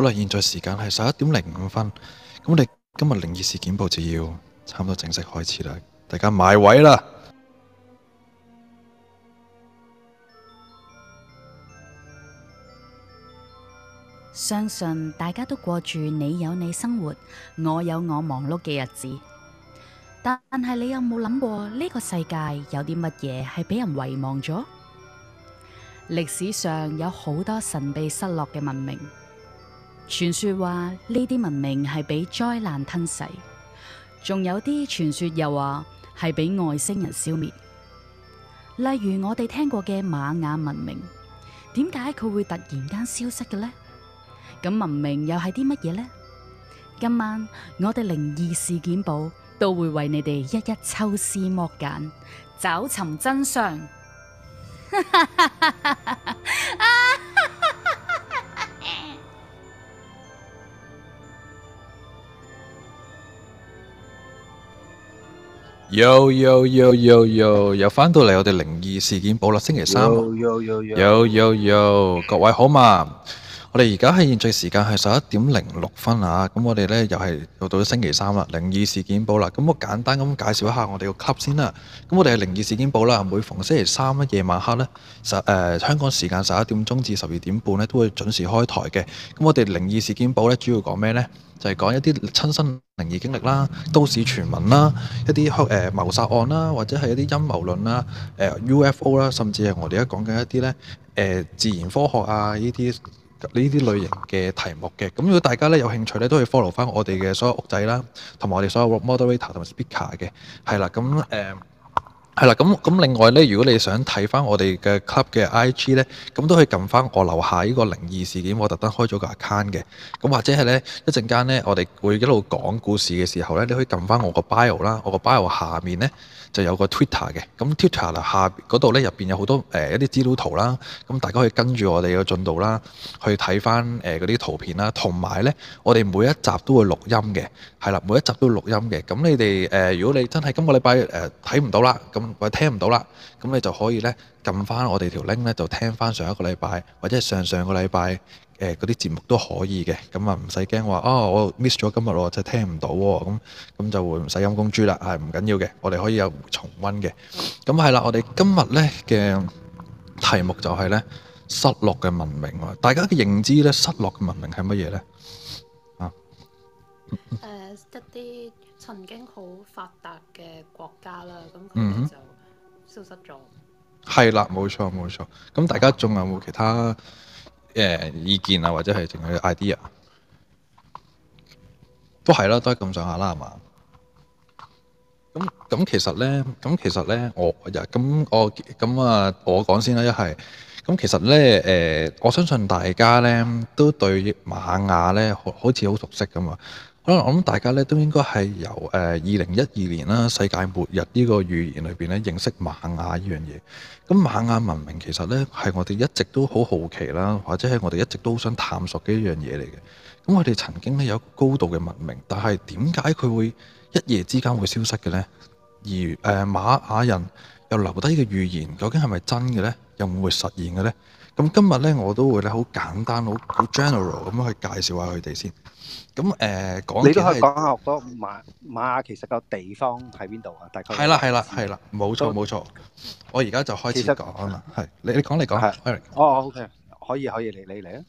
好啦，現在時間係十一點零五分，咁我哋今日靈異事件報就要差唔多正式開始啦，大家埋位啦！相信大家都過住你有你生活，我有我忙碌嘅日子，但係你有冇諗過呢個世界有啲乜嘢係俾人遺忘咗？歷史上有好多神秘失落嘅文明。傳說話呢啲文明係被災難吞噬，仲有啲傳說又話係被外星人消滅。例如我哋聽過嘅瑪雅文明，點解佢會突然間消失嘅呢？咁文明又係啲乜嘢呢？今晚我哋靈異事件簿都會為你哋一一抽絲剝繭，找尋真相。Yo, yo, yo, yo, yo. 又又又又又又返到嚟，我哋靈異事件簿啦，星期三啊！有有有有有有，各位好嘛？我哋而家喺現在時間係十一點零六分啊！咁我哋咧又係又到咗星期三啦，靈異事件報啦。咁我簡單咁介紹一下我哋個 club 先啦。咁我哋係靈異事件報啦，每逢星期三夜晚黑咧，十誒、呃、香港時間十一點鐘至十二點半咧都會準時開台嘅。咁我哋靈異事件報咧主要講咩咧？就係、是、講一啲親身靈異經歷啦、都市傳聞啦、一啲香誒謀殺案啦，或者係一啲陰謀論啦、誒、呃、UFO 啦，甚至係我哋而家講緊一啲咧誒自然科學啊呢啲。呢啲類型嘅題目嘅，咁如果大家咧有興趣咧，都可以 follow 翻我哋嘅所有屋仔啦，同埋我哋所有 moderator 同埋 speaker 嘅，係啦，咁誒係啦，咁、呃、咁另外咧，如果你想睇翻我哋嘅 club 嘅 IG 咧，咁都可以撳翻我樓下呢個靈異事件，我特登開咗個 account 嘅，咁或者係咧一陣間咧，我哋會一路講故事嘅時候咧，你可以撳翻我個 bio 啦，我個 bio 下面咧。就有個 Twitter 嘅，咁 Twitter 嗱下嗰度咧入邊有好多誒、呃、一啲資料圖啦，咁大家可以跟住我哋嘅進度啦，去睇翻誒嗰啲圖片啦，同埋呢，我哋每一集都會錄音嘅，係啦，每一集都會錄音嘅，咁你哋誒、呃、如果你真係今個禮拜誒睇唔到啦，咁或者聽唔到啦，咁你就可以呢撳翻我哋條 link 呢，就聽翻上一個禮拜或者係上上個禮拜。誒嗰啲節目都可以嘅，咁啊唔使驚話啊，我 miss 咗今日咯，就聽唔到喎，咁咁就會唔使陰公豬啦，係唔緊要嘅，我哋可以有重溫嘅。咁係啦，我哋今日咧嘅題目就係咧失落嘅文明喎，大家嘅認知咧失落嘅文明係乜嘢咧？啊誒，一啲曾經好發達嘅國家啦，咁佢哋就消失咗。係啦，冇錯冇錯。咁大家仲有冇其他？誒意見啊，或者係淨係 idea，都係咯，都係咁上下啦，係嘛？咁咁其實咧，咁其實咧，我咁我咁啊，我講先啦，一係咁其實咧，誒、呃，我相信大家咧都對瑪雅咧，好似好熟悉咁嘛。可能我諗大家咧都應該係由誒二零一二年啦，世界末日個語呢個預言裏邊咧認識瑪雅呢樣嘢。咁瑪雅文明其實咧係我哋一直都好好奇啦，或者係我哋一直都好想探索嘅一樣嘢嚟嘅。咁我哋曾經咧有高度嘅文明，但係點解佢會一夜之間會消失嘅呢？而誒瑪雅人又留低嘅預言，究竟係咪真嘅呢？又會唔會實現嘅呢？咁今日咧我都會咧好簡單好好 general 咁樣去介紹下佢哋先。咁誒、呃、講，你都可以講下嗰馬馬其實個地方喺邊度啊？大概係啦係啦係啦，冇錯冇錯。錯都我而家就開始講啊嘛。係你實你講你講係。的 Eric 哦，OK，可以可以，你你嚟啊！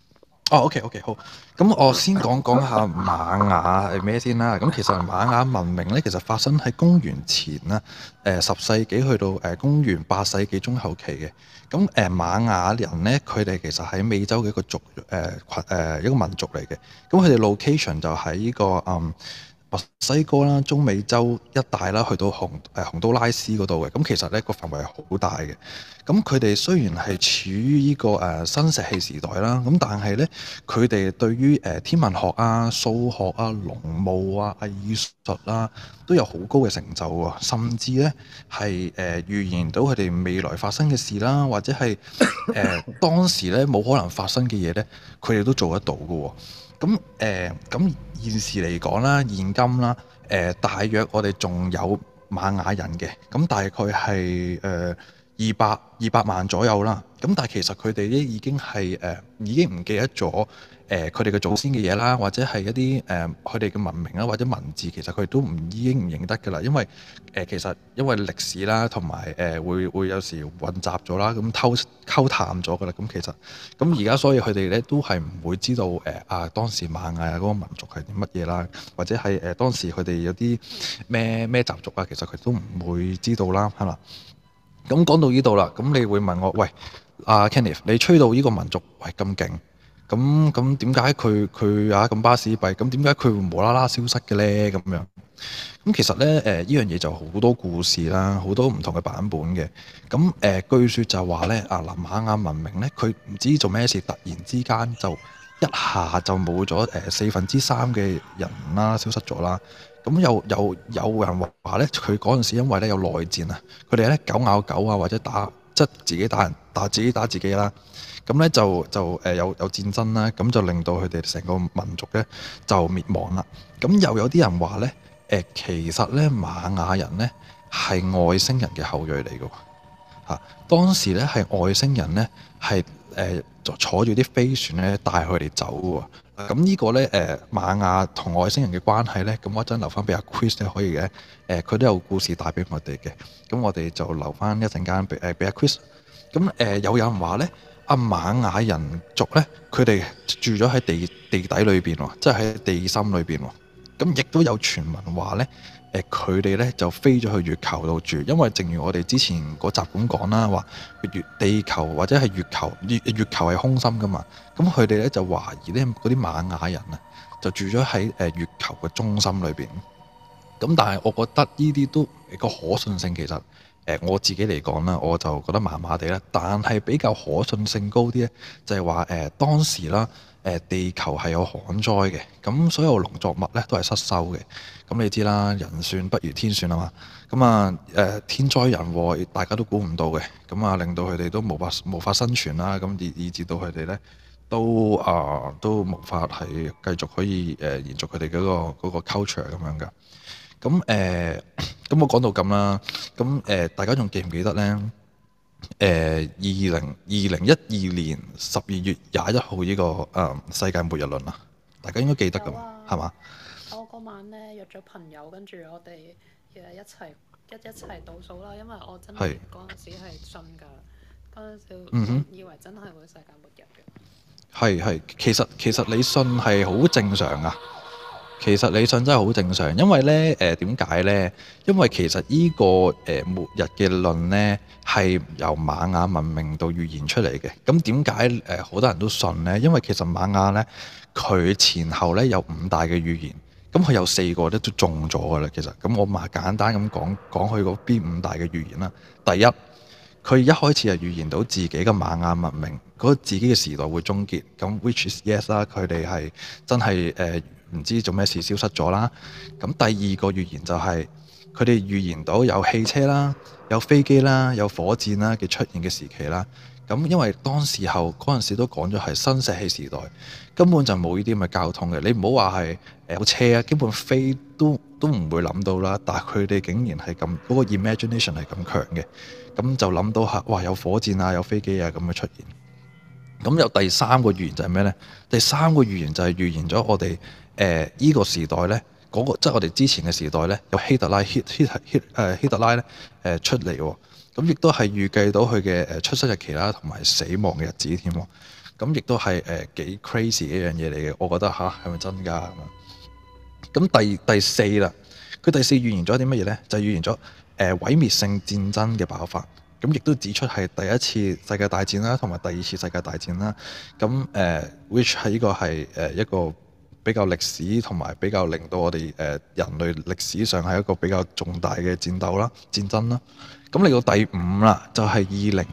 哦，OK，OK，好。咁我先講講下瑪雅係咩先啦。咁其實瑪雅文明咧，其實發生喺公元前啦，誒十世紀去到誒公元八世紀中後期嘅。咁誒瑪雅人咧，佢哋其實喺美洲嘅一個族誒羣誒一個民族嚟嘅。咁佢哋 location 就喺呢個嗯。墨西哥啦、中美洲一帶啦，去到洪誒洪都拉斯嗰度嘅，咁其實呢個範圍係好大嘅。咁佢哋雖然係處於呢、這個誒、呃、新石器時代啦，咁但係呢，佢哋對於誒、呃、天文學啊、數學啊、農務啊、藝術啊，都有好高嘅成就喎。甚至呢，係誒、呃、預言到佢哋未來發生嘅事啦，或者係誒、 呃、當時咧冇可能發生嘅嘢呢，佢哋都做得到嘅。咁誒咁。呃呃現時嚟講啦，現今啦，誒、呃，大約我哋仲有瑪雅人嘅，咁大概係誒。呃二百二百萬左右啦，咁但係其實佢哋咧已經係誒、呃、已經唔記得咗誒佢哋嘅祖先嘅嘢啦，或者係一啲誒佢哋嘅文明啊，或者文字，其實佢哋都唔已經唔認得㗎啦，因為誒、呃、其實因為歷史啦，同埋誒會會有時混雜咗啦，咁、嗯、偷溝淡咗㗎啦，咁、嗯、其實咁而家所以佢哋咧都係唔會知道誒、呃、啊當時瑪雅嗰個民族係啲乜嘢啦，或者係誒、呃、當時佢哋有啲咩咩習俗啊，其實佢都唔會知道啦，係嘛？咁講到呢度啦，咁你會問我，喂，阿、啊、Kenneth，你吹到呢個民族，喂咁勁，咁咁點解佢佢啊咁巴士幣，咁點解佢會無啦啦消失嘅呢？咁樣，咁其實呢，誒、呃、呢樣嘢就好多故事啦，好多唔同嘅版本嘅。咁誒、呃，據説就話呢，啊南瑪雅文明呢，佢唔知做咩事，突然之間就一下就冇咗誒四分之三嘅人啦，消失咗啦。咁又又有，有人話咧，佢嗰陣時因為咧有內戰啊，佢哋咧狗咬狗啊，或者打即係自己打人，打自己打自己啦。咁咧就就誒、呃、有有戰爭啦，咁就令到佢哋成個民族咧就滅亡啦。咁又有啲人話咧，誒、呃、其實咧瑪雅人咧係外星人嘅後裔嚟㗎喎，嚇、啊、當時咧係外星人咧係誒就坐住啲飛船咧帶佢哋走㗎喎。咁呢個呢，誒瑪雅同外星人嘅關係呢，咁我一陣留翻俾阿 Chris 都可以嘅，誒、呃、佢都有故事帶俾我哋嘅，咁我哋就留翻一陣間，誒俾阿 Chris。咁誒、呃、有人話呢，阿、啊、瑪雅人族呢，佢哋住咗喺地地底裏邊喎，即係喺地心裏邊喎，咁、哦、亦都有傳聞話呢。佢哋咧就飛咗去月球度住，因為正如我哋之前嗰集咁講啦，話月、月地球或者係月球月月球係空心噶嘛，咁佢哋咧就懷疑咧啲瑪雅人啊，就住咗喺誒月球嘅中心裏邊。咁但係我覺得呢啲都、個可信性其實誒我自己嚟講啦，我就覺得麻麻地啦，但係比較可信性高啲咧，就係話誒當時啦。地球係有旱災嘅，咁所有農作物呢都係失收嘅。咁你知啦，人算不如天算啊嘛。咁啊誒天災人禍，大家都估唔到嘅。咁啊令到佢哋都無法無法生存啦。咁以以至到佢哋呢，都啊都無法係繼續可以誒、呃、延續佢哋嗰個、嗰個 culture 咁樣噶。咁誒咁我講到咁啦。咁誒、呃、大家仲記唔記得呢？誒二零二零一二年十二月廿一號呢個誒、嗯、世界末日論啊，大家應該記得㗎嘛，係嘛、啊？吧我嗰晚咧約咗朋友，跟住我哋誒一齊一一齊倒數啦，因為我真係嗰陣時係信㗎，嗯哼，嗰陣時以為真係會世界末日嘅。係係、嗯，其實其實你信係好正常㗎。其實你信真係好正常，因為呢誒點解呢？因為其實呢、呢個誒、呃、末日嘅論呢，係由瑪雅文明到預言出嚟嘅。咁點解誒好多人都信呢？因為其實瑪雅呢，佢前後呢有五大嘅預言，咁佢有四個咧都中咗㗎啦。其實咁我麻簡單咁講講佢嗰邊五大嘅預言啦。第一，佢一開始係預言到自己嘅瑪雅文明嗰自己嘅時代會終結，咁 which is yes 啦。佢哋係真係誒。唔知做咩事消失咗啦。咁第二個預言就係佢哋預言到有汽車啦、有飛機啦、有火箭啦嘅出現嘅時期啦。咁因為當時候嗰陣時都講咗係新石器時代，根本就冇呢啲咁嘅交通嘅。你唔好話係誒有車、啊，基本飛都都唔會諗到啦。但係佢哋竟然係咁嗰個 imagination 係咁強嘅，咁就諗到嚇哇有火箭啊、有飛機啊咁嘅出現。咁有第三個預言就係咩呢？第三個預言就係預言咗我哋。誒依、呃這個時代咧，嗰、那個即係我哋之前嘅時代咧，有希特拉希希希誒希特拉咧誒、呃、出嚟喎、哦，咁、嗯、亦都係預計到佢嘅誒出生日期啦，同埋死亡嘅日子添喎，咁、嗯、亦都係誒幾、呃、crazy 一樣嘢嚟嘅，我覺得吓係咪真㗎、啊？咁、嗯、第第四啦，佢第四預言咗啲乜嘢咧？就預言咗誒毀滅性戰爭嘅爆發，咁、嗯、亦都指出係第一次世界大戰啦，同埋第二次世界大戰啦，咁、嗯、誒、呃、which 係呢、這個係誒、這個、一個。比較歷史同埋比較令到我哋誒、呃、人類歷史上係一個比較重大嘅戰鬥啦、戰爭啦。咁嚟到第五啦，就係二零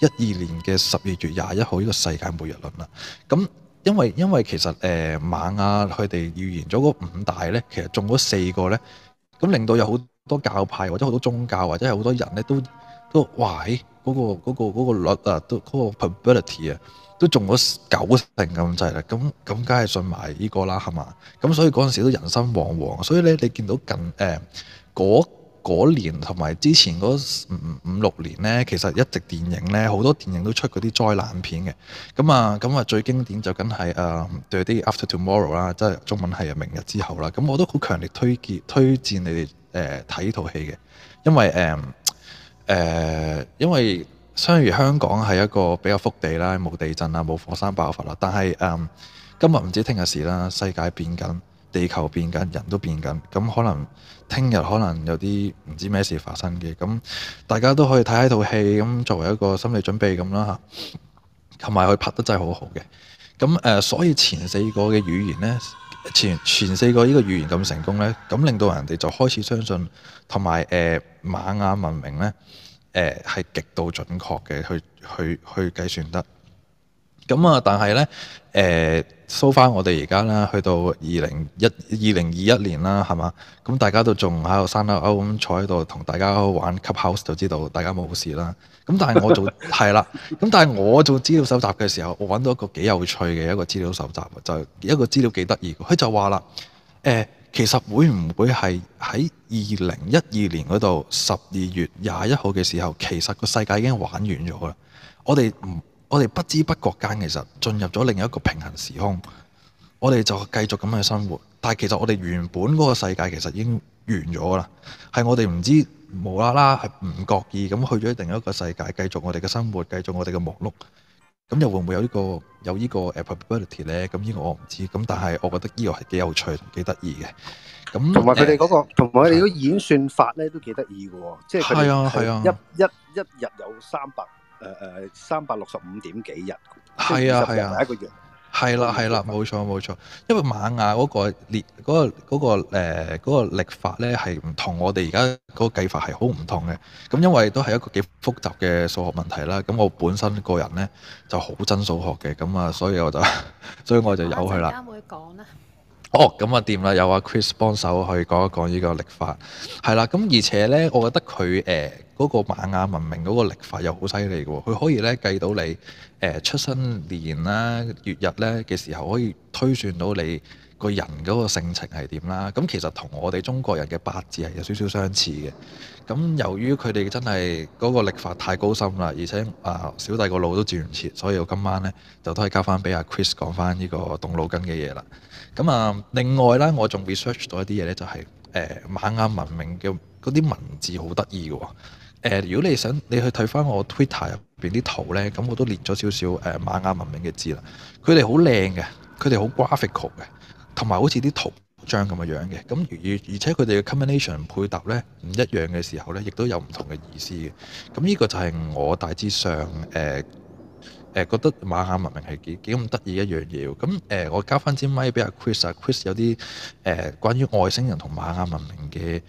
一二年嘅十二月廿一號呢個世界末日論啦。咁因為因為其實誒呃、瑪雅佢哋預言咗個五大呢，其實中咗四個呢，咁令到有好多教派或者好多宗教或者係好多人呢，都都話誒嗰個嗰、嗰個嗰個率啊，都、嗰、嗰個 probability 啊。都中咗九成咁滯啦，咁咁梗係信埋呢個啦，係嘛？咁所以嗰陣時都人心惶惶，所以咧你見到近誒嗰、呃、年同埋之前嗰五六年呢，其實一直電影呢，好多電影都出嗰啲災難片嘅。咁啊咁啊最經典就梗係誒對啲 After Tomorrow 啦，即係中文係明日之後啦。咁我都好強烈推介推薦你哋誒睇套戲嘅，因為誒誒、呃呃、因為。相如香港係一個比較福地啦，冇地震啊，冇火山爆發啦。但係誒、嗯，今日唔知聽日事啦，世界變緊，地球變緊，人都變緊。咁可能聽日可能有啲唔知咩事發生嘅。咁大家都可以睇一套戲，咁、嗯、作為一個心理準備咁啦嚇。同埋佢拍得真係好好嘅。咁誒、呃，所以前四個嘅預言呢，前前四個呢個預言咁成功呢，咁令到人哋就開始相信，同埋誒瑪雅文明呢。誒係、呃、極度準確嘅，去去去計算得。咁啊，但係咧，誒搜翻我哋而家啦，去到二零一二零二一年啦，係嘛？咁、嗯、大家都仲喺度生勾勾咁坐喺度同大家玩 Clubhouse 就知道大家冇事啦。咁、嗯、但係我做係啦。咁 但係我做資料搜集嘅時候，我揾到一個幾有趣嘅一個資料搜集，就係、一個資料幾得意。佢就話啦，呃其實會唔會係喺二零一二年嗰度十二月廿一號嘅時候，其實個世界已經玩完咗啦。我哋唔我哋不知不覺間，其實進入咗另一個平衡時空。我哋就繼續咁樣生活，但係其實我哋原本嗰個世界其實已經完咗啦。係我哋唔知無啦啦係唔覺意咁去咗另一個世界，繼續我哋嘅生活，繼續我哋嘅忙碌。咁又會唔會有、這個、有個呢個有呢個誒 probability 咧？咁、這、呢個我唔知，咁但係我覺得呢個係幾有趣、幾得意嘅。咁同埋佢哋嗰個同埋佢哋嗰啲演算法咧都幾得意嘅，即係係啊係啊，一啊一一,一日有三百誒誒三百六十五點幾日，係啊係啊，一個月。係啦，係啦，冇錯，冇錯。因為瑪雅嗰個列嗰個嗰個誒嗰個曆法咧係唔同我哋而家嗰個計法係好唔同嘅。咁因為都係一個幾複雜嘅數學問題啦。咁我本身個人咧就好憎數學嘅，咁啊，所以我就 所以我就有去啦。會講啦。哦，咁啊掂啦，有阿、啊、Chris 幫手去講一講呢個曆法，係啦。咁而且呢，我覺得佢誒嗰個瑪雅文明嗰個曆法又好犀利嘅喎，佢可以咧計到你誒、呃、出生年啦、月日咧嘅時候，可以推算到你個人嗰個性情係點啦。咁、嗯、其實同我哋中國人嘅八字係有少少相似嘅。咁、嗯、由於佢哋真係嗰個曆法太高深啦，而且啊、呃、小弟個腦都轉唔切，所以我今晚呢，就都係交翻俾阿 Chris 講翻呢個動腦筋嘅嘢啦。咁啊，另外咧，我仲 research 到一啲嘢咧，就係誒瑪雅文明嘅嗰啲文字好得意嘅喎。誒，如果你想你去睇翻我 Twitter 入邊啲圖咧，咁我都列咗少少誒瑪雅文明嘅字啦。佢哋好靚嘅，佢哋好 graphical 嘅，同埋好似啲圖章咁嘅樣嘅。咁而而且佢哋嘅 combination 配搭咧唔一樣嘅時候咧，亦都有唔同嘅意思嘅。咁呢個就係我大致上誒、呃誒覺得瑪雅文明係幾幾咁得意一樣嘢喎，咁誒、呃、我交翻支咪俾阿 Chris 啊，Chris 有啲誒、呃、關於外星人同瑪雅文明嘅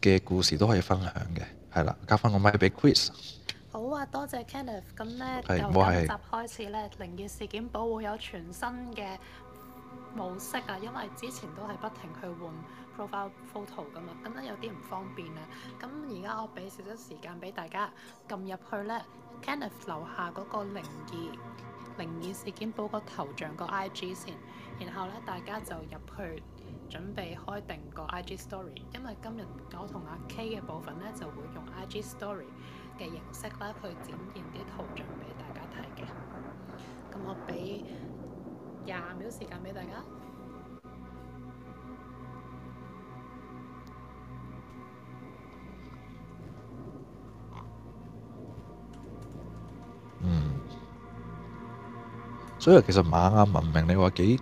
嘅故事都可以分享嘅，係啦，交翻個咪俾 Chris。好啊，多謝 Kenneth，咁咧由今集開始咧，靈異事件簿會有全新嘅模式啊，因為之前都係不停去換 profile photo 噶嘛，咁咧有啲唔方便啊，咁而家我俾少少時間俾大家撳入去咧。Kenneth 留下嗰個靈異靈異事件簿個頭像個 IG 先，然後咧大家就入去準備開定個 IG story，因為今日我同阿 K 嘅部分咧就會用 IG story 嘅形式啦去展現啲圖像俾大家睇嘅。咁我俾廿秒時間俾大家。嗯，所以其實瑪雅文明你話幾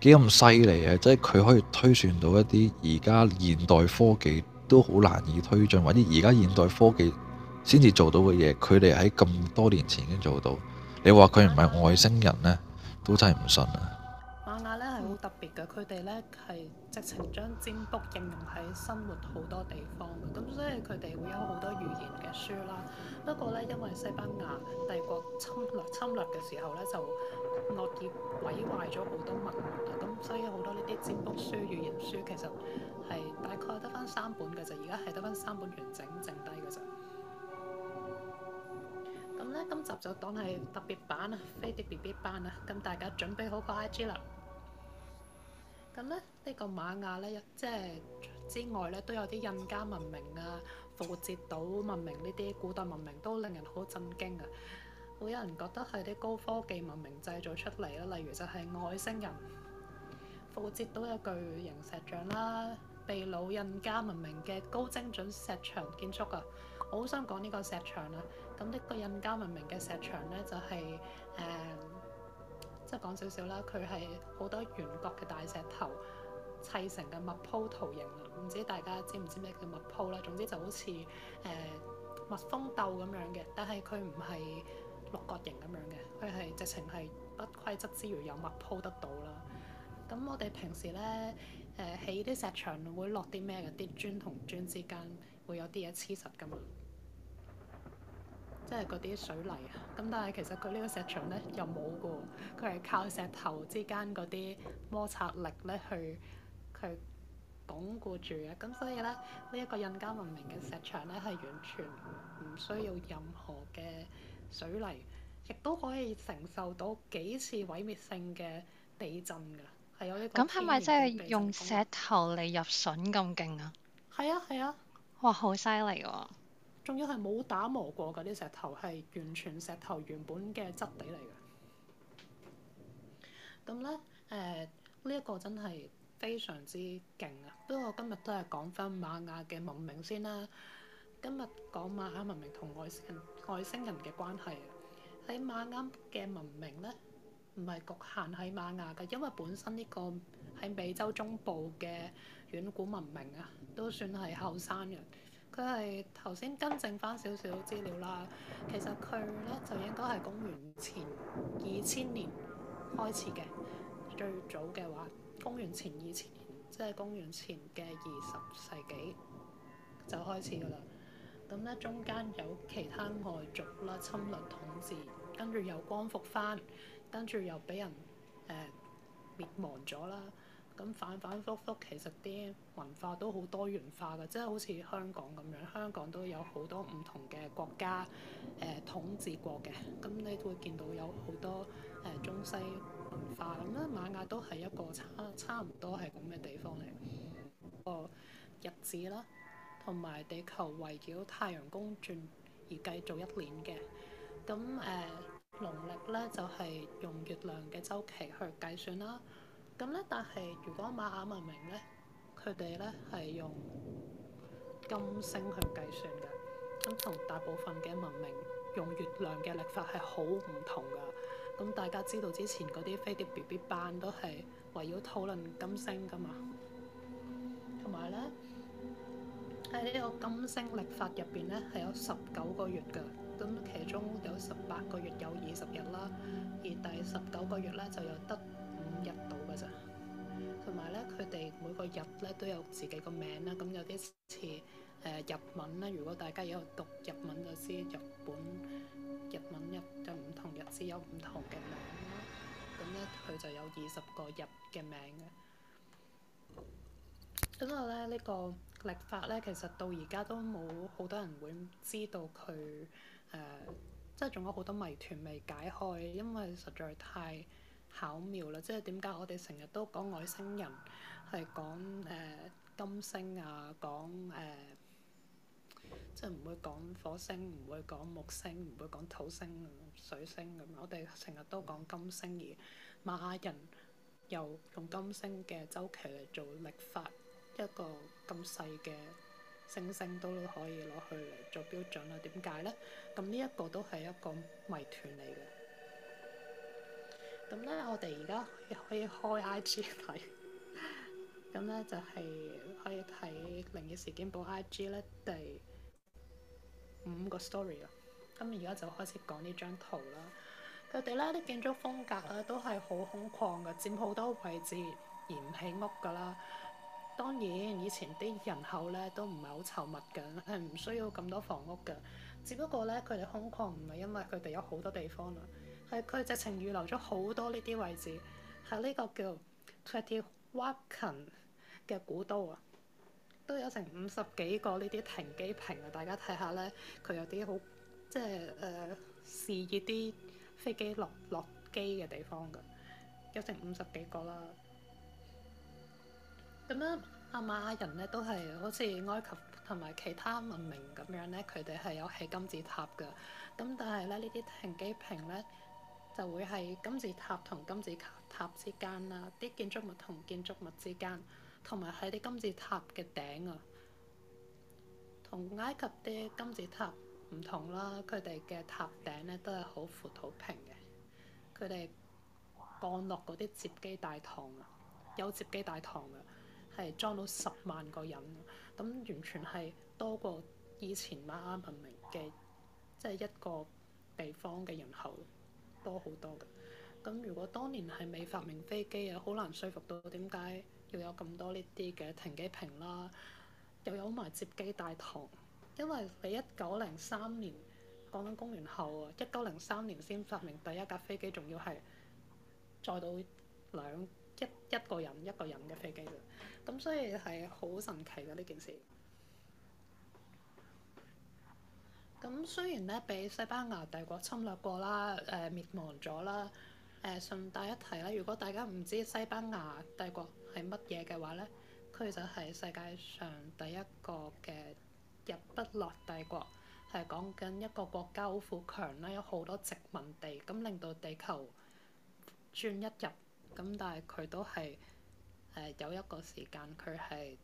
幾咁犀利啊，即係佢可以推算到一啲而家現代科技都好難以推進，或者而家現代科技先至做到嘅嘢，佢哋喺咁多年前已經做到。你話佢唔係外星人呢？都真係唔信啊！特別嘅，佢哋咧係直情將占卜應用喺生活好多地方嘅，咁所以佢哋會有好多語言嘅書啦。不過咧，因為西班牙帝國侵略侵略嘅時候咧，就惡意毀壞咗好多文物，物，咁所以好多呢啲占卜書、語言書其實係大概得翻三本嘅啫，而家係得翻三本完整剩低嘅啫。咁咧，今集就當係特別版啦，飛碟 B B 班啦，咁大家準備好個 I G 啦。咁咧，呢個瑪雅咧，即係之外咧，都有啲印加文明啊、復活節島文明呢啲古代文明都令人好震驚啊！好有人覺得係啲高科技文明製造出嚟啊，例如就係外星人復活節島有巨型石像啦、啊，秘魯印加文明嘅高精準石牆建築啊！我好想講呢個石牆啊！咁呢個印加文明嘅石牆咧，就係、是、誒。呃即係講少少啦，佢係好多圓角嘅大石頭砌成嘅密鋪圖形，唔知大家知唔知咩叫密鋪啦。總之就好似誒、呃、蜜蜂竇咁樣嘅，但係佢唔係六角形咁樣嘅，佢係直情係不規則之餘有密鋪得到啦。咁我哋平時咧，誒起啲石牆會落啲咩嘅？啲磚同磚之間會有啲嘢黐實㗎嘛？即係嗰啲水泥啊，咁但係其實佢呢個石牆咧又冇噶，佢係靠石頭之間嗰啲摩擦力咧去去鞏固住嘅。咁所以咧，呢一個印加文明嘅石牆咧係完全唔需要任何嘅水泥，亦都可以承受到幾次毀滅性嘅地震㗎。係有呢個天然嘅地震。咁係咪真係用石頭嚟入榫咁勁啊？係啊係啊！哇，好犀利喎！仲要係冇打磨過嗰啲石頭，係完全石頭原本嘅質地嚟嘅。咁咧，誒呢一個真係非常之勁啊！不過今日都係講翻瑪雅嘅文明先啦。今日講瑪雅文明同外星人外星人嘅關係啊！喺瑪雅嘅文明咧，唔係局限喺瑪雅嘅，因為本身呢個係美洲中部嘅遠古文明啊，都算係後生人。佢係頭先更正翻少少資料啦，其實佢咧就應該係公元前二千年開始嘅，最早嘅話公元前二千年，即係公元前嘅二十世紀就開始噶啦。咁咧，中間有其他外族啦，侵略統治，跟住又光復翻，跟住又俾人誒滅亡咗啦。咁反反覆覆，其實啲文化都好多元化嘅，即係好似香港咁樣，香港都有好多唔同嘅國家誒、呃、統治過嘅，咁你都會見到有好多誒、呃、中西文化咁啦。瑪雅都係一個差差唔多係咁嘅地方嚟個、嗯、日子啦，同埋地球圍繞太陽公轉而計做一年嘅，咁誒農曆咧就係、是、用月亮嘅週期去計算啦。咁咧，但係如果瑪雅文明咧，佢哋咧係用金星去計算嘅。咁同大部分嘅文明用月亮嘅曆法係好唔同噶。咁大家知道之前嗰啲飛碟 B B 班都係圍繞討論金星噶嘛，同埋咧喺呢個金星曆法入邊咧係有十九個月噶，咁其中有十八個月有二十日啦，而第十九個月咧就有得五日到。同埋咧，佢哋每個日咧都有自己個名啦。咁有啲似誒日文啦。如果大家有讀日文就知日本日文日，日就唔同日字有唔同嘅名啦。咁咧佢就有二十個日嘅名嘅。咁我咧呢、這個歷法咧，其實到而家都冇好多人會知道佢誒，即係仲有好多謎團未解開，因為實在太～巧妙啦，即係點解我哋成日都講外星人係講誒金星啊，講誒即係唔會講火星，唔會講木星，唔會講土星、水星咁。我哋成日都講金星而瑪雅人，又用金星嘅周期嚟做曆法，一個咁細嘅星星都可以攞去嚟做標準啦？點解呢？咁呢一個都係一個謎團嚟嘅。咁咧、嗯，我哋而家可以開 IG 睇，咁 咧、嗯、就係、是、可以睇《靈異事件簿 IG》IG 咧第五個 story 咯。咁而家就開始講呢張圖啦。佢哋咧啲建築風格啊，都係好空曠嘅，佔好多位置而唔起屋噶啦。當然，以前啲人口咧都唔係好稠密嘅，係唔需要咁多房屋嘅。只不過咧，佢哋空曠唔係因為佢哋有好多地方啊。係佢直情預留咗好多呢啲位置，喺呢個叫 Twenty Waken 嘅古都啊，都有成五十幾個呢啲停機坪啊！大家睇下咧，佢有啲好即係誒、呃、示意啲飛機落落機嘅地方㗎，有成五十幾個啦。咁樣阿瑪雅人咧都係好似埃及同埋其他文明咁樣咧，佢哋係有起金字塔㗎。咁但係咧呢啲停機坪咧～就會係金字塔同金字塔塔之間啦，啲建築物同建築物之間，同埋喺啲金字塔嘅頂啊。同埃及啲金字塔唔同啦，佢哋嘅塔頂咧都係好闊好平嘅。佢哋降落嗰啲接機大堂，啊，有接機大堂啊，係裝到十萬個人，咁完全係多過以前瑪雅文明嘅，即係一個地方嘅人口。多好多嘅，咁如果當年係未發明飛機啊，好難説服到點解要有咁多呢啲嘅停機坪啦，又有埋接機大堂，因為喺一九零三年講緊公元後啊，一九零三年先發明第一架飛機，仲要係載到兩一一個人一個人嘅飛機啫，咁所以係好神奇嘅呢件事。咁雖然咧，俾西班牙帝國侵略過啦，誒、呃、滅亡咗啦。誒、呃、順帶一提啦，如果大家唔知西班牙帝國係乜嘢嘅話咧，佢就係世界上第一個嘅日不落帝國，係講緊一個國家好富強啦，有好多殖民地，咁令到地球轉一日，咁但係佢都係誒、呃、有一個時間，佢係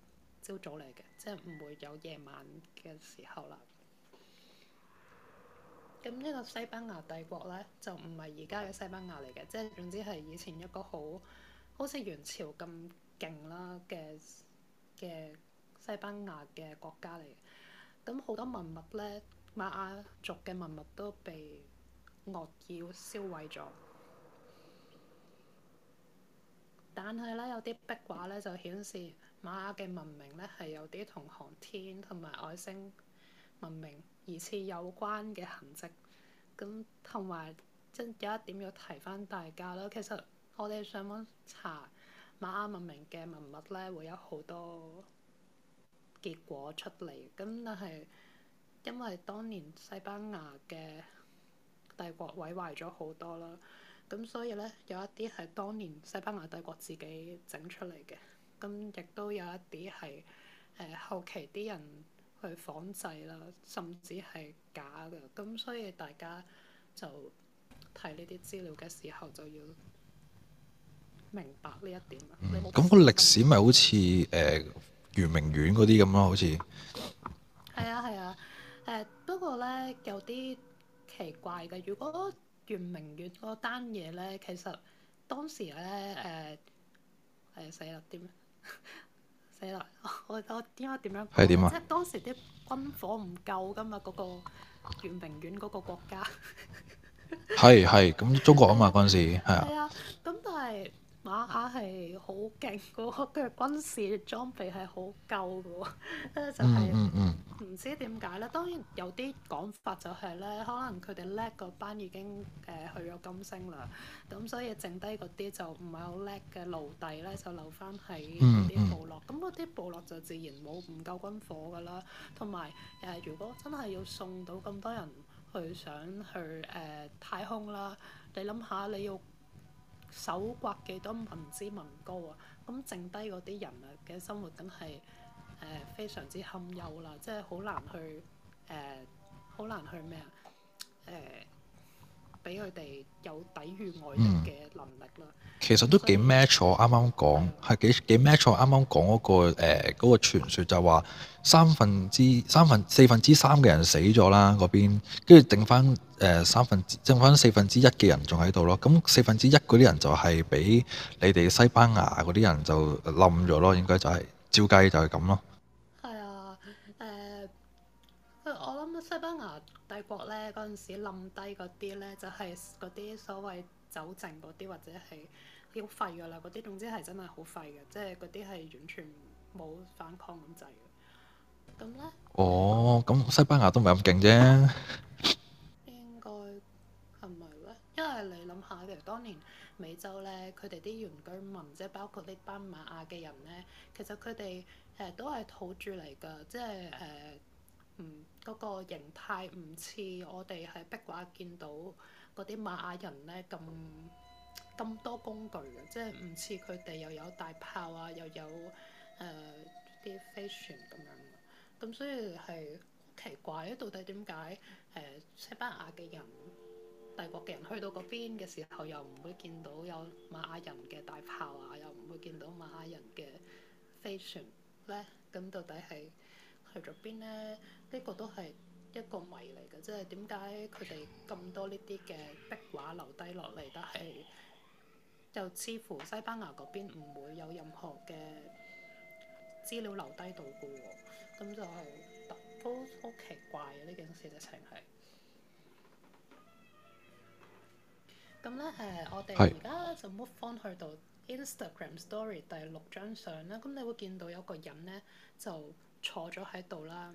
朝早嚟嘅，即係唔會有夜晚嘅時候啦。咁呢個西班牙帝國呢，就唔係而家嘅西班牙嚟嘅，即係總之係以前一個好好似元朝咁勁啦嘅嘅西班牙嘅國家嚟。咁好多文物呢，瑪雅族嘅文物都被惡擾燒毀咗。但係呢，有啲壁畫呢，就顯示瑪雅嘅文明呢，係有啲同航天同埋外星文明。疑似有關嘅痕跡，咁同埋即有一點要提返大家啦。其實我哋上網查瑪雅文明嘅文物咧，會有好多結果出嚟。咁但係因為當年西班牙嘅帝國毀壞咗好多啦，咁所以咧有一啲係當年西班牙帝國自己整出嚟嘅，咁亦都有一啲係誒後期啲人，去仿製啦，甚至係假嘅，咁所以大家就睇呢啲資料嘅時候就要明白呢一點。咁個歷史咪好似誒圓明園嗰啲咁咯，好似。係啊係啊，誒、啊呃、不過咧有啲奇怪嘅。如果圓明園嗰單嘢咧，其實當時咧誒誒細粒啲。呃 我我點解點樣係點啊，即係當時啲軍火唔夠㗎嘛，嗰、嗰個圓明園嗰個國家係係咁中國啊嘛嗰陣時係啊，咁但係。瑪雅係好勁嘅喎，佢軍事裝備係好夠嘅喎，就係唔知點解咧。當然有啲講法就係咧，可能佢哋叻嗰班已經誒去咗金星啦，咁所以剩低嗰啲就唔係好叻嘅奴隸咧，就留返喺啲部落。咁嗰啲部落就自然冇唔夠軍火㗎啦。同埋誒，如果真係要送到咁多人去想去誒太空啦，你諗下你要？手刮幾多民脂民膏啊？咁剩低嗰啲人啊嘅生活，梗係誒非常之堪憂啦！即係好難去誒，好、呃、難去咩啊？誒、呃。俾佢哋有抵御外人嘅能力咯。其實都幾 match 我啱啱講，係幾幾 match 我啱啱講嗰個誒嗰、呃嗰個傳説，就係話三分之三分四分之三嘅人死咗啦，嗰邊跟住剩翻誒三分剩翻四分之一嘅人仲喺度咯。咁四分之一嗰啲人就係俾你哋西班牙嗰啲人就冧咗咯，應該就係、係、照計就係咁咯。泰國咧嗰陣時冧低嗰啲咧，就係嗰啲所謂走剩嗰啲，或者係好廢噶啦嗰啲，總之係真係好廢嘅，即係嗰啲係完全冇反抗咁滯咁咧？呢哦，咁該、哦、西班牙都唔係咁勁啫。應該係咪咧？因為你諗下其實，當年美洲咧，佢哋啲原居民即係包括呢班瑪雅嘅人咧，其實佢哋誒都係土著嚟噶，即係誒。呃嗯，嗰、那個形態唔似我哋喺壁畫見到嗰啲瑪雅人咧咁咁多工具嘅，即係唔似佢哋又有大炮啊，又有誒啲、呃、飛船咁樣。咁所以係好奇怪，到底點解誒西班牙嘅人帝國嘅人去到嗰邊嘅時候，又唔會見到有瑪雅人嘅大炮啊，又唔會見到瑪雅人嘅飛船咧？咁到底係？除咗邊咧？呢、這個都係一個謎嚟嘅，即係點解佢哋咁多呢啲嘅壁畫留低落嚟，但係又似乎西班牙嗰邊唔會有任何嘅資料留低到嘅喎，咁就係都好奇怪嘅呢件事實情係。咁咧誒，我哋而家就 move 翻去到 Instagram Story 第六張相啦，咁你會見到有個人咧就。坐咗喺度啦，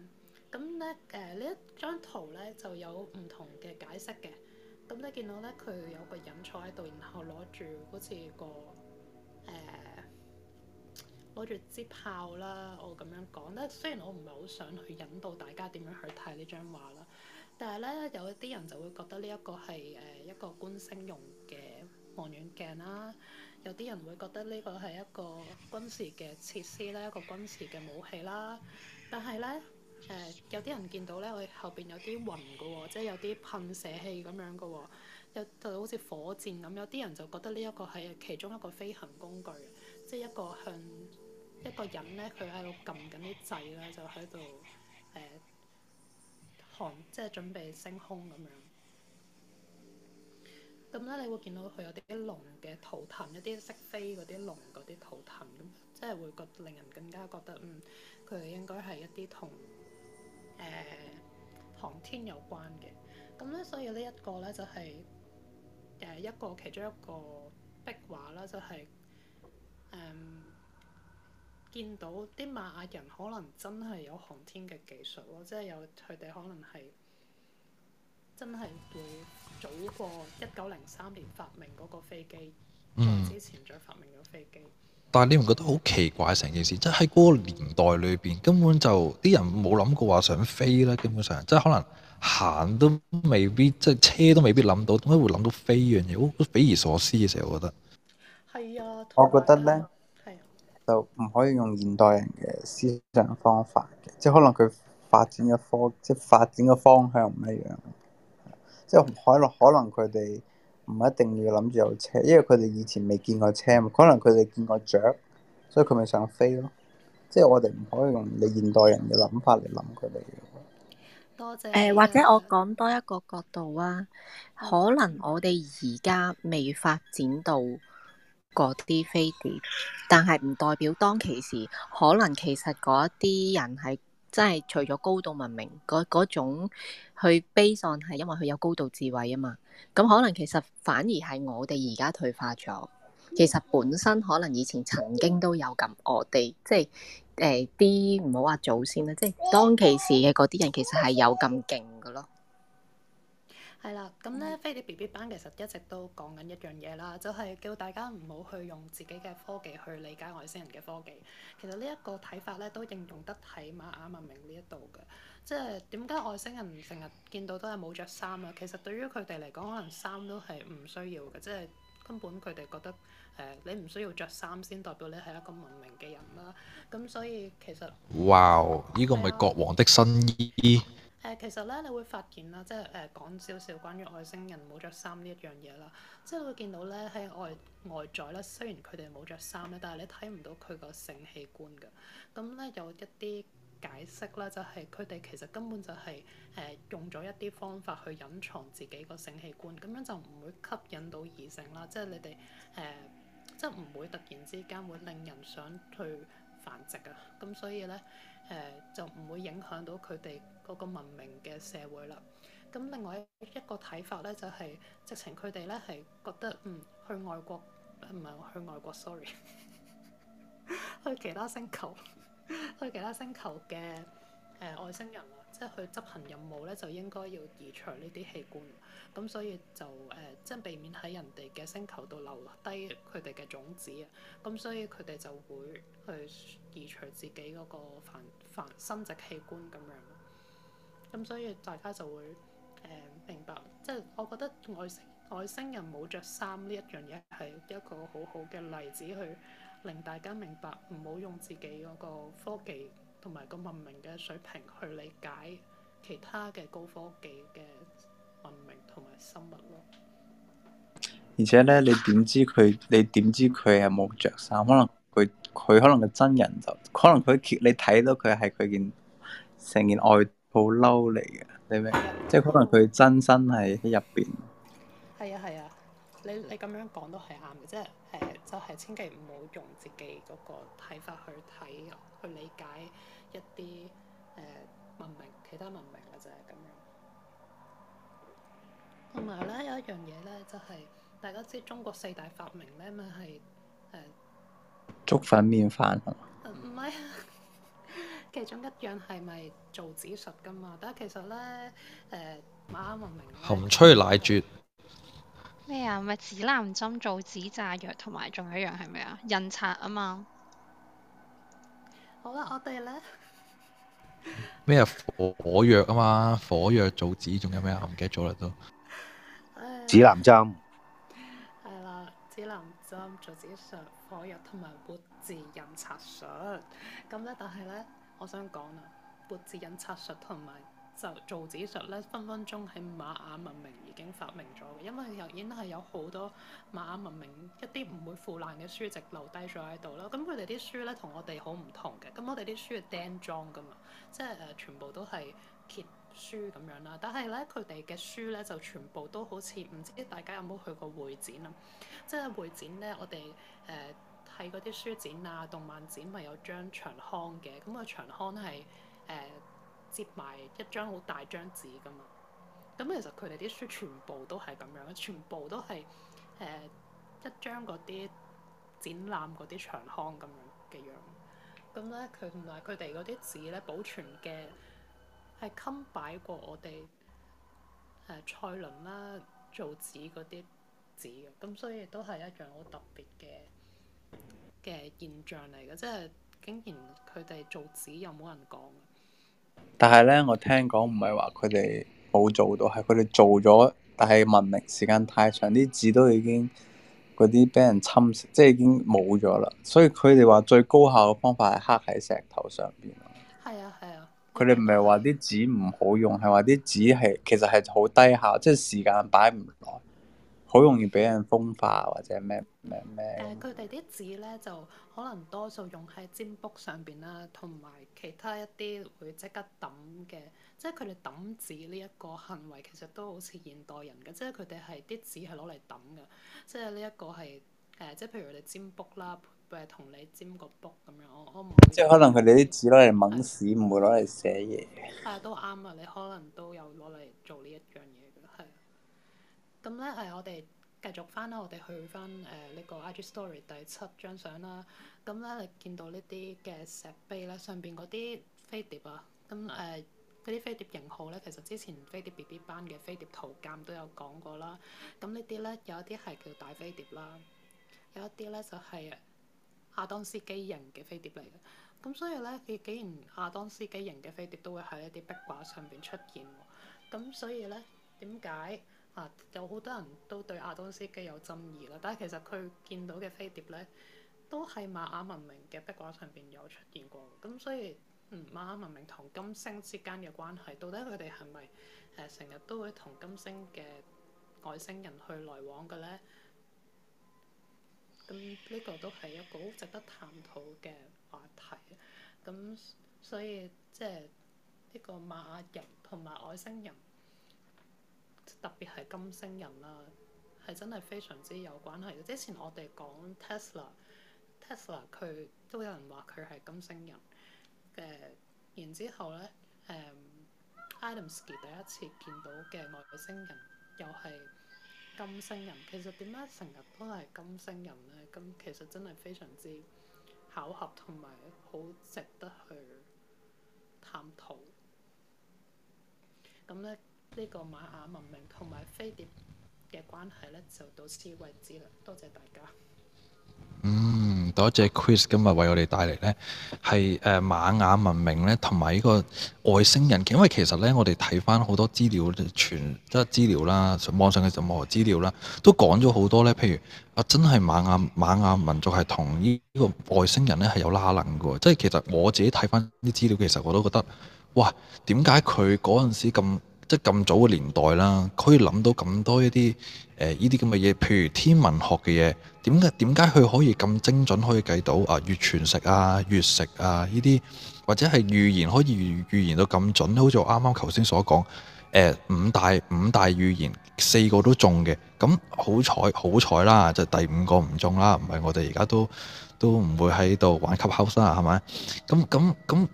咁咧誒呢、呃、一張圖咧就有唔同嘅解釋嘅，咁你見到咧佢有個人坐喺度，然後攞住好似個誒攞住支炮啦，我咁樣講。但係雖然我唔係好想去引導大家點樣去睇呢張畫啦，但係咧有一啲人就會覺得呢一個係誒、呃、一個觀星用嘅望遠鏡啦。有啲人會覺得呢個係一個軍事嘅設施啦，一個軍事嘅武器啦。但係咧，誒、呃、有啲人見到咧，佢後邊有啲雲嘅，即係有啲噴射器咁樣嘅，哦、有就好似火箭咁。有啲人就覺得呢一個係其中一個飛行工具，即係一個向一個人咧，佢喺度撳緊啲掣啦，就喺度誒航即係準備升空咁樣。咁咧、嗯，你會見到佢有啲龍嘅圖騰，一啲識飛嗰啲龍嗰啲圖騰，咁即係會覺令人更加覺得，嗯，佢應該係一啲同誒航天有關嘅。咁、嗯、咧，所以呢一個咧就係誒一個其中一個壁畫啦，就係、是、誒、嗯、見到啲瑪雅人可能真係有航天嘅技術咯，即係有佢哋可能係。真係會早過一九零三年發明嗰個飛機，嗯、之前再發明咗飛機。但係你唔覺得好奇怪？成件事即係喺嗰個年代裏邊，嗯、根本就啲人冇諗過話想飛咧。基本上即係、就是、可能行都未必，即、就、係、是、車都未必諗到，點解會諗到飛呢樣嘢？好匪夷所思嘅時候，啊、我覺得係啊。我覺得咧，係就唔可以用現代人嘅思想方法嘅，即、就、係、是、可能佢發展嘅科，即、就、係、是、發展嘅方向唔一樣。即係海樂可能佢哋唔一定要諗住有車，因為佢哋以前未見過車嘛，可能佢哋見過雀，所以佢咪想飛咯。即係我哋唔可以用你現代人嘅諗法嚟諗佢哋嘅。多謝。 或者我講多一個角度啊，可能我哋而家未發展到嗰啲飛碟，但係唔代表當其時，可能其實嗰一啲人係。即係除咗高度文明，嗰種去悲喪係因為佢有高度智慧啊嘛。咁可能其實反而係我哋而家退化咗。其實本身可能以前曾經都有咁，我哋即係誒啲唔好話祖先啦，即係、呃、當其時嘅嗰啲人其實係有咁勁㗎囉。係啦，咁咧飛碟 B B 班其實一直都講緊一樣嘢啦，就係、是、叫大家唔好去用自己嘅科技去理解外星人嘅科技。其實呢一個睇法咧，都應用得喺瑪雅文明呢一度嘅。即係點解外星人成日見到都係冇着衫啊？其實對於佢哋嚟講，可能衫都係唔需要嘅，即、就、係、是、根本佢哋覺得誒、呃、你唔需要着衫先代表你係一個文明嘅人啦。咁所以其實，哇！呢、這個咪國王的新衣。誒、呃、其實咧，你會發現、呃、點點啦，即係誒講少少關於外星人冇着衫呢一樣嘢啦，即係會見到咧喺外外在咧，雖然佢哋冇着衫咧，但係你睇唔到佢個性器官㗎。咁咧有一啲解釋啦，就係佢哋其實根本就係、是、誒、呃、用咗一啲方法去隱藏自己個性器官，咁樣就唔會吸引到異性啦。即係你哋誒、呃，即係唔會突然之間會令人想去繁殖啊。咁所以咧。誒、uh，就唔會影響到佢哋個文明嘅社會啦。咁另外一個睇法咧就係、是、直情佢哋咧係覺得嗯去外國唔係去外國 sorry 去其他星球， 去其他星球嘅誒、呃、外星人。即係去執行任務咧，就應該要移除呢啲器官，咁所以就誒、呃，即係避免喺人哋嘅星球度留低佢哋嘅種子啊，咁所以佢哋就會去移除自己嗰個繁繁生殖器官咁樣。咁所以大家就會誒、呃、明白，即係我覺得外星外星人冇着衫呢一樣嘢係一個好好嘅例子，去令大家明白唔好用自己嗰個科技。同埋個文明嘅水平去理解其他嘅高科技嘅文明同埋生物咯。而且咧，你點知佢？你點知佢係冇着衫？可能佢佢，可能個真人就可能佢揭你睇到佢係佢件成件外套褸嚟嘅，你明？即係可能佢真身係喺入邊。你你咁樣講都係啱嘅，即係誒，就係、是、千祈唔好用自己嗰個睇法去睇，去理解一啲誒、呃、文明，其他文明嘅啫咁樣。同埋咧，有一樣嘢咧，就係、是、大家知中國四大發明咧，咪係誒粥粉麵飯係嘛？唔係、呃，啊、 其中一樣係咪造紙術㗎嘛？但係其實咧，誒、呃、瑪雅文明。含吹奶絕。咩啊？咪指南針造紙炸藥，同埋仲有一樣係咩啊？印刷啊嘛。好啦，我哋咧。咩啊？火藥啊嘛，火藥造紙，仲有咩啊？我唔記得咗啦都。指南針。係啦， 指南針造紙術，火藥同埋活字印刷術。咁咧，但係咧，我想講啦，活字印刷術同埋。就造紙術咧，分分鐘喺瑪雅文明已經發明咗嘅，因為又已經係有好多瑪雅文明一啲唔會腐爛嘅書籍留低咗喺度啦。咁佢哋啲書咧同我哋好唔同嘅，咁我哋啲書係釘裝噶嘛，即係誒、呃、全部都係揭書咁樣啦。但係咧，佢哋嘅書咧，就全部都好似唔知大家有冇去過會展啊？即係會展咧，我哋誒睇嗰啲書展啊、動漫展咪有張長康嘅，咁個長康係誒。呃接埋一張好大張紙㗎嘛，咁其實佢哋啲書全部都係咁樣，全部都係誒、呃、一張嗰啲展覽嗰啲長腔咁樣嘅樣。咁咧佢同埋佢哋嗰啲紙咧保存嘅係襟擺過我哋誒蔡倫啦造紙嗰啲紙嘅，咁所以都係一樣好特別嘅嘅現象嚟嘅，即係竟然佢哋造紙又冇人講。但係咧，我聽講唔係話佢哋冇做到，係佢哋做咗，但係文明時間太長，啲紙都已經嗰啲俾人侵蝕，即係已經冇咗啦。所以佢哋話最高效嘅方法係刻喺石頭上邊。係啊，係啊。佢哋唔係話啲紙唔好用，係話啲紙係其實係好低效，即係時間擺唔耐。好容易俾人風化或者咩咩咩，誒，佢哋啲紙咧就可能多數用喺占卜上邊啦，同埋其他一啲會即刻抌嘅。即係佢哋抌紙呢一個行為其實都好似現代人嘅，即係佢哋係啲紙係攞嚟抌嘅。即係呢一個係誒、呃，即係譬如你占卜啦，誒同你占個卜咁樣，我我唔即係可能佢哋啲紙攞嚟掹屎，唔的會攞嚟寫嘢。係、啊、都啱啊！你可能都有攞嚟做呢一樣嘢。咁咧係我哋繼續翻啦，我哋去翻誒呢個 I G Story 第七張相啦。咁咧你見到呢啲嘅石碑咧，上邊嗰啲飛碟啊，咁誒嗰啲飛碟型號咧，其實之前飛碟 B B 班嘅飛碟圖鑑都有講過啦。咁、嗯、呢啲咧有一啲係叫大飛碟啦，有一啲咧就係亞當斯基型嘅飛碟嚟嘅。咁、嗯、所以咧，佢竟然亞當斯基型嘅飛碟都會喺一啲壁畫上邊出現喎。咁所以咧，點解？啊，有好多人都對亞當斯基有爭議啦，但係其實佢見到嘅飛碟咧，都係瑪雅文明嘅壁畫上邊有出現過。咁所以，嗯，瑪雅文明同金星之間嘅關係，到底佢哋係咪誒成日都會同金星嘅外星人去來往嘅咧？咁呢個都係一個好值得探討嘅話題。咁所以即係呢個瑪雅人同埋外星人。特別係金星人啦，係真係非常之有關係嘅。之前我哋講 Tesla，Tesla 佢都有人話佢係金星人嘅，然之後咧，誒，Adamski 第一次見到嘅外星人又係金星人。其實點解成日都係金星人咧？咁其實真係非常之巧合同埋好值得去探討。咁咧。呢個瑪雅文明同埋飛碟嘅關係咧，就到此為止啦。多謝大家。嗯，多謝 Chris 今日為我哋帶嚟咧，係誒瑪雅文明咧，同埋呢個外星人，因為其實咧，我哋睇翻好多資料，全即係資料啦，網上嘅任何資料啦，都講咗好多咧。譬如啊，真係瑪雅瑪雅民族係同呢個外星人咧，有係有拉能噶，即係其實我自己睇翻啲資料，其實我都覺得，哇，點解佢嗰陣時咁？即係咁早嘅年代啦，可以諗到咁多一啲誒呢啲咁嘅嘢，譬如天文學嘅嘢，點解點解佢可以咁精準，可以計到啊月全食，啊，月食啊呢啲，或者係預言可以預預言到咁準，好似我啱啱頭先所講誒、呃、五大五大預言四個都中嘅，咁、嗯、好彩好彩啦，就是、第五個唔中啦，唔係我哋而家都都唔會喺度玩吸口香啊，係咪？咁咁咁誒。嗯嗯嗯嗯嗯嗯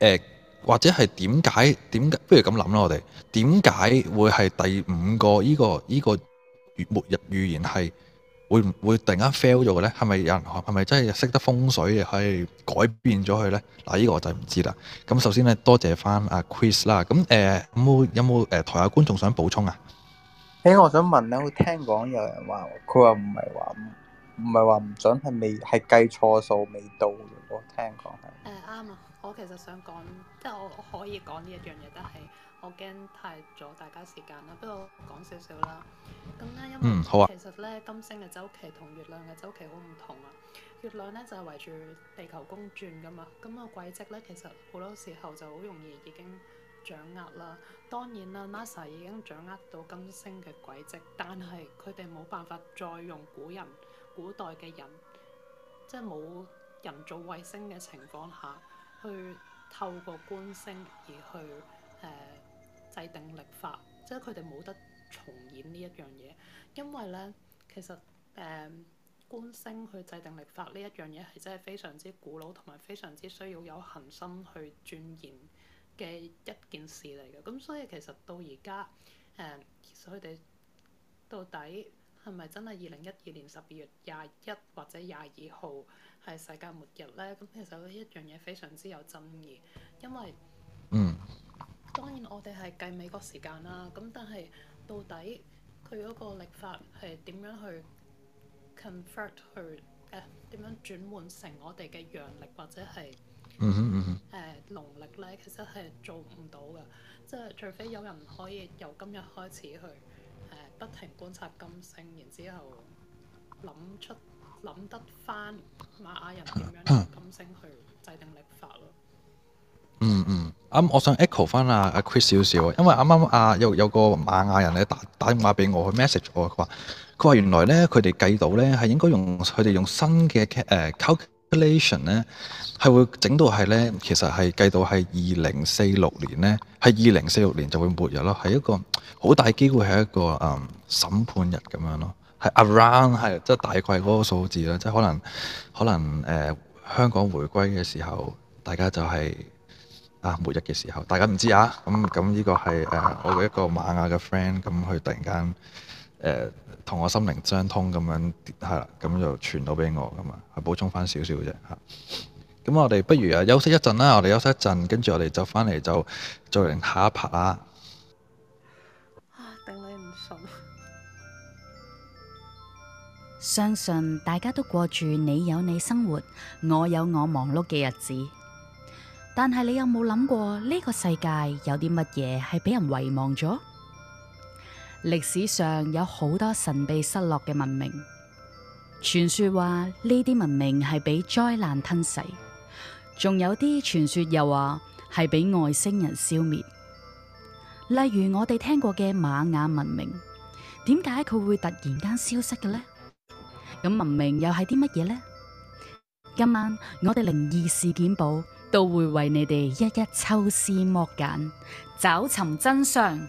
嗯嗯或者係點解點解？不如咁諗啦，我哋點解會係第五個依個依個末日預言係會唔會突然間 fail 咗嘅咧？係咪有人係咪真係識得風水去改變咗佢咧？嗱、啊，依個我就唔知啦。咁首先咧，多謝翻阿 Chris 啦。咁誒、呃，有冇有冇誒、呃、台下觀眾想補充啊？誒，我想問咧，我聽講有人話佢話唔係話唔係話唔準，係未係計錯數未到嘅。我聽講係誒啱啊！Uh, right. 我其實想講，即係我可以講呢一樣嘢，但係我驚太阻大家時間啦。不過講少少啦。咁咧因為好啊。其實咧，金星嘅周期同月亮嘅周期好唔同啊。月亮咧就係圍住地球公轉噶嘛。咁個軌跡咧，其實好多時候就好容易已經掌握啦。當然啦，NASA 已經掌握到金星嘅軌跡，但係佢哋冇辦法再用古人古代嘅人，即係冇人造衛星嘅情況下。去透過觀星而去誒、呃、制定曆法，即係佢哋冇得重演呢一樣嘢，因為咧其實誒、呃、觀星去制定曆法呢一樣嘢係真係非常之古老，同埋非常之需要有恒心去鑽研嘅一件事嚟嘅。咁、嗯、所以其實到而家誒，其實佢哋到底。係咪真係二零一二年十二月廿一或者廿二號係世界末日呢？咁其實一樣嘢非常之有爭議，因為、嗯、當然我哋係計美國時間啦。咁但係到底佢嗰個曆法係點樣去 convert 去誒點、呃、樣轉換成我哋嘅陽曆或者係誒、嗯嗯呃、農曆呢？其實係做唔到㗎，即係除非有人可以由今日開始去。不停觀察金星，然之後諗出諗得翻瑪雅人點樣用金星去制定曆法。嗯 嗯，啱、嗯，我想 echo 翻阿、啊、阿 Chris 少少，因為啱啱啊有有個瑪雅人咧打打電話俾我，佢 message 我，佢話佢話原來咧佢哋計到咧係應該用佢哋用新嘅誒、呃 Population 咧係會整到係咧，其實係計到係二零四六年咧，係二零四六年就會末日咯，係一個好大機會係一個嗯審判日咁樣咯，係 around 係，即係大概嗰個數字啦，即係可能可能誒香港回歸嘅時候，大家就係啊末日嘅時候，大家唔知啊，咁咁呢個係誒我嘅一個瑪雅嘅 friend 咁佢突然間。誒，同、呃、我心靈相通咁樣係啦，咁就傳到俾我咁啊，補充翻少少啫嚇。咁我哋不如啊休息一陣啦，我哋休息一陣，跟住我哋就翻嚟就做完下一拍啦。啊，定你唔順！相信大家都過住你有你生活，我有我忙碌嘅日子。但係你有冇諗過呢個世界有啲乜嘢係俾人遺忘咗？歷史上有好多神秘失落嘅文明，傳說話呢啲文明係被災難吞噬，仲有啲傳說又話係被外星人消滅。例如我哋聽過嘅瑪雅文明，點解佢會突然間消失嘅呢？咁文明又係啲乜嘢呢？今晚我哋靈異事件簿都會為你哋一一抽絲剝繭，找尋真相。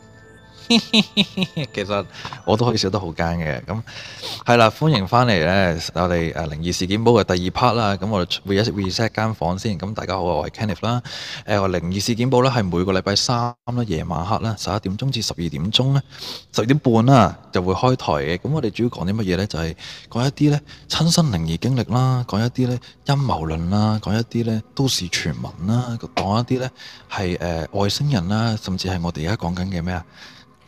其實我都可以笑得好奸嘅，咁係啦，歡迎翻嚟咧，我哋誒、呃《靈異事件簿》嘅第二 part 啦，咁我哋會一 reset 間房先，咁大家好，我係 Kenneth 啦，誒《靈異事件簿》咧係每個禮拜三咧夜晚黑啦，十一點鐘至十二點鐘咧，十二點半啦、啊、就會開台嘅，咁我哋主要講啲乜嘢咧？就係、是、講一啲咧親身靈異經歷啦，講一啲咧陰謀論啦，講一啲咧都市傳聞啦，講一啲咧係誒外星人啦，甚至係我哋而家講緊嘅咩啊？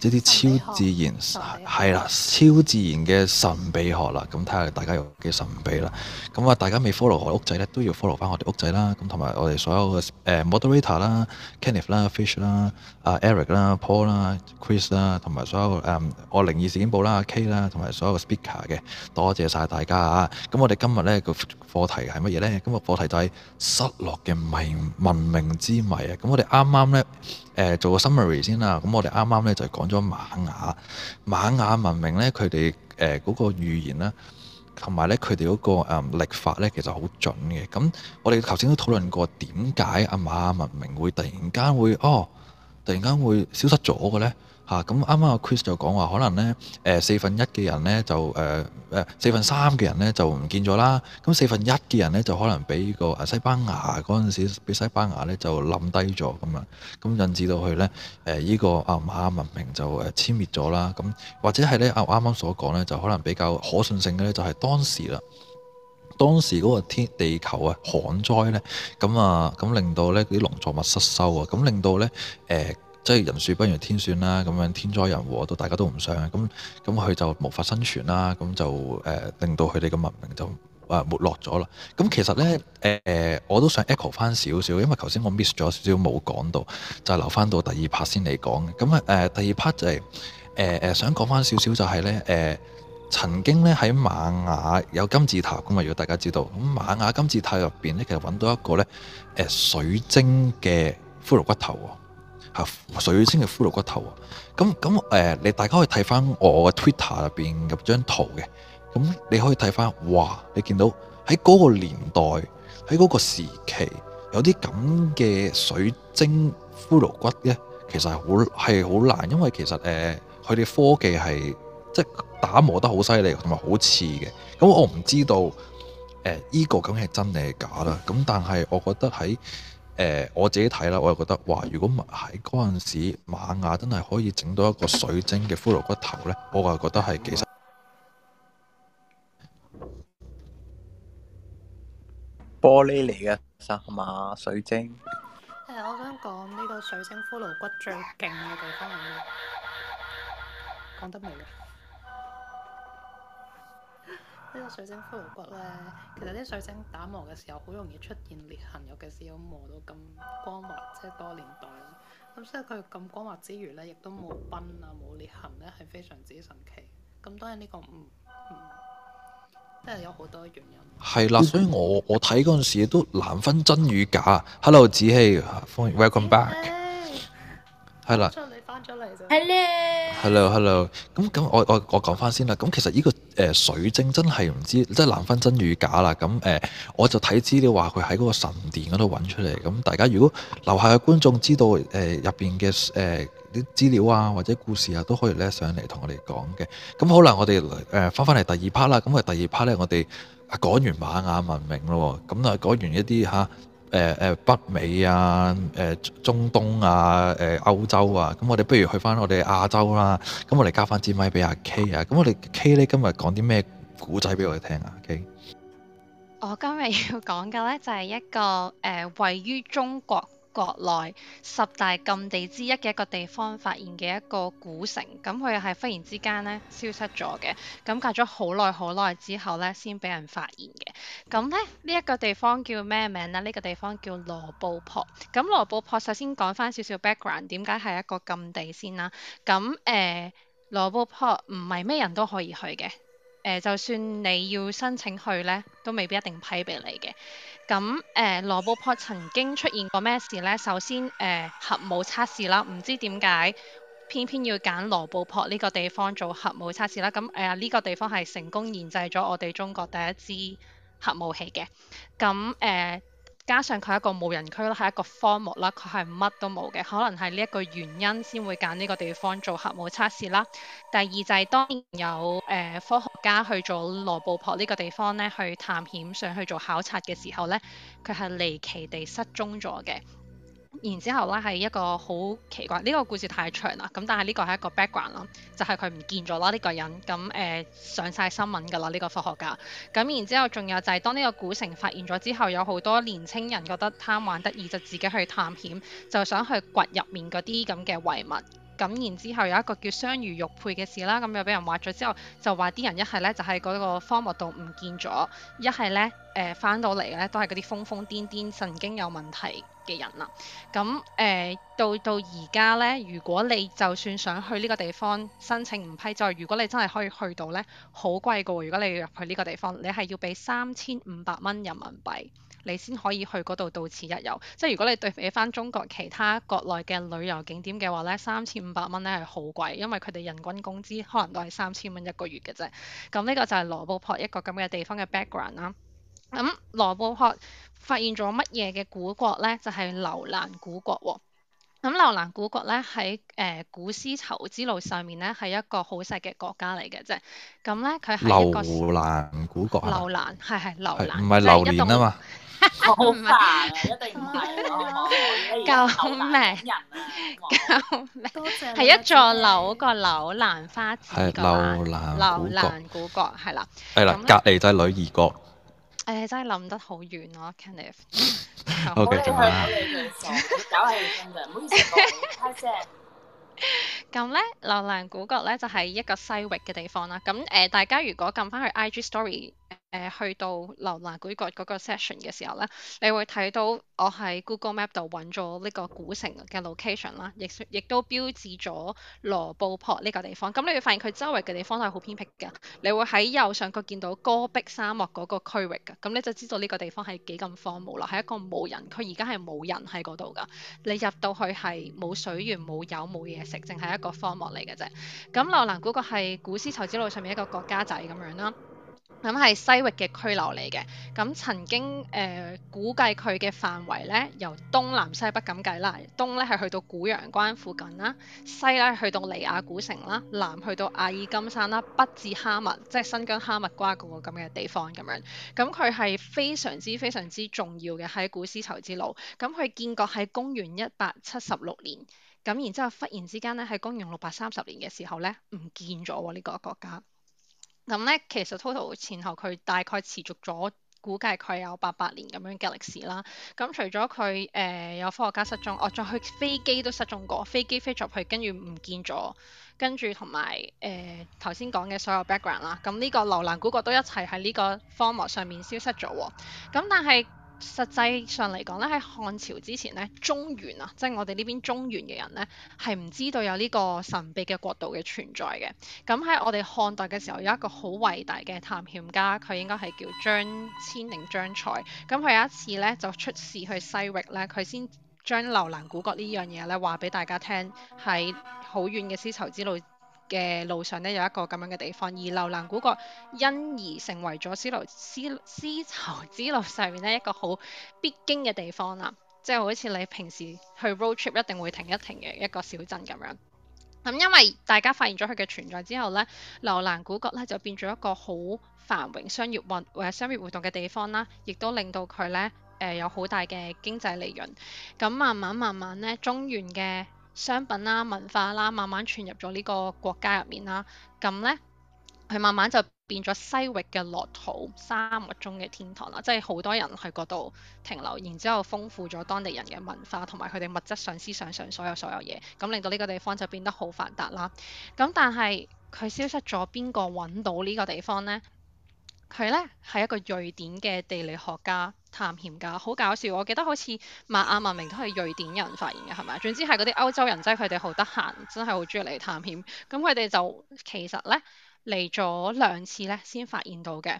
呢啲超自然系啦，超自然嘅神秘學啦，咁睇下大家有幾神秘啦。咁啊，大家未 follow 我屋仔咧，都要 follow 翻我哋屋仔啦。咁同埋我哋所有嘅誒 moderator 啦，Kenneth 啦，Fish 啦，啊 Eric 啦，Paul 啦，Chris 啦，同埋所有誒、um, 我靈異事件簿啦，阿 K 啦，同埋所有嘅 speaker 嘅，多謝晒大家啊！咁我哋今日咧個課題係乜嘢咧？今日課題就係失落嘅迷文明之謎啊！咁我哋啱啱咧誒做個 summary 先啦。咁我哋啱啱咧就講。咗瑪雅，瑪雅文明咧，佢哋誒嗰個預言啦，同埋咧佢哋嗰個誒、呃、曆法咧，其實好準嘅。咁我哋頭先都討論過，點解阿瑪雅文明會突然間會哦，突然間會消失咗嘅呢？嚇，咁啱啱阿 Chris 就講話，可能咧誒、呃、四分一嘅人咧就誒誒、呃、四分三嘅人咧就唔見咗啦。咁、啊、四分一嘅人咧就可能俾個西班牙嗰陣時，俾西班牙咧就冧低咗咁啊。咁引致到佢咧誒呢、呃這個阿瑪雅文明就誒殲滅咗啦。咁或者係咧阿啱啱所講咧，就可能比較可信性嘅咧，就係、是、當時啦，當時嗰個天地球啊旱災咧，咁啊咁令到咧啲農作物失收啊，咁令到咧誒。呃呃即係人算不如天算啦，咁樣天災人禍都大家都唔想，咁咁佢就無法生存啦，咁就誒、呃、令到佢哋嘅文明就誒、呃、沒落咗啦。咁其實呢，誒、呃、我都想 echo 翻少少，因為頭先我 miss 咗少少冇講到，就係留翻到第二 part 先嚟講。咁啊誒第二 part 就係誒誒想講翻少少就係呢誒曾經咧喺瑪雅有金字塔咁啊，如果大家知道咁瑪雅金字塔入邊咧，其實揾到一個呢誒水晶嘅骷髏骨頭。嚇，水晶嘅骷髏骨頭啊！咁咁誒，你大家可以睇翻我嘅 Twitter 入邊入張圖嘅，咁你可以睇翻，哇！你見到喺嗰個年代，喺嗰個時期，有啲咁嘅水晶骷髏骨呢，其實係好係好難，因為其實誒佢哋科技係即係打磨得好犀利同埋好似嘅。咁我唔知道誒呢、呃這個咁係真定係假啦。咁但係我覺得喺誒、呃、我自己睇啦，我又覺得哇！如果喺嗰陣時瑪雅真係可以整到一個水晶嘅骷髏骨頭咧，我就覺得係幾神。玻璃嚟嘅，實係嘛？水晶。係、呃、我想講呢、呢個水晶骷髏骨最勁嘅地方係咩？講得明啊！呢個水晶骷髏骨咧，其實啲水晶打磨嘅時候，好容易出現裂痕。尤其是要磨到咁光滑，即係多年代。咁所以佢咁光滑之餘咧，亦都冇崩啊，冇裂痕咧，係非常之神奇。咁當然呢個唔，即係有好多原因。係啦，所以我我睇嗰陣時都難分真與假。Hello，子希，歡迎 Hello, welcome, welcome back。Hey, hey. 係啦，你翻咗嚟。Hello，hello，hello。 咁咁， 我我我講翻先啦。咁其實呢、個誒、呃、水晶真係唔知，真係難分真與假啦。咁誒、呃，我就睇資料話佢喺嗰個神殿嗰度揾出嚟。咁大家如果樓下嘅觀眾知道誒入邊嘅誒啲資料啊或者故事啊，都可以咧上嚟同我哋講嘅。咁好啦，我哋誒翻翻嚟第二 part 啦。咁啊，第二 part 咧，我哋講完瑪雅文明咯。咁啊，講完一啲嚇。誒誒、呃、北美啊，誒、呃、中東啊，誒、呃、歐洲啊，咁我哋不如去翻我哋亞洲啦。咁我哋交翻支麥俾阿 K 啊。咁我哋 K 咧今日講啲咩古仔俾我哋聽啊？K，我今日要講嘅咧就係一個誒位於中國，啊啊啊啊啊國內十大禁地之一嘅一個地方發現嘅一個古城，咁佢又係忽然之間咧消失咗嘅，咁隔咗好耐好耐之後咧先俾人發現嘅。咁咧呢一、這個地方叫咩名呢？呢、這個地方叫羅布泊。咁羅布泊首先講翻少少 background，點解係一個禁地先啦？咁誒、呃、羅布泊唔係咩人都可以去嘅。誒、呃，就算你要申請去咧，都未必一定批俾你嘅。咁、嗯、誒、呃，羅布泊曾經出現過咩事咧？首先誒、呃，核武測試啦，唔知點解偏偏要揀羅布泊呢個地方做核武測試啦。咁、嗯、誒，呢、呃呢個地方係成功研製咗我哋中國第一支核武器嘅。咁、嗯、誒。呃加上佢係一個無人區啦，係一個荒漠啦，佢係乜都冇嘅，可能係呢一個原因先會揀呢個地方做核武測試啦。第二就係、是、當年有誒、呃、科學家去做羅布泊呢個地方咧，去探險上去做考察嘅時候咧，佢係離奇地失蹤咗嘅。然之後咧係一個好奇怪，呢、這個故事太長啦。咁但係呢個係一個 background 啦，就係佢唔見咗啦呢個人。咁、嗯、誒上晒新聞㗎啦呢個科學家。咁然之後仲有就係當呢個古城發現咗之後，有好多年青人覺得貪玩得意，就自己去探險，就想去掘入面嗰啲咁嘅遺物。咁然之後有一個叫雙魚玉佩嘅事啦，咁又俾人挖咗之後，就話啲人一係咧就喺嗰個荒漠度唔見咗，一係咧誒翻到嚟咧都係嗰啲瘋瘋癲癲、神經有問題嘅人啦。咁誒、呃、到到而家咧，如果你就算想去呢個地方申請唔批就係，如果你真係可以去到咧，好貴噶喎！如果你要入去呢個地方，你係要俾三千五百蚊人民幣。你先可以去嗰度到此一遊。即係如果你對比翻中國其他國內嘅旅遊景點嘅話咧，三千五百蚊咧係好貴，因為佢哋人均工資可能都係三千蚊一個月嘅啫。咁呢個就係羅布泊一個咁嘅地方嘅 background 啦。咁羅布泊發現咗乜嘢嘅古國咧？就係、是、樓蘭古國喎。咁樓蘭古國咧喺誒古絲綢之路上面咧係一個好細嘅國家嚟嘅啫。咁咧佢係一個樓蘭古國。樓蘭係係樓蘭，唔係榴槤啊嘛。好煩啊！一定唔係我。救命！救命！係一座樓，個樓蘭花園。係樓蘭。樓蘭古國係啦。係啦，隔離就係女兒國。誒，真係諗得好遠咯，Kenneth。好，繼續啦。咁咧，樓蘭古國咧就係一個西域嘅地方啦。咁誒，大家如果撳翻去 IG story。誒、呃、去到樓蘭古國嗰個 session 嘅時候咧，你會睇到我喺 Google Map 度揾咗呢個古城嘅 location 啦，亦亦都標誌咗羅布泊呢個地方。咁、嗯、你會發現佢周圍嘅地方都係好偏僻嘅。你會喺右上角見到戈壁沙漠嗰個區域嘅，咁、嗯、你就知道呢個地方係幾咁荒漠啦，係一個冇人。佢而家係冇人喺嗰度噶。你入到去係冇水源、冇油、冇嘢食，淨係一個荒漠嚟嘅啫。咁樓蘭古國係古絲綢之路上面一個國家仔咁樣啦。咁係、嗯、西域嘅樓蘭嚟嘅，咁、嗯、曾經誒、呃、估計佢嘅範圍咧，由東南西北咁計啦，東咧係去到古陽關附近啦，西咧去到尼雅古城啦，南去到阿爾金山啦，北至哈密，即係新疆哈密瓜嗰個咁嘅地方咁樣。咁佢係非常之非常之重要嘅喺古絲綢之路。咁、嗯、佢建國喺公元一百七十六年，咁、嗯、然之後忽然之間咧，喺公元六百三十年嘅時候咧，唔見咗喎呢個國家。咁咧、嗯，其實 total 前後佢大概持續咗，估計佢有八百年咁樣嘅歷史啦。咁、嗯、除咗佢誒有科學家失蹤，我、哦、再去飛機都失蹤過，飛機飛咗去跟住唔見咗，跟住同埋誒頭先講嘅所有 background 啦，咁、嗯、呢、這個樓蘭古國都一齊喺呢個荒漠上面消失咗喎。咁、嗯、但係，實際上嚟講咧，喺漢朝之前咧，中原啊，即係我哋呢邊中原嘅人咧，係唔知道有呢個神秘嘅國度嘅存在嘅。咁喺我哋漢代嘅時候，有一個好偉大嘅探險家，佢應該係叫張騫定張賽。咁佢有一次咧，就出使去西域咧，佢先將樓蘭古國呢樣嘢咧話俾大家聽，喺好遠嘅絲綢之路。嘅路上呢，有一個咁樣嘅地方，而樓蘭古國因而成為咗絲路絲絲綢之路上面咧一個好必經嘅地方啦，即係好似你平時去 road trip 一定會停一停嘅一個小鎮咁樣。咁、嗯、因為大家發現咗佢嘅存在之後呢，樓蘭古國呢就變咗一個好繁榮商業運或者商業活動嘅地方啦，亦都令到佢呢誒、呃、有好大嘅經濟利潤。咁慢慢慢慢呢，中原嘅商品啦、啊、文化啦、啊，慢慢傳入咗呢個國家入面啦、啊。咁咧，佢慢慢就變咗西域嘅樂土、沙漠中嘅天堂啦。即係好多人去嗰度停留，然後之後豐富咗當地人嘅文化同埋佢哋物質上、思想上所有所有嘢，咁令到呢個地方就變得好發達啦。咁但係佢消失咗，邊個揾到呢個地方咧？佢咧係一個瑞典嘅地理學家探險家，好搞笑。我記得好似馬雅文明都係瑞典人發現嘅，係咪？總之係嗰啲歐洲人，即係佢哋好得閒，真係好中意嚟探險。咁佢哋就其實咧嚟咗兩次咧，先發現到嘅。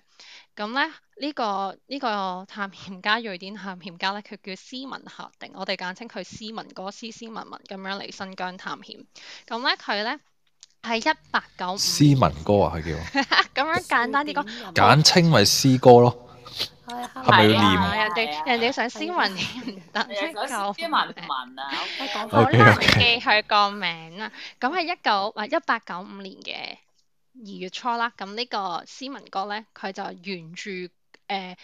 咁咧呢個呢個探險家，瑞典探險家咧，佢叫斯文赫定，我哋簡稱佢斯文哥，斯斯文文咁樣嚟新疆探險。咁咧佢咧。係一八九五年，斯文哥啊，佢叫咁樣，簡單啲講，簡稱為斯歌咯，係咪？ 要念？ 人哋人哋想斯文唔得，唔識教斯文唔文啊！ 好難吧 Okay, okay. 記佢個名啊！咁係一九，唔一八九五年嘅二月初啦。咁呢個斯文哥咧，佢就沿住。誒、呃。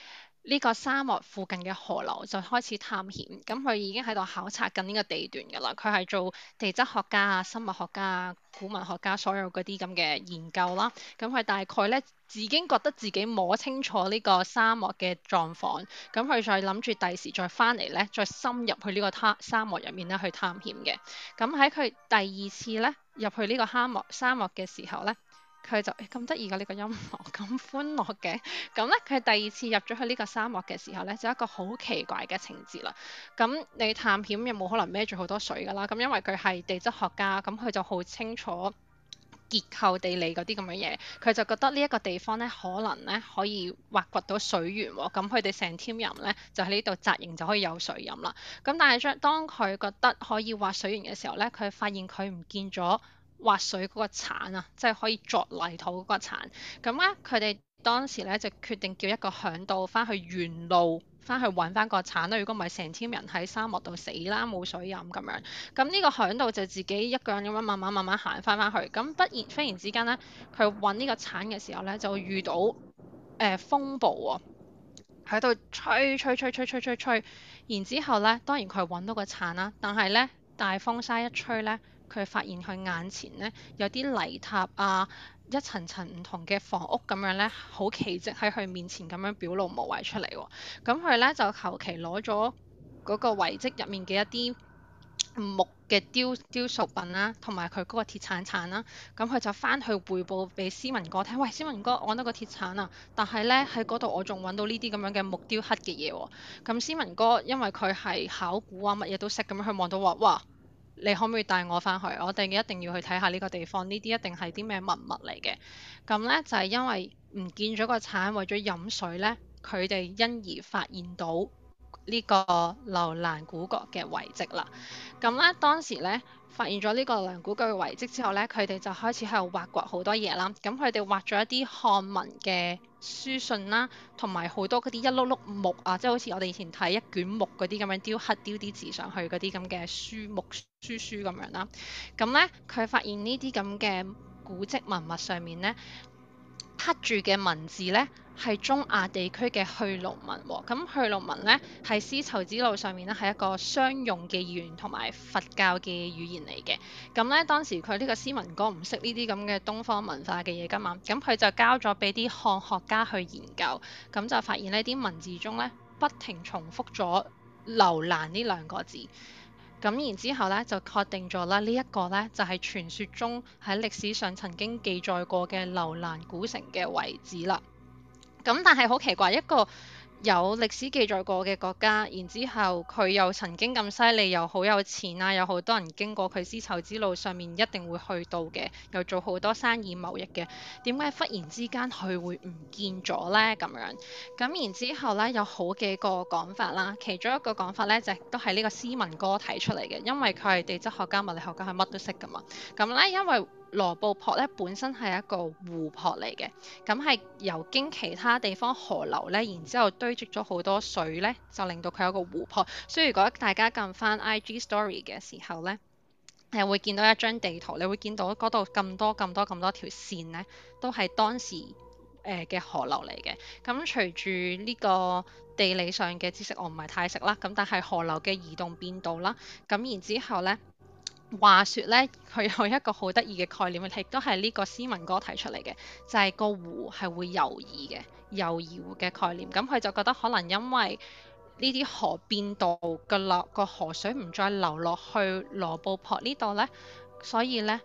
呢個沙漠附近嘅河流就開始探險，咁佢已經喺度考察緊呢個地段㗎啦。佢係做地質學家啊、生物學家啊、古文學家，所有嗰啲咁嘅研究啦。咁佢大概咧已經覺得自己摸清楚呢個沙漠嘅狀況，咁佢再諗住第時再翻嚟咧，再深入去呢個沙沙漠入面咧去探險嘅。咁喺佢第二次咧入去呢個沙漠沙漠嘅時候咧。佢就咁得意嘅呢個音樂，咁歡樂嘅。咁 咧、嗯，佢第二次入咗去呢個沙漠嘅時候咧，就一個好奇怪嘅情節啦。咁、嗯、你探險又冇可能孭住好多水㗎啦。咁、嗯、因為佢係地質學家，咁、嗯、佢就好清楚結構地理嗰啲咁嘅嘢。佢就覺得呢一個地方咧，可能咧可以挖掘到水源喎。咁佢哋成添人咧，就喺呢度紮營就可以有水飲啦。咁、嗯、但係將當佢覺得可以挖水源嘅時候咧，佢發現佢唔見咗。挖水嗰個鏟啊，即係可以作泥土嗰個鏟。咁咧，佢哋當時咧就決定叫一個嚮導返去原路，返去揾返個鏟啦。如果唔係，成千人喺沙漠度死啦，冇水飲咁樣。咁呢個嚮導就自己一個人咁樣慢慢慢慢行返返去。咁不然，忽然之間咧，佢揾呢個鏟嘅時候咧，就遇到誒、呃、風暴喎、哦，喺度吹吹吹吹吹吹,吹,吹,吹,吹。然之後咧，當然佢揾到個鏟啦，但係咧，大風沙一吹咧。佢發現佢眼前呢，有啲泥塔啊，一層層唔同嘅房屋咁樣呢，好奇蹟喺佢面前咁樣表露無遺出嚟喎、哦。咁佢呢，就求其攞咗嗰個遺跡入面嘅一啲木嘅雕雕塑品啦、啊，同埋佢嗰個鐵鏟鏟啦、啊。咁佢就翻去彙報俾斯文哥聽，喂，斯文哥，我得個鐵鏟啊！但係呢，喺嗰度我仲揾到呢啲咁樣嘅木雕刻嘅嘢喎。咁斯文哥因為佢係考古啊，乜嘢都識咁樣，佢望到話，哇！你可唔可以帶我翻去？我哋一定要去睇下呢個地方。呢啲一定係啲咩文物嚟嘅？咁呢，就係因為唔見咗個鏟，為咗飲水呢，佢哋因而發現到呢個樓蘭古國嘅遺跡啦。咁呢，當時呢。發現咗呢個良古據遺跡之後咧，佢哋就開始喺度挖掘好多嘢啦。咁佢哋挖咗一啲漢文嘅書信啦，同埋好多嗰啲一碌碌木啊，即係好似我哋以前睇一卷木嗰啲咁樣雕刻，雕啲字上去嗰啲咁嘅書木書書咁樣啦。咁咧，佢發現呢啲咁嘅古蹟文物上面咧。刻住嘅文字呢，係中亞地區嘅佉盧文咁、嗯、佉盧文呢，喺絲綢之路上面咧，係一個商用嘅語言同埋佛教嘅語言嚟嘅。咁、嗯、呢，當時佢呢個斯文哥唔識呢啲咁嘅東方文化嘅嘢㗎嘛，咁佢就交咗俾啲漢學家去研究。咁、嗯、就發現呢啲文字中呢，不停重複咗“樓蘭”呢兩個字。咁然之後咧，就確定咗啦，呢、這、一個咧就係傳說中喺歷史上曾經記載過嘅樓蘭古城嘅遺址啦。咁但係好奇怪，一個。有歷史記載過嘅國家，然之後佢又曾經咁犀利，又好有錢啊，有好多人經過佢絲綢之路上面一定會去到嘅，又做好多生意貿易嘅，點解忽然之間佢會唔見咗呢？咁樣？咁然之後咧，有好幾個講法啦，其中一個講法咧就係都係呢個斯文哥提出嚟嘅，因為佢係地質學家、物理學家，係乜都識噶嘛。咁咧，因為羅布泊咧本身係一個湖泊嚟嘅，咁係由經其他地方河流咧，然之後堆積咗好多水咧，就令到佢有個湖泊。所以如果大家撳翻 IG Story 嘅時候咧，誒、呃、會見到一張地圖，你會見到嗰度咁多咁多咁多條線咧，都係當時誒嘅、呃、河流嚟嘅。咁隨住呢個地理上嘅知識我，我唔係太識啦。咁但係河流嘅移動變道啦，咁然之後咧。話説咧，佢有一個好得意嘅概念，亦都係呢個斯文哥提出嚟嘅，就係、是、個湖係會遊移嘅遊移湖嘅概念。咁、嗯、佢就覺得可能因為呢啲河變道嘅流個河水唔再流落去羅布泊呢度呢，所以呢。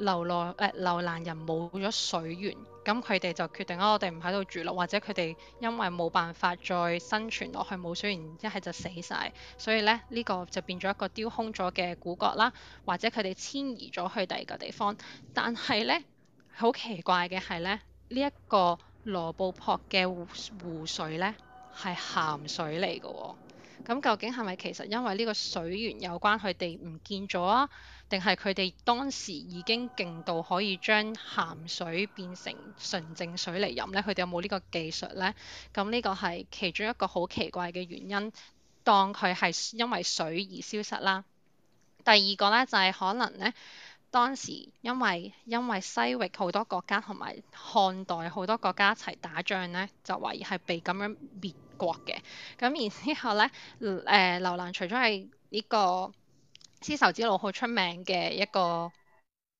樓蘭誒，樓蘭人冇咗水源，咁佢哋就決定啊，我哋唔喺度住咯，或者佢哋因為冇辦法再生存落去冇水源，一係就死晒。所以咧，呢個就變咗一個丟空咗嘅古國啦，或者佢哋遷移咗去第二個地方。但係咧，好奇怪嘅係咧，呢一個羅布泊嘅湖水咧係鹹水嚟㗎喎，咁究竟係咪其實因為呢個水源有關佢哋唔見咗啊？定係佢哋當時已經勁到可以將鹹水變成純淨水嚟飲咧？佢哋有冇呢個技術咧？咁呢個係其中一個好奇怪嘅原因。當佢係因為水而消失啦。第二個咧就係、是、可能咧，當時因為因為西域好多國家同埋漢代好多國家一齊打仗咧，就懷疑係被咁樣滅國嘅。咁然之後咧，誒、呃、樓蘭除咗係呢個。絲綢之路好出名嘅一個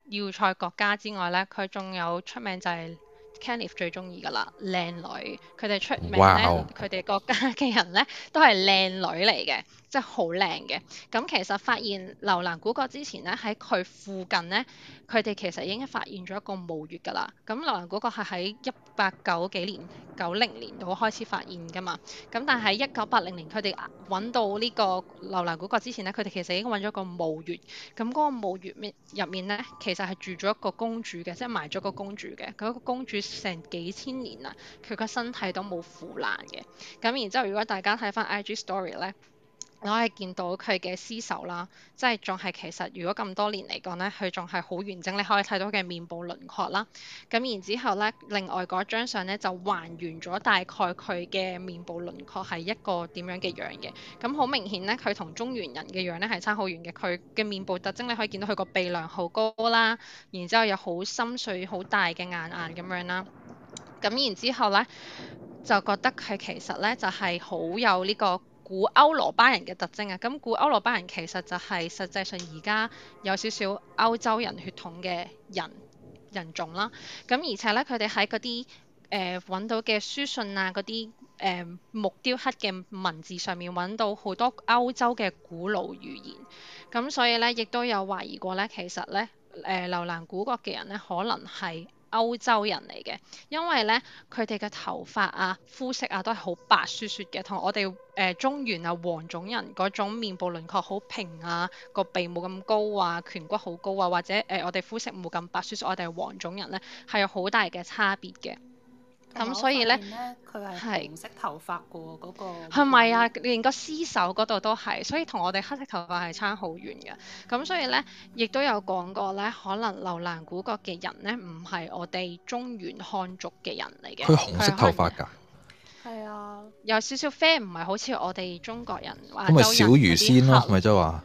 要塞國家之外咧，佢仲有出名就係 Kenneth 最中意噶啦，靚女，佢哋出名咧，佢哋國家嘅人咧都係靚女嚟嘅。即係好靚嘅。咁其實發現樓蘭古國之前咧，喺佢附近咧，佢哋其實已經發現咗一個墓穴㗎啦。咁樓蘭古國係喺一八九幾年九零年度開始發現㗎嘛。咁但係一九八零年佢哋揾到呢個樓蘭古國之前咧，佢哋其實已經揾咗個墓穴。咁嗰個墓穴面入面咧，其實係住咗一個公主嘅，即係埋咗個公主嘅。嗰、嗰個公主成幾千年啦，佢個身體都冇腐爛嘅。咁然之後，如果大家睇翻 IG story 咧， 嗯、我可以見到佢嘅屍首啦，即係仲係其實如果咁多年嚟講咧，佢仲係好完整。你可以睇到佢嘅面部輪廓啦。咁然之後咧，另外嗰張相咧就還原咗大概佢嘅面部輪廓係一個點樣嘅樣嘅。咁好明顯咧，佢同中原人嘅樣咧係差好遠嘅。佢嘅面部特徵，你可以見到佢個鼻梁好高啦，然之後又好深邃、好大嘅眼眼咁樣啦。咁然之後咧，就覺得佢其實咧就係、是、好有呢、呢個。古歐羅巴人嘅特徵啊，咁古歐羅巴人其實就係實際上而家有少少歐洲人血統嘅人人種啦，咁而且咧佢哋喺嗰啲誒揾到嘅書信啊，嗰啲誒木雕刻嘅文字上面揾到好多歐洲嘅古老語言，咁所以咧亦都有懷疑過咧，其實咧誒、呃、流亡古國嘅人咧可能係。歐洲人嚟嘅，因為咧佢哋嘅頭髮啊、膚色啊都係好白雪雪嘅，同我哋誒、呃、中原啊黃種人嗰種面部輪廓好平啊、個鼻冇咁高啊、顴骨好高啊，或者誒、呃、我哋膚色冇咁白雪雪，我哋係黃種人咧係有好大嘅差別嘅。咁、嗯、所以咧，佢係是紅色頭髮噶喎，嗰、那個係咪啊？連個屍首嗰度都係，所以同我哋黑色頭髮係差好遠嘅。咁所以咧，亦都有講過咧，可能樓蘭古國嘅人咧，唔係我哋中原漢族嘅人嚟嘅。佢紅色頭髮㗎，係啊，有少少啡，唔係好似我哋中國人。咁咪小魚仙咯，咪就係話。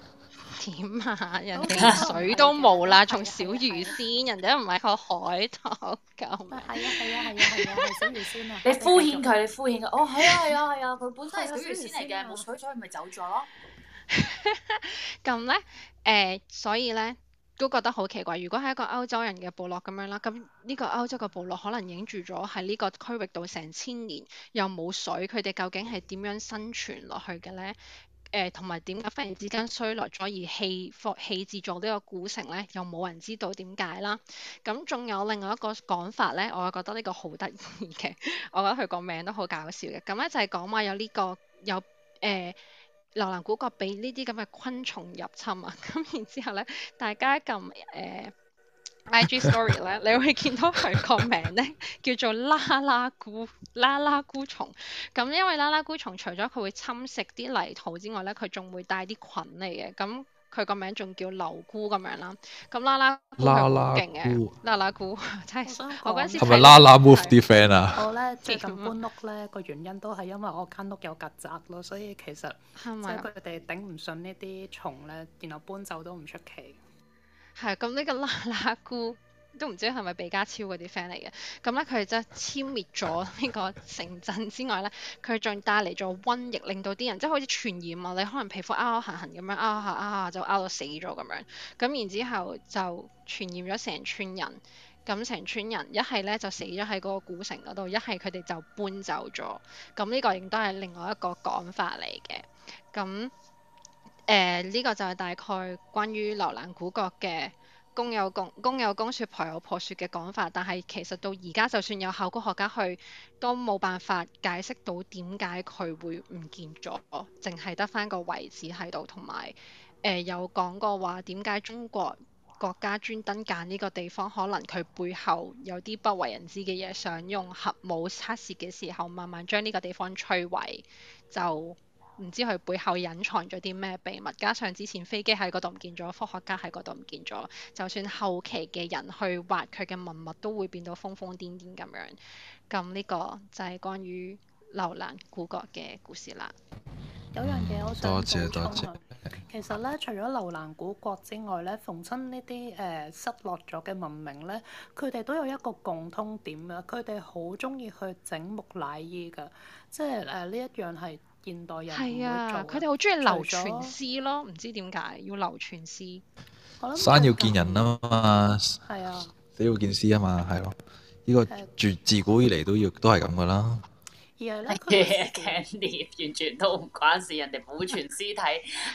點啊！人哋水都冇啦，仲小魚先，人哋都唔係個海盜嚿。係啊係啊係啊係啊，小魚先啊！你敷衍佢，你敷衍佢。哦，係啊係啊係啊，佢本身係小魚先嚟嘅，冇水咗，佢咪走咗咯。咁咧，誒，所以咧都覺得好奇怪。如果係一個歐洲人嘅部落咁樣啦，咁呢個歐洲嘅部落可能已經住咗喺呢個區域度成千年，又冇水，佢哋究竟係點樣生存落去嘅咧？誒，同埋點解忽然之間衰落咗而棄放棄建造呢個古城咧，又冇人知道點解啦。咁仲有另外一個講法咧，我覺得呢個好得意嘅，我覺得佢個名都好搞笑嘅。咁咧就係講話有呢、呢個有誒樓蘭古國俾呢啲咁嘅昆蟲入侵啊，咁然之後咧，大家咁。誒、呃。I G story 咧， 你會見到佢個名咧叫做啦啦菇、啦啦菇蟲。咁因為啦啦菇蟲除咗佢會侵蝕啲泥土之外咧，佢仲會帶啲菌嚟嘅。咁佢個名仲叫流菇咁樣啦。咁啦啦，啦啦勁嘅，啦啦菇真係。我嗰想陣 時係咪啦啦 move 啲 friend 啊？我咧最近搬屋咧個原因都係因為我間屋有曱甴咯，所以其實係咪佢哋頂唔順呢啲蟲咧，然後搬走都唔出奇。係，咁呢個啦啦姑都唔知係咪比家超嗰啲 friend 嚟嘅，咁咧佢即係殲滅咗呢個城鎮之外咧，佢仲帶嚟咗瘟疫，令到啲人即係好似傳染啊，你可能皮膚拗拗痕痕咁樣拗下拗下就拗到死咗咁樣，咁然之後就傳染咗成村人，咁成村人一係咧就死咗喺嗰個古城嗰度，一係佢哋就搬走咗，咁呢個亦都係另外一個講法嚟嘅，咁。誒呢，呃這個就係大概關於樓蘭古國嘅公有公公有公説，婆有婆説嘅講法。但係其實到而家，就算有考古學家去，都冇辦法解釋到點解佢會唔見咗，淨係得翻個位置喺度。同埋誒有講、呃、過話，點解中國國家專登揀呢個地方？可能佢背後有啲不為人知嘅嘢，想用核武測試嘅時候，慢慢將呢個地方摧毀就。唔知佢背後隱藏咗啲咩秘密，加上之前飛機喺嗰度唔見咗，科學家喺嗰度唔見咗，就算後期嘅人去挖佢嘅文物，都會變到瘋瘋癲癲咁樣。咁呢個就係關於樓蘭古國嘅故事啦。有樣嘢我想多謝多謝。多謝。其實咧，除咗樓蘭古國之外咧，逢親呢啲誒失落咗嘅文明咧，佢哋都有一個共通點㗎，佢哋好中意去整木乃伊㗎，即係誒呢一樣係。現代人係啊，佢哋好中意流傳詩咯，唔知點解要流傳詩。山要見人啊嘛，係啊，死要見屍啊嘛，係咯，呢個自自古以嚟都要都係咁噶啦。嘢嘅嘢， 完全都唔關事。人哋保存屍體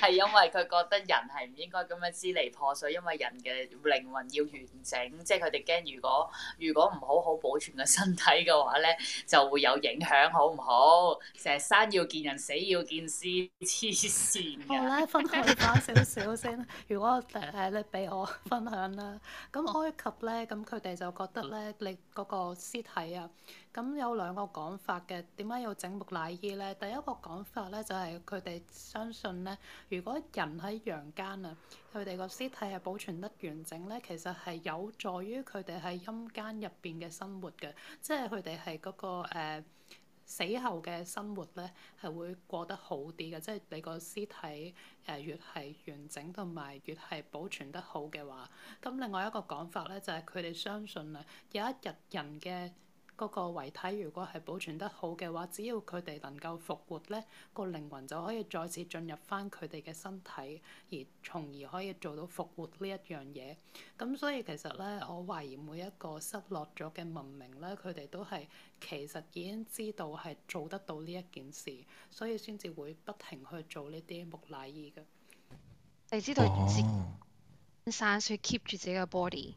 係因為佢覺得人係唔應該咁樣支離破碎，因為人嘅靈魂要完整。即係佢哋驚，如果如果唔好好保存個身體嘅話咧，就會有影響，好唔好？成日生要見人，死要見屍，黐線㗎。好啦， 分享 少少先。如果誒、呃，你俾我分享啦。咁埃及咧，咁佢哋就覺得咧，你嗰個屍體啊～、嗯 咁有兩個講法嘅，點解要整木乃伊呢？第一個講法咧，就係佢哋相信呢，如果人喺陽間啊，佢哋個屍體係保存得完整呢，其實係有助於佢哋喺陰間入邊嘅生活嘅，即係佢哋係嗰個、呃、死後嘅生活呢，係會過得好啲嘅，即係你個屍體誒越係完整同埋越係保存得好嘅話，咁另外一個講法呢，就係佢哋相信啊，有一日人嘅。嗰個遺體如果係保存得好嘅話，只要佢哋能夠復活咧，個靈魂就可以再次進入翻佢哋嘅身體，而從而可以做到復活呢一樣嘢。咁所以其實咧，我懷疑每一個失落咗嘅文明咧，佢哋都係其實已經知道係做得到呢一件事，所以先至會不停去做呢啲木乃伊嘅。你知道點知哇散水 keep 住自己嘅 body？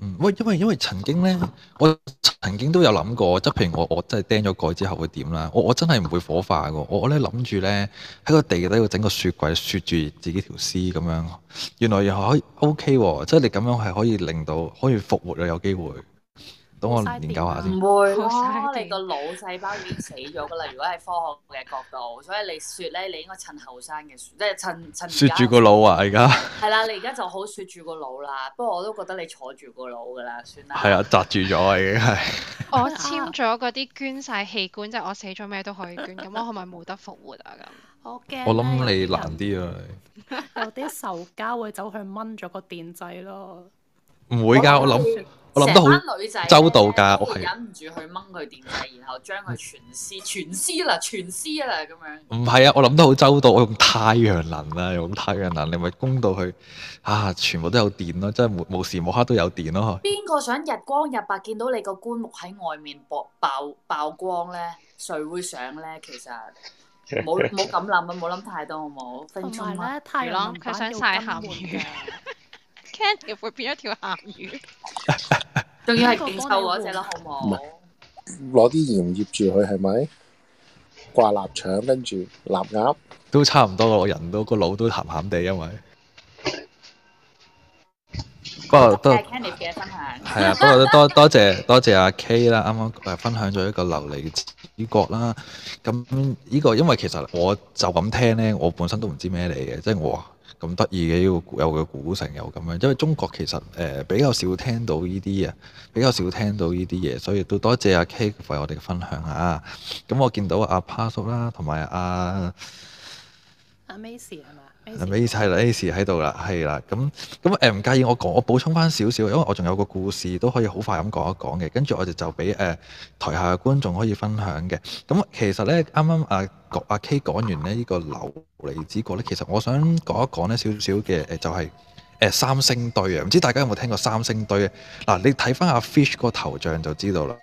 嗯，喂，因為因為曾經咧，我曾經都有諗過，即譬如我我真係釘咗蓋之後會點啦，我我真係唔會火化嘅，我我咧諗住咧喺個地底度整個雪櫃雪住自己條屍咁樣，原來又可以 OK 喎，即係你咁樣係可以令到可以復活啊，有機會。等我研究下先。唔會，你個腦細胞已經死咗噶啦。如果係科學嘅角度，所以你説咧，你應該趁後生嘅，即係趁趁。説住個腦啊！而家。係啦，你而家就好説住個腦啦。不過我都覺得你坐住個腦噶啦，算啦。係啊，砸住咗啊，已經係。我簽咗嗰啲捐晒器官，即係我死咗咩都可以捐。咁我係咪冇得復活啊？咁我好驚。我諗你難啲啊。有啲仇家會走去掹咗個電掣咯。唔會㗎，我諗。我諗都係女仔周到㗎，我係忍唔住去掹佢電掣， 然後將佢全屍、全屍啦、全屍啦咁樣。唔係啊，我諗得好周到，我用太陽能啊，用太陽能，你咪供到佢啊，全部都有電咯，真係冇無，無時無刻都有電咯。邊個想日光日白見到你個棺木喺外面曝曝曝光咧？誰會想咧？其實冇冇咁諗啊，冇諗太多好冇？好，好？同埋咧，太陽能反而要緊 Candy 會變咗條鹹魚，仲 要係勁臭嗰隻咯，好唔好？攞啲鹽醃住佢係咪？掛臘腸跟住臘鴨，都差唔多我人都個腦都鹹鹹地，因為不過都 Candy 嘅分享，係啊，不過都多多謝多謝阿 K 啦，啱啱誒分享咗一個流離主角啦。咁呢個因為其實我就咁聽咧，我本身都唔知咩嚟嘅，即係我。咁得意嘅，呢個古有嘅古城又咁樣，因為中國其實誒、呃、比較少聽到呢啲啊，比較少聽到呢啲嘢，所以都多謝阿 K 為我哋嘅分享吓。咁、嗯、我見到阿 Pass 叔啦，同埋阿阿 Maisie 係咪？阿美齊、阿 E 士喺度啦，係啦，咁咁誒唔介意我講，我補充翻少少，因為我仲有個故事都可以好快咁講一講嘅，跟住我哋就俾誒、呃、台下嘅觀眾可以分享嘅。咁、嗯、其實呢，啱啱阿阿 K 講完咧呢、這個琉璃子國呢，其實我想講一講呢少少嘅就係、是、誒、呃、三星堆啊！唔知大家有冇聽過三星堆？嗱，你睇翻阿 Fish 個頭像就知道啦。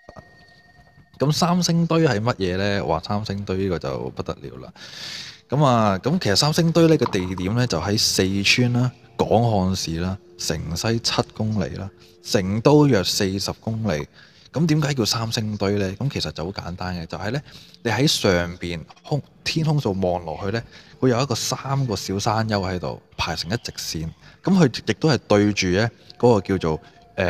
咁三星堆係乜嘢呢？話，三星堆呢個就不得了啦！咁啊，咁、嗯、其實三星堆呢個地點呢，就喺四川啦，廣漢市啦，城西七公里啦，成都約四十公里。咁點解叫三星堆呢？咁、嗯、其實就好簡單嘅，就係、是、呢：你喺上邊空天空度望落去呢，會有一個三個小山丘喺度排成一直線。咁佢亦都係對住呢嗰個叫做誒、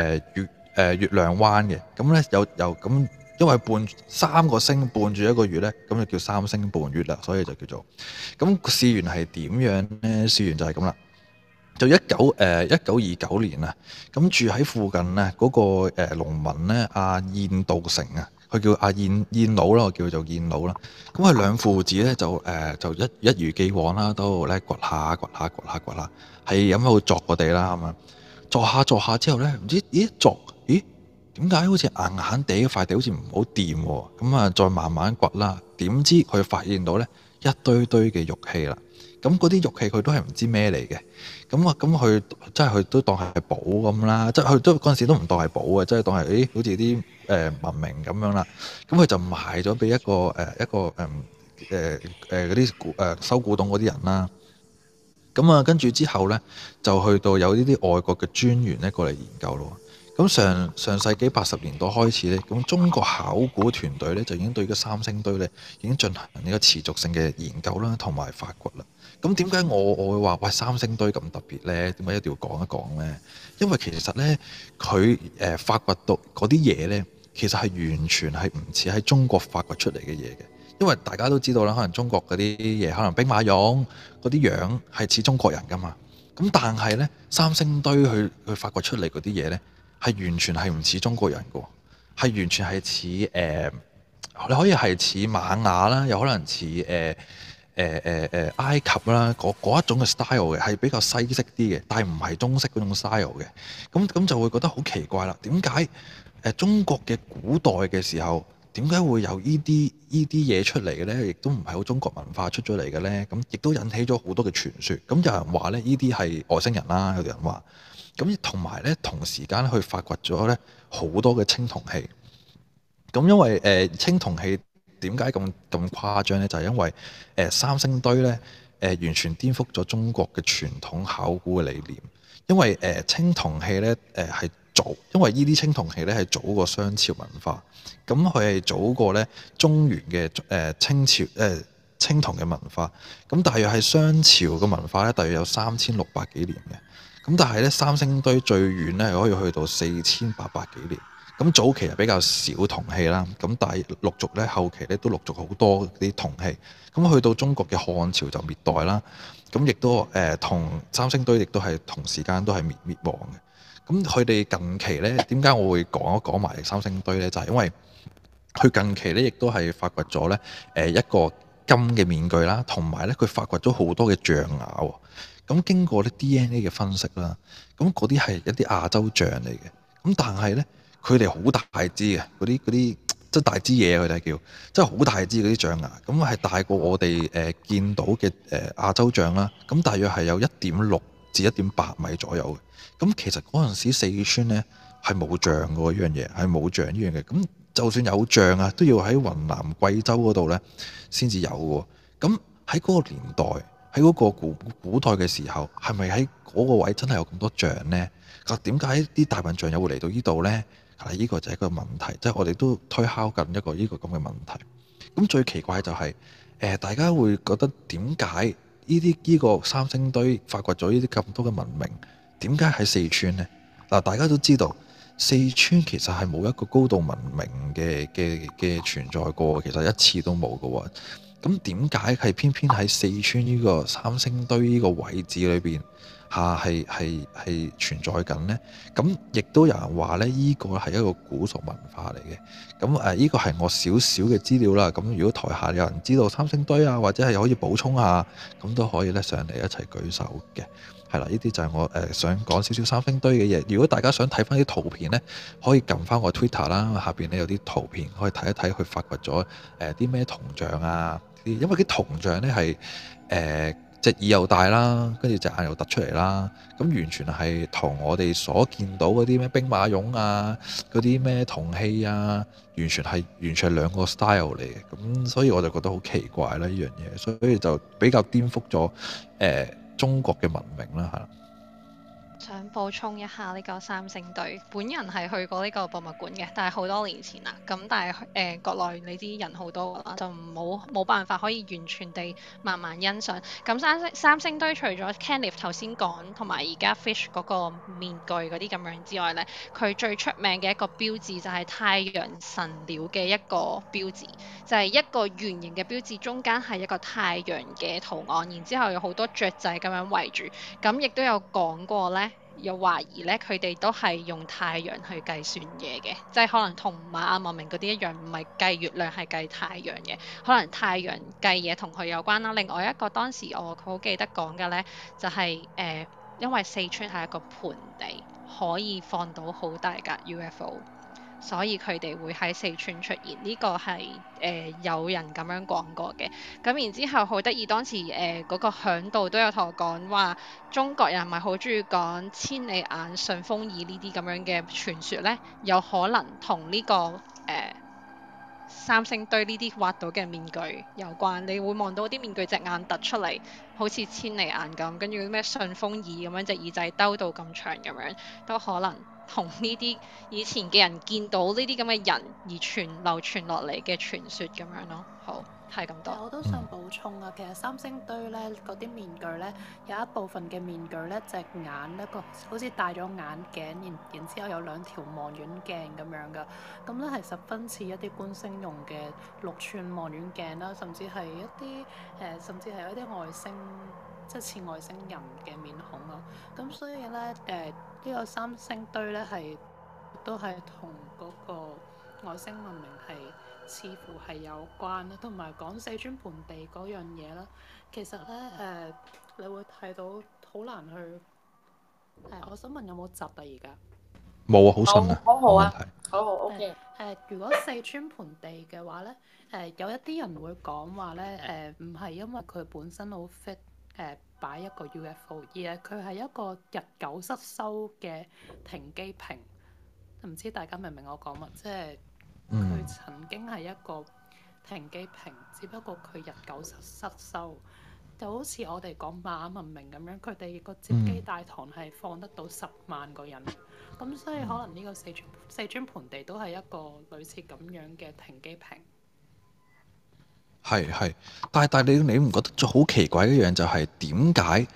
呃、月誒、呃、月亮灣嘅。咁、嗯、呢，有有咁。因為半三個星伴住一個月呢，咁就叫三星伴月啦，所以就叫做咁。事緣係點樣呢？事緣就係咁啦，就一九誒一九二九年啊，咁住喺附近呢嗰個誒農民呢，阿、啊、燕道誠啊，佢叫阿燕燕佬啦，我叫做燕佬啦。咁佢兩父子呢，就誒、呃、就一一如既往啦，都咧掘下掘下掘下掘下，係喺度鑿個地啦？係嘛？鑿下鑿下，下之後呢，唔知咦鑿？點解好似硬硬地嗰塊地好似唔好掂喎？咁啊，再慢慢掘啦。點知佢發現到呢一堆堆嘅玉器啦。咁嗰啲玉器佢都係唔知咩嚟嘅。咁啊，咁佢真係佢都當係寶咁啦。即係佢都嗰陣時都唔當係寶嘅，即係當係誒、哎、好似啲誒文明咁樣啦。咁佢就賣咗俾一個誒一個誒誒誒嗰啲古誒收古董嗰啲人啦。咁啊，跟住之後呢，就去到有呢啲外國嘅專員呢過嚟研究咯。咁上上世紀八十年代開始呢，咁中國考古團隊呢，就已經對嗰三星堆呢，已經進行呢個持續性嘅研究啦，同埋發掘啦。咁點解我我會話喂三星堆咁特別呢？點解一定要講一講呢？因為其實呢，佢誒、呃、發掘到嗰啲嘢呢，其實係完全係唔似喺中國發掘出嚟嘅嘢嘅。因為大家都知道啦，可能中國嗰啲嘢，可能兵馬俑嗰啲樣係似中國人㗎嘛。咁但係呢，三星堆去去發掘出嚟嗰啲嘢呢。係完全係唔似中國人嘅，係完全係似誒，你、欸、可以係似瑪雅啦，又可能似誒誒埃及啦，嗰一種嘅 style 嘅，係比較西式啲嘅，但係唔係中式嗰種 style 嘅，咁咁就會覺得好奇怪啦。點解誒中國嘅古代嘅時候，點解會有呢啲呢啲嘢出嚟嘅咧？亦都唔係好中國文化出咗嚟嘅咧？咁亦都引起咗好多嘅傳說。咁有人話咧，呢啲係外星人啦，有啲人話。咁同埋咧，同時間咧，去發掘咗咧好多嘅青銅器。咁因為誒、呃、青銅器點解咁咁誇張咧？就係、是、因為誒、呃、三星堆咧誒、呃、完全顛覆咗中國嘅傳統考古嘅理念。因為誒、呃、青銅器咧誒係早，因為呢啲青銅器咧係早過商朝文化，咁佢係早過咧中原嘅誒、呃、清朝誒青、呃、銅嘅文化。咁、嗯、大約係商朝嘅文化咧，大約有三千六百幾年嘅。咁但係咧三星堆最遠咧可以去到四千八百幾年，咁早期係比較少銅器啦，咁但係陸續咧後期咧都陸續好多啲銅器，咁去到中國嘅漢朝就滅代啦，咁亦都誒同、呃、三星堆亦都係同時間都係滅滅亡嘅。咁佢哋近期咧點解我會講一講埋三星堆咧？就係、是、因為佢近期咧亦都係發掘咗咧誒一個金嘅面具啦，同埋咧佢發掘咗好多嘅象牙喎。咁經過啲 DNA 嘅分析啦，咁嗰啲係一啲亞洲象嚟嘅，咁但係呢，佢哋好大支嘅，嗰啲啲真係大支嘢，佢哋叫，真係好大支嗰啲象牙，咁係大過我哋誒、呃、見到嘅誒亞洲象啦，咁大約係有一點六至一點八米左右嘅，咁其實嗰陣時四川呢係冇象嘅喎，呢樣嘢係冇象呢樣嘅，咁就算有象啊，都要喺雲南貴州嗰度呢先至有嘅，咁喺嗰個年代。喺嗰個古古代嘅時候，係咪喺嗰個位真係有咁多像呢？嗱，點解啲大笨象又會嚟到呢度呢？嗱，呢個就係一個問題，即係我哋都推敲緊一個呢個咁嘅問題。咁最奇怪就係，誒大家會覺得點解呢啲呢個三星堆發掘咗呢啲咁多嘅文明，點解喺四川呢？嗱、呃，大家都知道四川其實係冇一個高度文明嘅嘅嘅存在過，其實一次都冇㗎喎。咁點解係偏偏喺四川呢個三星堆呢個位置裏邊下係係係存在緊呢？咁亦都有人話呢，呢個係一個古蜀文化嚟嘅。咁誒，呢個係我少少嘅資料啦。咁如果台下有人知道三星堆啊，或者係可以補充下，咁都可以咧上嚟一齊舉手嘅。係啦，呢啲就係我誒想講少少三星堆嘅嘢。如果大家想睇翻啲圖片呢，可以撳翻我 Twitter 啦，下邊呢有啲圖片可以睇一睇，佢發掘咗誒啲咩銅像啊。因為啲銅像呢係誒隻耳又大啦，跟住隻眼又突出嚟啦，咁完全係同我哋所見到嗰啲咩兵馬俑啊、嗰啲咩銅器啊，完全係完全係兩個 style 嚟嘅。咁所以我就覺得好奇怪啦，呢樣嘢，所以就比較顛覆咗誒。呃中國嘅文明啦，嚇！想補充一下呢個三星堆，本人係去過呢個博物館嘅，但係好多年前啦。咁但係誒、呃、國內你啲人好多，就冇冇辦法可以完全地慢慢欣賞。咁三,三星堆除咗 Kenneth 頭先講同埋而家 Fish 嗰個面具嗰啲咁樣之外咧，佢最出名嘅一個標誌就係太陽神鳥嘅一個標誌，就係、是、一個圓形嘅標誌，中間係一個太陽嘅圖案，然之後有好多雀仔咁樣圍住。咁亦都有講過咧。又懷疑咧，佢哋都係用太陽去計算嘢嘅，即係可能同瑪雅文明嗰啲一樣，唔係計月亮係計太陽嘅，可能太陽計嘢同佢有關啦。另外一個當時我好記得講嘅咧，就係、是、誒、呃，因為四川係一個盆地，可以放到好大架 UFO。所以佢哋會喺四川出現，呢個係誒、呃、有人咁樣講過嘅。咁然之後好得意，當時誒嗰、呃嗰個向導都有同我講話，中國人唔係好中意講千里眼、順風耳呢啲咁樣嘅傳說呢，有可能同呢個誒、呃、三星堆呢啲挖到嘅面具有關。你會望到啲面具隻眼突出嚟，好似千里眼咁，跟住咩順風耳咁樣隻耳仔兜到咁長咁樣，都可能。同呢啲以前嘅人見到呢啲咁嘅人而傳流傳落嚟嘅傳說咁樣咯。好，好係咁多。我都想補充啊，其實三星堆咧嗰啲面具咧有一部分嘅面具咧隻、就是、眼咧個好似戴咗眼鏡，然然之後有兩條望遠鏡咁樣噶，咁咧係十分似一啲觀星用嘅六吋望遠鏡啦，甚至係一啲誒、呃，甚至係一啲外星。即係似外星人嘅面孔咯，咁所以咧誒呢、呃這個三星堆咧係都係同嗰個外星文明係似乎係有關啦，同埋講四川盆地嗰樣嘢啦。其實咧誒、呃，你會睇到好難去。係、呃，我想問有冇集啊，啊？而家冇啊，好信啊，好好啊，好 OK、呃。誒、呃，如果四川盆地嘅話咧，誒、呃、有一啲人會講話咧，誒唔係因為佢本身好 fit。誒，擺一個 UFO，而佢係一個日久失修嘅停機坪，唔知大家明唔明我講乜？即係佢曾經係一個停機坪，只不過佢日久失失修，就好似我哋講馬文明咁樣，佢哋個接機大堂係放得到十萬個人，咁所以可能呢個四川四川盆地都係一個類似咁樣嘅停機坪。係係，但係但係你你唔覺得好奇怪一樣，就係點解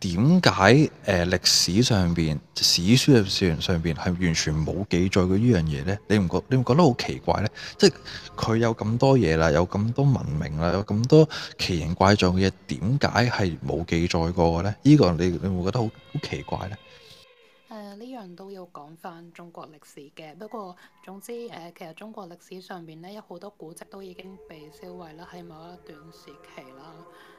點解誒歷史上邊，史書上邊係完全冇記載過呢樣嘢呢？你唔覺你唔覺得好奇怪呢？即係佢有咁多嘢啦，有咁多文明啦，有咁多奇形怪狀嘅嘢，點解係冇記載過嘅呢？呢個你你會覺得好好奇怪呢？都要講翻中國歷史嘅，不過總之誒，其實中國歷史上面咧有好多古跡都已經被燒毀啦，喺某一段時期啦。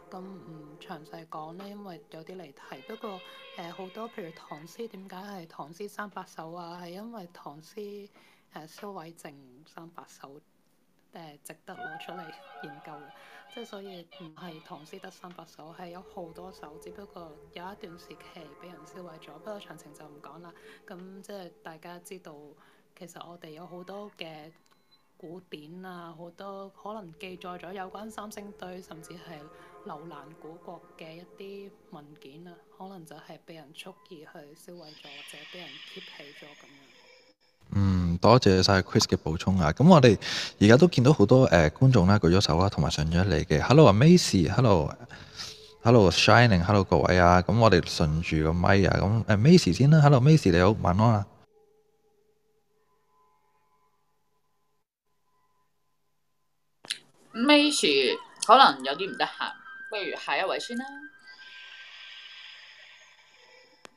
咁唔詳細講咧，因為有啲離題。不過誒，好多譬如唐詩點解係唐詩三百首啊？係因為唐詩誒燒毀剩三百首。誒值得攞出嚟研究嘅，即係所以唔係唐詩得三百首，係有好多首，只不過有一段時期俾人銷毀咗，不過詳情就唔講啦。咁即係大家知道，其實我哋有好多嘅古典啊，好多可能記載咗有關三星堆甚至係樓蘭古國嘅一啲文件啊，可能就係俾人蓄意去銷毀咗，或者俾人 keep 起咗咁樣。多謝晒 Chris 嘅補充啊！咁我哋而家都見到好多誒、呃、觀眾咧舉咗手啦，同埋上咗嚟嘅。Hello 啊 Maisie！Hello，Hello Shining！Hello 各位啊！咁我哋順住個咪啊！咁誒、呃、Maisie 先啦，Hello Maisie 你好，晚安啊 Maisie 可能有啲唔得閒，不如下一位先啦。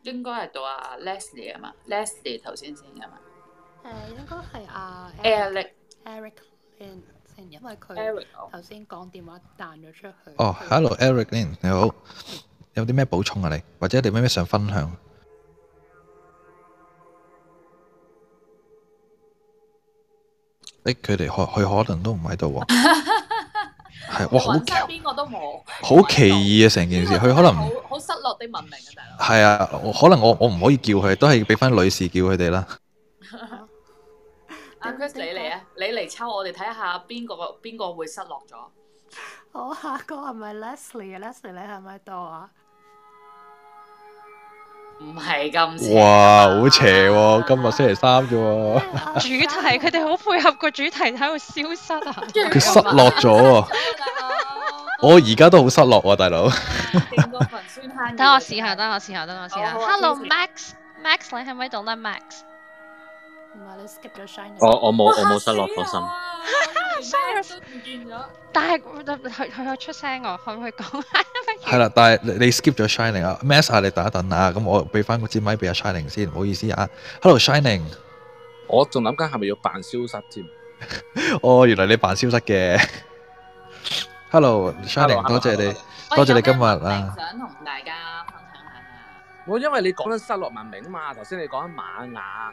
應該係到阿、啊、Leslie 啊嘛，Leslie 頭先先啊嘛。誒，應該係阿 Eric，Eric Lin，因為佢 Eric，頭先講電話彈咗出去。哦，Hello，Eric Lin，你好，有啲咩補充啊？你或者你咩咩想分享？誒，佢哋可佢可能都唔喺度喎，係哇好驚邊個都冇，好奇異啊成件事，佢可能好失落啲文明啊大佬。係啊，可能我我唔可以叫佢，都係俾翻女士叫佢哋啦。阿 Chris，你嚟啊！你嚟抽，我哋睇下邊個邊個會失落咗。好，下個係咪 Leslie？Leslie，你係咪到啊？唔係咁。哇，好邪喎！今日星期三啫喎。主題，佢哋好配合個主題喺度消失啊。佢失落咗。我而家都好失落啊，大佬。等我試下，等我試下，等我試下。Hello Max，Max 你係咪到咧？Max？唔係你 skip 咗 Shining？我我冇我冇失落，放心。Shining 都唔見咗。但係佢佢有出聲我，可唔可以講係啦。但係你 skip 咗 Shining 啊，Mass 下你等一等啊。咁我俾翻個支咪俾阿 Shining 先，唔好意思啊。Hello Shining，我仲諗緊係咪要扮消失添？哦，原來你扮消失嘅。Hello Shining，多謝你，多謝你今日啊。我想同大家分享下。我因為你講緊失落文明啊嘛，頭先你講緊瑪雅。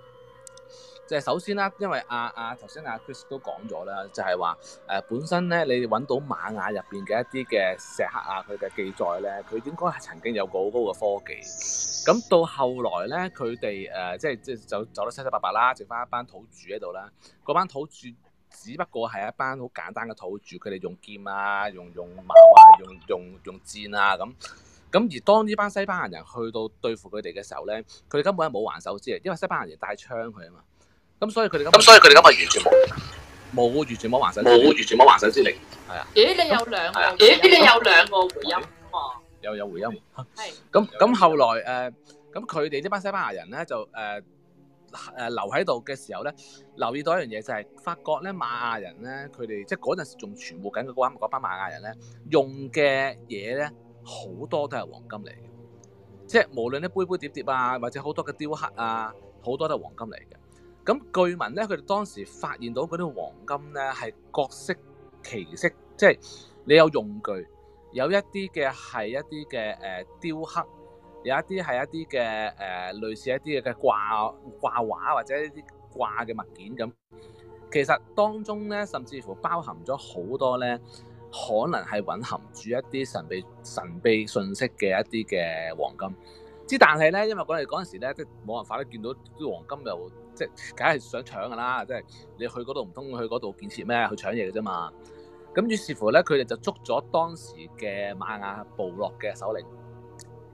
即係首先啦，因為阿阿頭先阿 Chris 都講咗啦，就係話誒本身咧，你揾到瑪雅入邊嘅一啲嘅石刻啊，佢嘅記載咧，佢應該係曾經有個好高嘅科技。咁到後來咧，佢哋誒即係即係走走得七七八八啦，剩翻一班土著喺度啦。嗰班土著只不過係一班好簡單嘅土著，佢哋用劍啊，用用矛啊，用用用箭啊咁。咁而當呢班西班牙人去到對付佢哋嘅時候咧，佢哋根本係冇還手之力，因為西班牙人帶槍佢啊嘛。咁所以佢哋咁，咁所以佢哋今日完全冇冇完全冇還手，冇完全冇還手之力。係啊，咦？你有兩個咦？你有兩個回音啊？有有回音係咁咁。後來誒，咁佢哋呢班西班牙人咧，就誒誒留喺度嘅時候咧，留意到一樣嘢就係發覺咧，瑪雅人咧，佢哋即係嗰陣時仲存活緊嘅嗰班嗰班瑪雅人咧，用嘅嘢咧好多都係黃金嚟嘅，即係無論啲杯杯碟碟啊，或者好多嘅雕刻啊，好多都係黃金嚟嘅。咁據聞咧，佢哋當時發現到嗰啲黃金咧，係各式其式，即係你有用具，有一啲嘅係一啲嘅誒雕刻，有一啲係一啲嘅誒類似一啲嘅掛掛畫或者一啲掛嘅物件咁。其實當中咧，甚至乎包含咗好多咧，可能係隱含住一啲神秘神秘信息嘅一啲嘅黃金。之但係咧，因為我哋嗰陣時咧，即係冇辦法咧見到啲黃金又。即係梗係想搶㗎啦，即係你去嗰度唔通去嗰度建設咩？去搶嘢嘅啫嘛。咁於是乎咧，佢哋就捉咗當時嘅瑪雅部落嘅首領，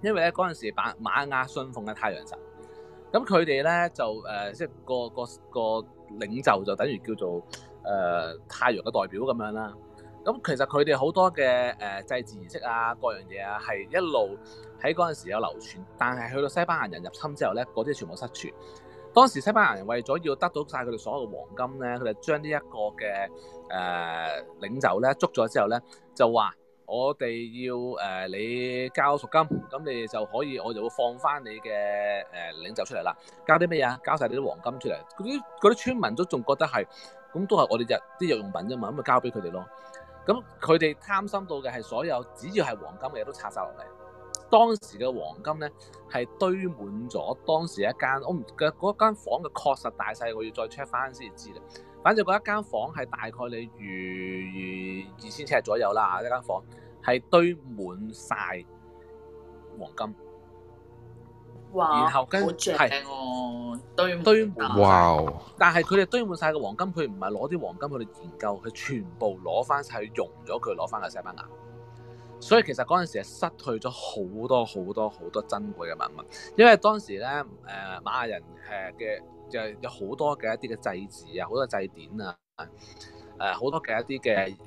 因為咧嗰陣時把瑪雅信奉嘅太陽神。咁佢哋咧就誒、呃，即係個個個領袖就等於叫做誒、呃、太陽嘅代表咁樣啦。咁、嗯、其實佢哋好多嘅誒、呃、祭祀儀式啊，各樣嘢啊，係一路喺嗰陣時有流傳，但係去到西班牙人入侵之後咧，嗰啲全部失傳。當時西班牙人為咗要得到晒佢哋所有嘅黃金咧，佢哋將呢一個嘅誒、呃、領袖咧捉咗之後咧，就話我哋要誒、呃、你交贖金，咁你就可以我就會放翻你嘅誒、呃、領袖出嚟啦。交啲咩啊？交晒你啲黃金出嚟。嗰啲嗰啲村民都仲覺得係，咁都係我哋日啲日用品啫嘛，咁咪交俾佢哋咯。咁佢哋貪心到嘅係所有，只要係黃金嘅嘢都拆晒落嚟。當時嘅黃金咧係堆滿咗當時一間，我唔記得嗰間房嘅確實大細，我要再 check 翻先至知啦。反正嗰一間房係大概你逾二千尺左右啦，一間房係堆滿晒黃金。哇！然後跟住，哦，是堆堆哇！但係佢哋堆滿晒嘅黃金，佢唔係攞啲黃金去嚟研究，佢全部攞翻晒，去熔咗，佢攞翻去西班牙。所以其實嗰陣時係失去咗好多好多好多珍貴嘅文物，因為當時咧，誒馬雅人誒嘅有有好多嘅一啲嘅祭祀啊，好多祭典啊，誒好多嘅一啲嘅誒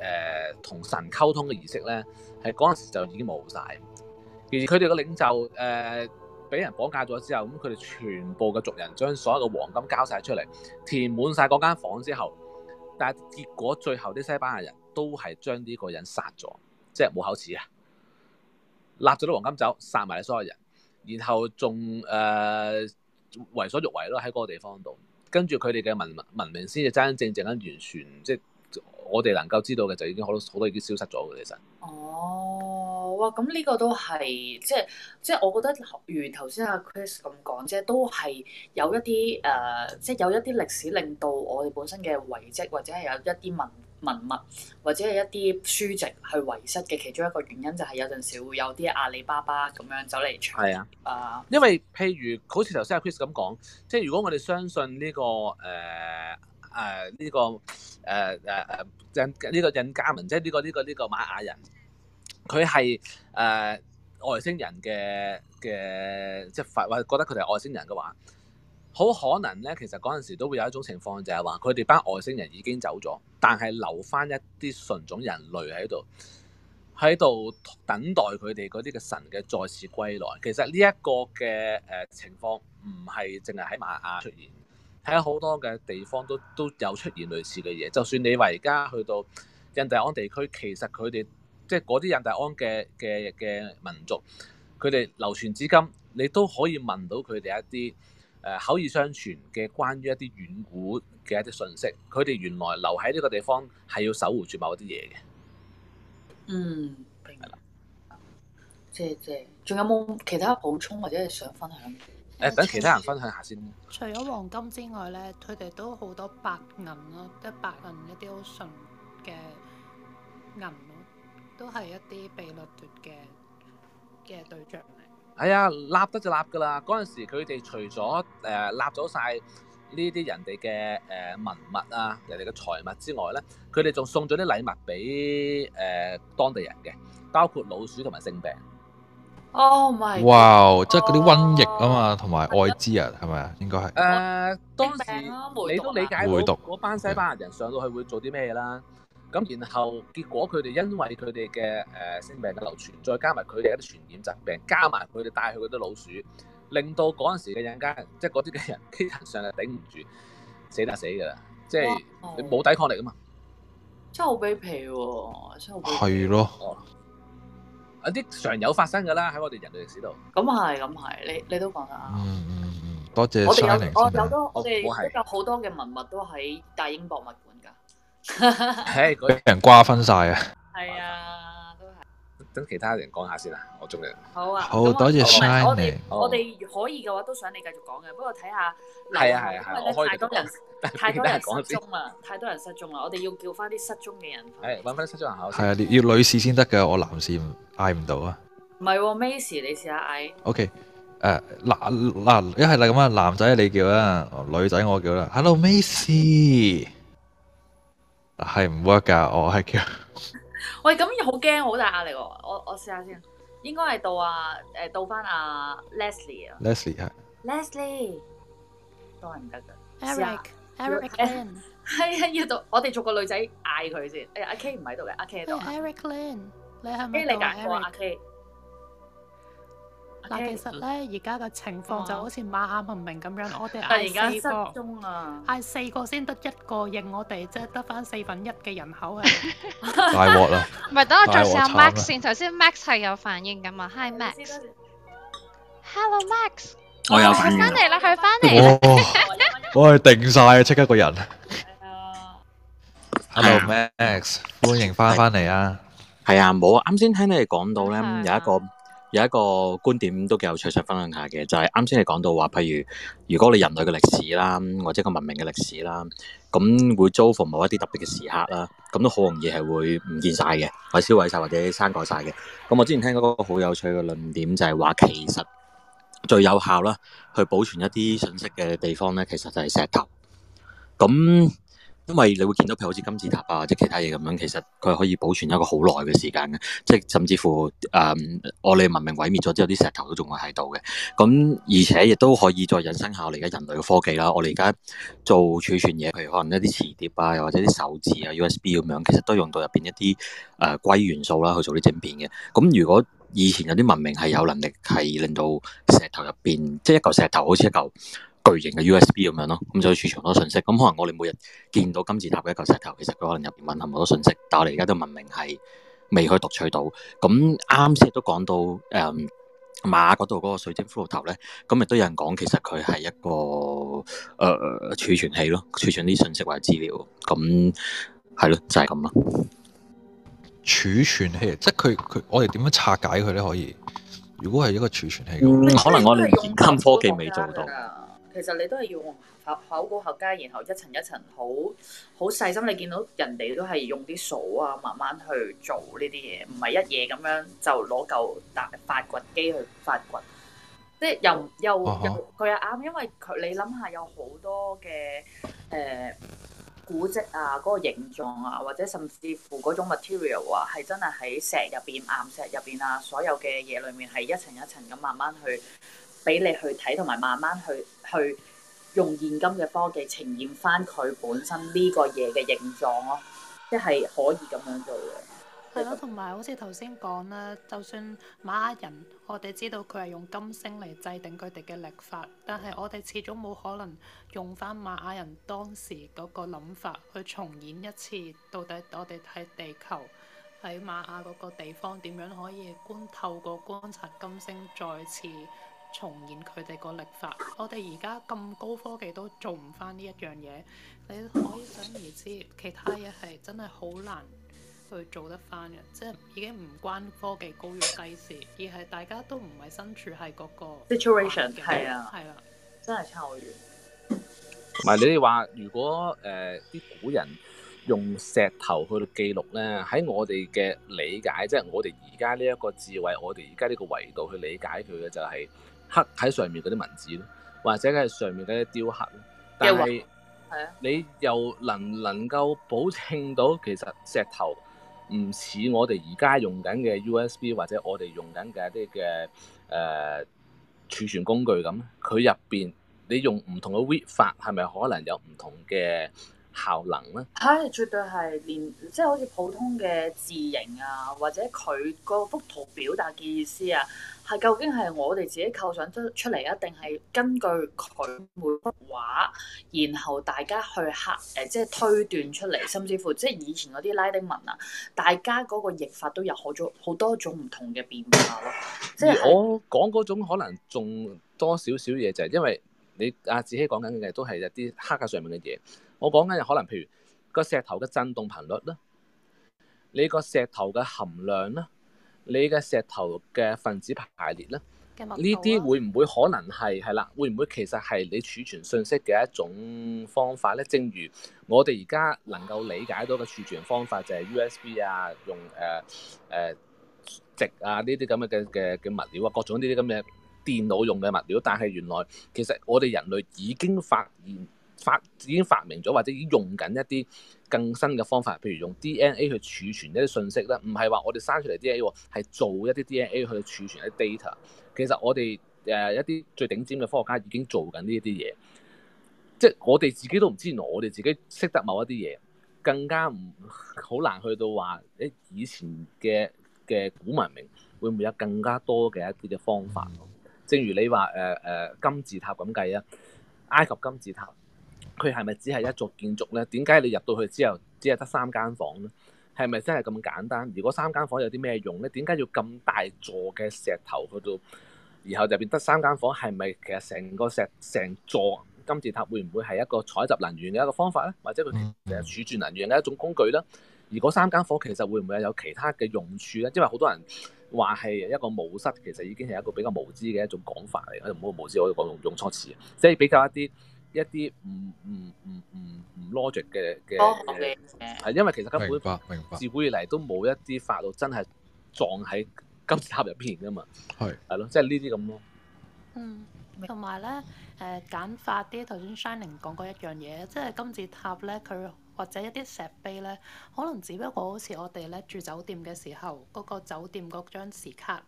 同神溝通嘅儀式咧，係嗰陣時就已經冇晒。而佢哋嘅領袖誒俾、呃、人綁架咗之後，咁佢哋全部嘅族人將所有嘅黃金交晒出嚟，填滿晒嗰間房之後，但係結果最後啲西班牙人都係將呢個人殺咗。即係冇口齒啊！立咗啲黃金酒，殺埋所有人，然後仲誒為所欲為咯喺嗰個地方度。跟住佢哋嘅文文明先至真真正正完全，即係我哋能夠知道嘅就已經好多好多已經消失咗嘅其實。哦，哇！咁、這、呢個都係即係即係我覺得如、啊，如頭先阿 Chris 咁講啫，都係有一啲誒、呃，即係有一啲歷史令到我哋本身嘅遺跡或者係有一啲文。文物或者係一啲書籍去遺失嘅其中一個原因，就係有陣時會有啲阿里巴巴咁樣走嚟搶啊。的 uh, 因為譬如好似頭先阿 Chris 咁講，即係如果我哋相信呢、呢個誒誒呢個誒誒誒印呢個印加文，即係、呢、呢個呢、呢個呢、呢個瑪雅、呢個、人，佢係誒外星人嘅嘅，即係或覺得佢哋係外星人嘅話。好可能咧，其實嗰陣時都會有一種情況，就係話佢哋班外星人已經走咗，但係留翻一啲純種人類喺度，喺度等待佢哋嗰啲嘅神嘅再次歸來。其實呢一個嘅誒情況唔係淨係喺瑪雅出現，喺好多嘅地方都都有出現類似嘅嘢。就算你話而家去到印第安地區，其實佢哋即係嗰啲印第安嘅嘅嘅民族，佢哋流傳至今，你都可以問到佢哋一啲。誒，口耳相傳嘅關於一啲遠古嘅一啲信息，佢哋原來留喺呢個地方係要守護住某一啲嘢嘅。嗯，明白喇。謝的謝，仲有冇其他補充或者係想分享？誒、欸，等其他人分享下先。除咗黃金之外咧，佢哋都好多白銀咯，即係白銀一啲好純嘅銀咯，都係一啲被掠奪嘅嘅對象。係啊、哎，立得就立噶啦。嗰陣時佢哋除咗誒立咗晒呢啲人哋嘅誒文物啊、人哋嘅財物之外咧，佢哋仲送咗啲禮物俾誒、呃、當地人嘅，包括老鼠同埋性病。哦，唔係！哇！Wow, 即係嗰啲瘟疫啊嘛，同埋愛滋啊，係咪啊？應該係誒、呃。當時你都理解會讀嗰班西班牙人上到去會做啲咩嘢啦？咁然後結果佢哋因為佢哋嘅誒性病嘅流傳，再加埋佢哋一啲傳染疾病，加埋佢哋帶去嗰啲老鼠，令到嗰陣時嘅印加人，即係嗰啲嘅人，基本上就頂唔住，死得死㗎啦，即係你冇抵抗力啊嘛，真係好卑鄙喎，真係好卑鄙係咯，啊啲常有發生㗎啦，喺我哋人類歷史度，咁係咁係，你你都講得啱，嗯嗯嗯，多謝。我哋有我有都我哋都有好多嘅文物都喺大英博物館。係，俾人瓜分晒！啊，係啊，都係。等其他人講下先啦，我中意。好啊，好多謝 Shine。我哋可以嘅話都想你繼續講嘅，不過睇下，係啊係啊係太多人，太多人失蹤啦，太多人失蹤啦，我哋要叫翻啲失蹤嘅人。係，搵翻失蹤人口。係啊，要女士先得嘅，我男士嗌唔到啊。唔係，Maisie 你試下嗌。O K，誒，男男一係就咁啦，男仔你叫啦，女仔我叫啦。Hello Maisie 係唔 work 噶？我係叫喂，咁要好驚，好大壓力。我我試下先，應該係到阿誒，到翻阿 Leslie 啊。Leslie，係 Leslie 都係唔得噶。Eric，Eric Lane 係啊，要到我哋逐個女仔嗌佢先。哎呀，阿 K 唔喺度嘅？阿 K 喺度。Eric Lane，你係咪讀阿 K？嗱，其實咧而家嘅情況就好似瑪雅文明咁樣，我哋而家失蹤啊，嗌四個先得一個應我哋，即係得翻四分一嘅人口啊！大鑊啦！唔係，等我再試下 Max 先。頭先 Max 係有反應嘅嘛？Hi Max，Hello Max，我有反應，翻嚟啦，佢翻嚟啦！哇，我係定曬啊，即刻個人。Hello Max，歡迎翻翻嚟啊！係啊，冇啊，啱先聽你講到咧有一個。有一個觀點都幾有趣，想分享下嘅，就係啱先你講到話，譬如如果你人類嘅歷史啦，或者個文明嘅歷史啦，咁會遭逢某一啲特別嘅時刻啦，咁都好容易係會唔見晒嘅，或者銷毀晒或者刪改晒嘅。咁我之前聽過一個好有趣嘅論點就係話，其實最有效啦，去保存一啲信息嘅地方咧，其實就係石頭。咁因為你會見到，譬如好似金字塔啊或者其他嘢咁樣，其實，佢可以保存一個好耐嘅時間嘅，即係甚至乎誒、呃，我哋文明毀滅咗之後，啲石頭都仲會喺度嘅。咁而且亦都可以再引申下，我哋而家人類嘅科技啦，我哋而家做儲存嘢，譬如可能一啲磁碟啊，又或者啲手指啊、USB 咁樣，其實都用到入邊一啲誒硅元素啦去做啲整片嘅。咁如果以前有啲文明係有能力係令到石頭入邊，即係一嚿石頭好似一嚿。巨型嘅 USB 咁樣咯，咁就可以儲存好多信息。咁可能我哋每日見到金字塔嘅一嚿石頭，其實佢可能入邊蘊含好多信息，但係我哋而家都文明係未可以讀取到。咁啱先都講到誒、嗯、馬嗰度嗰個水晶骷髏頭咧，咁亦都有人講其實佢係一個誒儲、呃、存器咯，儲存啲信息或者資料。咁係咯，就係咁咯。儲存器，即係佢佢我哋點樣拆解佢咧？可以？如果係一個儲存器、嗯、可能我哋現今科技未做到。其實你都係要用考古學家，然後一層一層好好細心。你見到人哋都係用啲掃啊，慢慢去做呢啲嘢，唔係一嘢咁樣就攞嚿大發掘機去發掘。即係又又佢又啱，uh huh. 因為佢你諗下有好多嘅誒、呃、古蹟啊，嗰、那個形狀啊，或者甚至乎嗰種 material 啊，係真係喺石入邊、岩石入邊啊，所有嘅嘢裡面係一層一層咁慢慢去。俾你去睇，同埋慢慢去去用現今嘅科技呈現翻佢本身呢個嘢嘅形狀咯，即係可以咁樣做嘅。係咯的，同埋說好似頭先講啦，就算馬雅人，我哋知道佢係用金星嚟制定佢哋嘅歷法，但係我哋始終冇可能用翻馬雅人當時嗰個諗法去重演一次。到底我哋喺地球喺馬雅嗰個地方點樣可以觀透過觀察金星再次重現佢哋個曆法，我哋而家咁高科技都做唔翻呢一樣嘢，你可以想而知，其他嘢係真係好難去做得翻嘅，即係已經唔關科技高與低事，而係大家都唔係身處喺嗰、那個 situation，係啊，係啊，真係差好遠。同埋你哋話，如果誒啲、呃、古人用石頭去記錄咧，喺我哋嘅理解，即、就、係、是、我哋而家呢一個智慧，我哋而家呢個維度去理解佢嘅就係、是。刻喺上面嗰啲文字或者係上面啲雕刻。但係，係啊，你又能能夠保證到，其實石頭唔似我哋而家用緊嘅 USB 或者我哋用緊嘅一啲嘅誒儲存工具咁，佢入邊你用唔同嘅 read 法係咪可能有唔同嘅？效能咧嚇，絕對係連即係好似普通嘅字形啊，或者佢嗰幅圖表達嘅意思啊，係究竟係我哋自己構想出出嚟啊，定係根據佢每幅畫，然後大家去刻誒，即係推斷出嚟，甚至乎即係以前嗰啲拉丁文啊，大家嗰個譯法都有好種好多種唔同嘅變化咯。即係我講嗰種可能仲多少少嘢，就係、是、因為你阿子、啊、希講緊嘅都係一啲黑格上面嘅嘢。我講緊有可能，譬如個石頭嘅震動頻率啦，你個石頭嘅含量啦，你嘅石頭嘅分子排列咧，呢啲、啊、會唔會可能係係啦？會唔會其實係你儲存信息嘅一種方法咧？正如我哋而家能夠理解到嘅儲存方法就係、是、U.S.B 啊，用誒誒值啊呢啲咁嘅嘅嘅物料啊，各種呢啲咁嘅電腦用嘅物料，但係原來其實我哋人類已經發現。發已經發明咗，或者已經用緊一啲更新嘅方法，譬如用 D N A 去儲存一啲信息咧，唔係話我哋生出嚟 D N A，係做一啲 D N A 去儲存一啲 data。其實我哋誒、呃、一啲最頂尖嘅科學家已經做緊呢一啲嘢，即係我哋自己都唔知，我哋自己識得某一啲嘢，更加唔好難去到話誒以前嘅嘅古文明會唔會有更加多嘅一啲嘅方法。嗯、正如你話誒誒金字塔咁計啊，埃及金字塔。佢係咪只係一座建築呢？點解你入到去之後只係得三間房呢？係咪真係咁簡單？如果三間房有啲咩用呢？點解要咁大座嘅石頭去到，然後就變得三間房？係咪其實成個石成座金字塔會唔會係一個採集能源嘅一個方法呢？或者佢其實儲存能源嘅一種工具呢？如果三間房其實會唔會有其他嘅用處呢？因為好多人話係一個墓室，其實已經係一個比較無知嘅一種講法嚟。唔好無知，我哋用錯詞，即係比較一啲。一啲唔唔唔唔唔 logic 嘅嘅，係、Oh, okay. 嗯、因為其實根本自古以嚟都冇一啲法度真係撞喺金字塔入邊㗎嘛，係係咯，即係呢啲咁咯。嗯，同埋咧，誒、呃、簡化啲頭先 Shining 講過一樣嘢，即係金字塔咧佢。或者一啲石碑咧，可能只不過好似我哋咧住酒店嘅時候嗰個酒店嗰張時卡，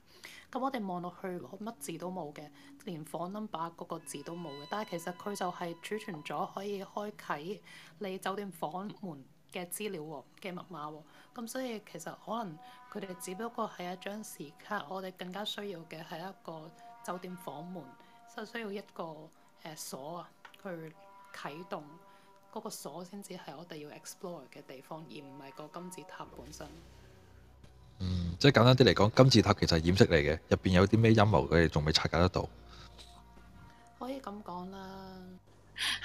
咁我哋望落去乜字都冇嘅，連房 number 嗰個字都冇嘅，但係其實佢就係儲存咗可以開啟你酒店房門嘅資料喎，嘅密碼喎，咁所以其實可能佢哋只不過係一張時卡，我哋更加需要嘅係一個酒店房門，就需要一個誒鎖啊去啟動。嗰個鎖先至係我哋要 explore 嘅地方，而唔係個金字塔本身。即係簡單啲嚟講，金字塔其實係掩飾嚟嘅，入邊有啲咩陰謀，佢哋仲未察覺得到。可以咁講啦，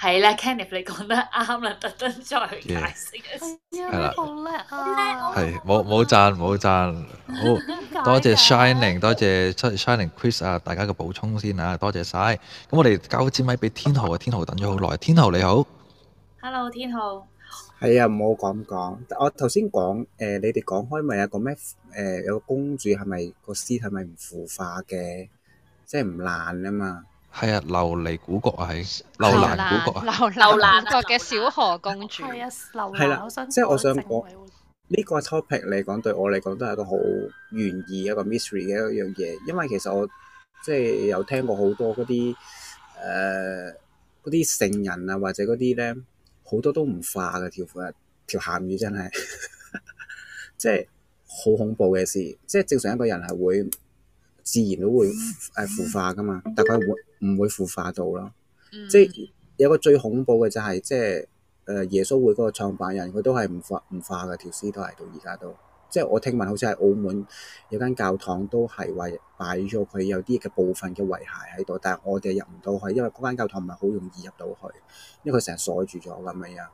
係啦 Kenneth 你講得啱啦，特登再解釋一次，係啦 Yeah. 嗯，好叻啊，係冇冇贊冇贊，好 多謝 Shining， 多謝出 Shining Chris 啊，大家嘅補充先嚇、啊，多謝晒！咁、嗯嗯、我哋交支咪俾天豪啊，天豪等咗好耐，天豪你好。Hello，天豪。係啊，唔好咁講。我頭先講誒，你哋講開咪有個咩誒，有個公主係咪個屍體係咪唔腐化嘅，即係唔爛啊嘛。係啊，樓蘭古國係樓蘭古國啊，樓蘭古國嘅小河公主係啊，樓蘭，我想即係我想講呢個 topic 嚟講，對我嚟講都係一個好懸疑一個 mystery 嘅一樣嘢，因為其實我即係有聽過好多嗰啲誒嗰啲成人啊，或者嗰啲咧。好多都唔化嘅條款，條鹹魚真係，即係好恐怖嘅事。即係正常一個人係會自然都會誒腐化㗎嘛，但佢唔會腐化到咯。即係有個最恐怖嘅就係，即係誒耶穌會個創辦人，佢都係唔化唔化嘅條屍，都係到而家都。即係我聽聞，好似喺澳門有間教堂都係話擺咗佢有啲嘅部分嘅遺骸喺度，但係我哋入唔到去，因為嗰間教堂唔係好容易入到去，因為佢成日鎖住咗咁嘅樣。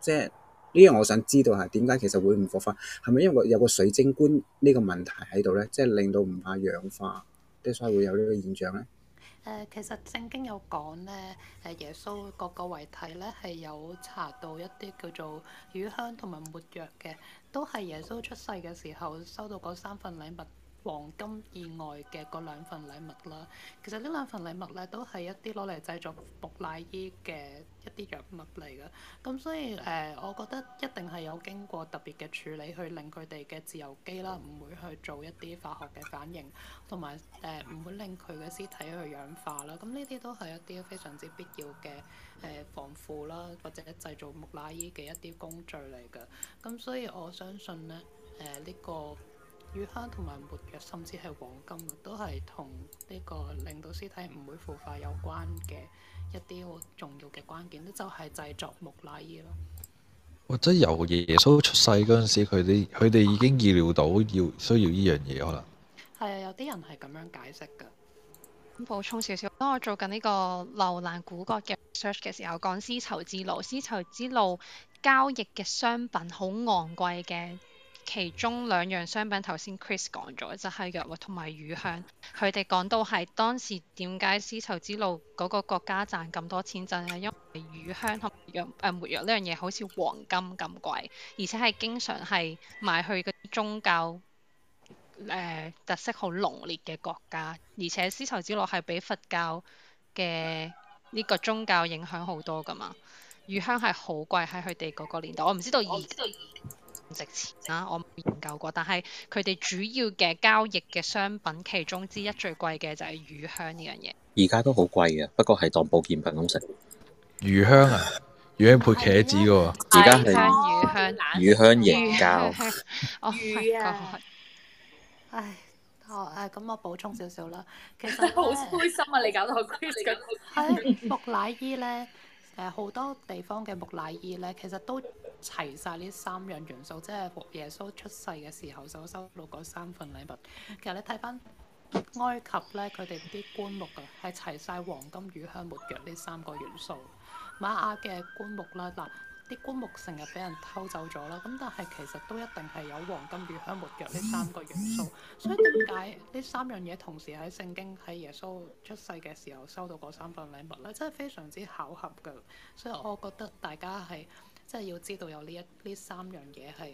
即係呢樣，我想知道係點解其實會唔火化？係咪因為有個水晶棺呢個問題喺度咧？即係令到唔怕氧化，即所以會有呢個現象咧？誒，其實聖經有講咧，誒耶穌個個遺體咧係有查到一啲叫做乳香同埋抹藥嘅。都係耶穌出世嘅時候收到嗰三份禮物，黃金以外嘅嗰兩份禮物啦。其實呢兩份禮物咧，都係一啲攞嚟製作木乃伊嘅。一啲藥物嚟嘅，咁所以誒、呃，我覺得一定係有經過特別嘅處理，去令佢哋嘅自由基啦，唔會去做一啲化學嘅反應，同埋誒唔會令佢嘅屍體去氧化啦。咁呢啲都係一啲非常之必要嘅誒、呃、防腐啦，或者製造木乃伊嘅一啲工序嚟嘅。咁所以我相信咧，誒、呃、呢、這個乳香同埋沒藥，甚至係黃金，都係同呢個令到屍體唔會腐化有關嘅。一啲好重要嘅關鍵咧，就係製作木乃伊咯。或者由耶耶穌出世嗰陣時，佢哋佢哋已經意料到要需要呢樣嘢可能。係啊，有啲人係咁樣解釋嘅。咁補充少少，當我做緊呢個樓蘭古國嘅 search 嘅時候，講絲綢之路，絲綢之路交易嘅商品好昂貴嘅。其中兩樣商品，頭先 Chris 講咗就係藥同埋乳香。佢哋講到係當時點解絲綢之路嗰個國家賺咁多錢真？就係因為乳香同藥，誒沒藥呢樣嘢好似黃金咁貴，而且係經常係賣去嗰啲宗教誒、呃、特色好濃烈嘅國家。而且絲綢之路係比佛教嘅呢個宗教影響好多㗎嘛。乳香係好貴喺佢哋嗰個年代。我唔知道二。唔值錢啦，我研究過，但係佢哋主要嘅交易嘅商品，其中之一最貴嘅就係乳香呢樣嘢。而家都好貴嘅，不過係當保健品咁食。乳香啊，魚香配茄子噶喎，而家係乳香椰膠。乳香型膠，我係。魚香 oh 魚啊，唉，咁我補充少少啦。其實好灰 心啊，你搞到我居然識到木乃伊咧。誒，好多地方嘅木乃伊咧，其實都。齊晒呢三樣元素，即係耶穌出世嘅時候所收到嗰三份禮物。其實你睇翻埃及咧，佢哋啲棺木啊，係齊晒黃金、乳香、沒藥呢三個元素。瑪雅嘅棺木啦，嗱啲棺木成日俾人偷走咗啦，咁但係其實都一定係有黃金、乳香、沒藥呢三個元素。所以點解呢三樣嘢同時喺聖經喺耶穌出世嘅時候收到嗰三份禮物咧？真係非常之巧合噶所以我覺得大家係。即係要知道有呢一呢三樣嘢係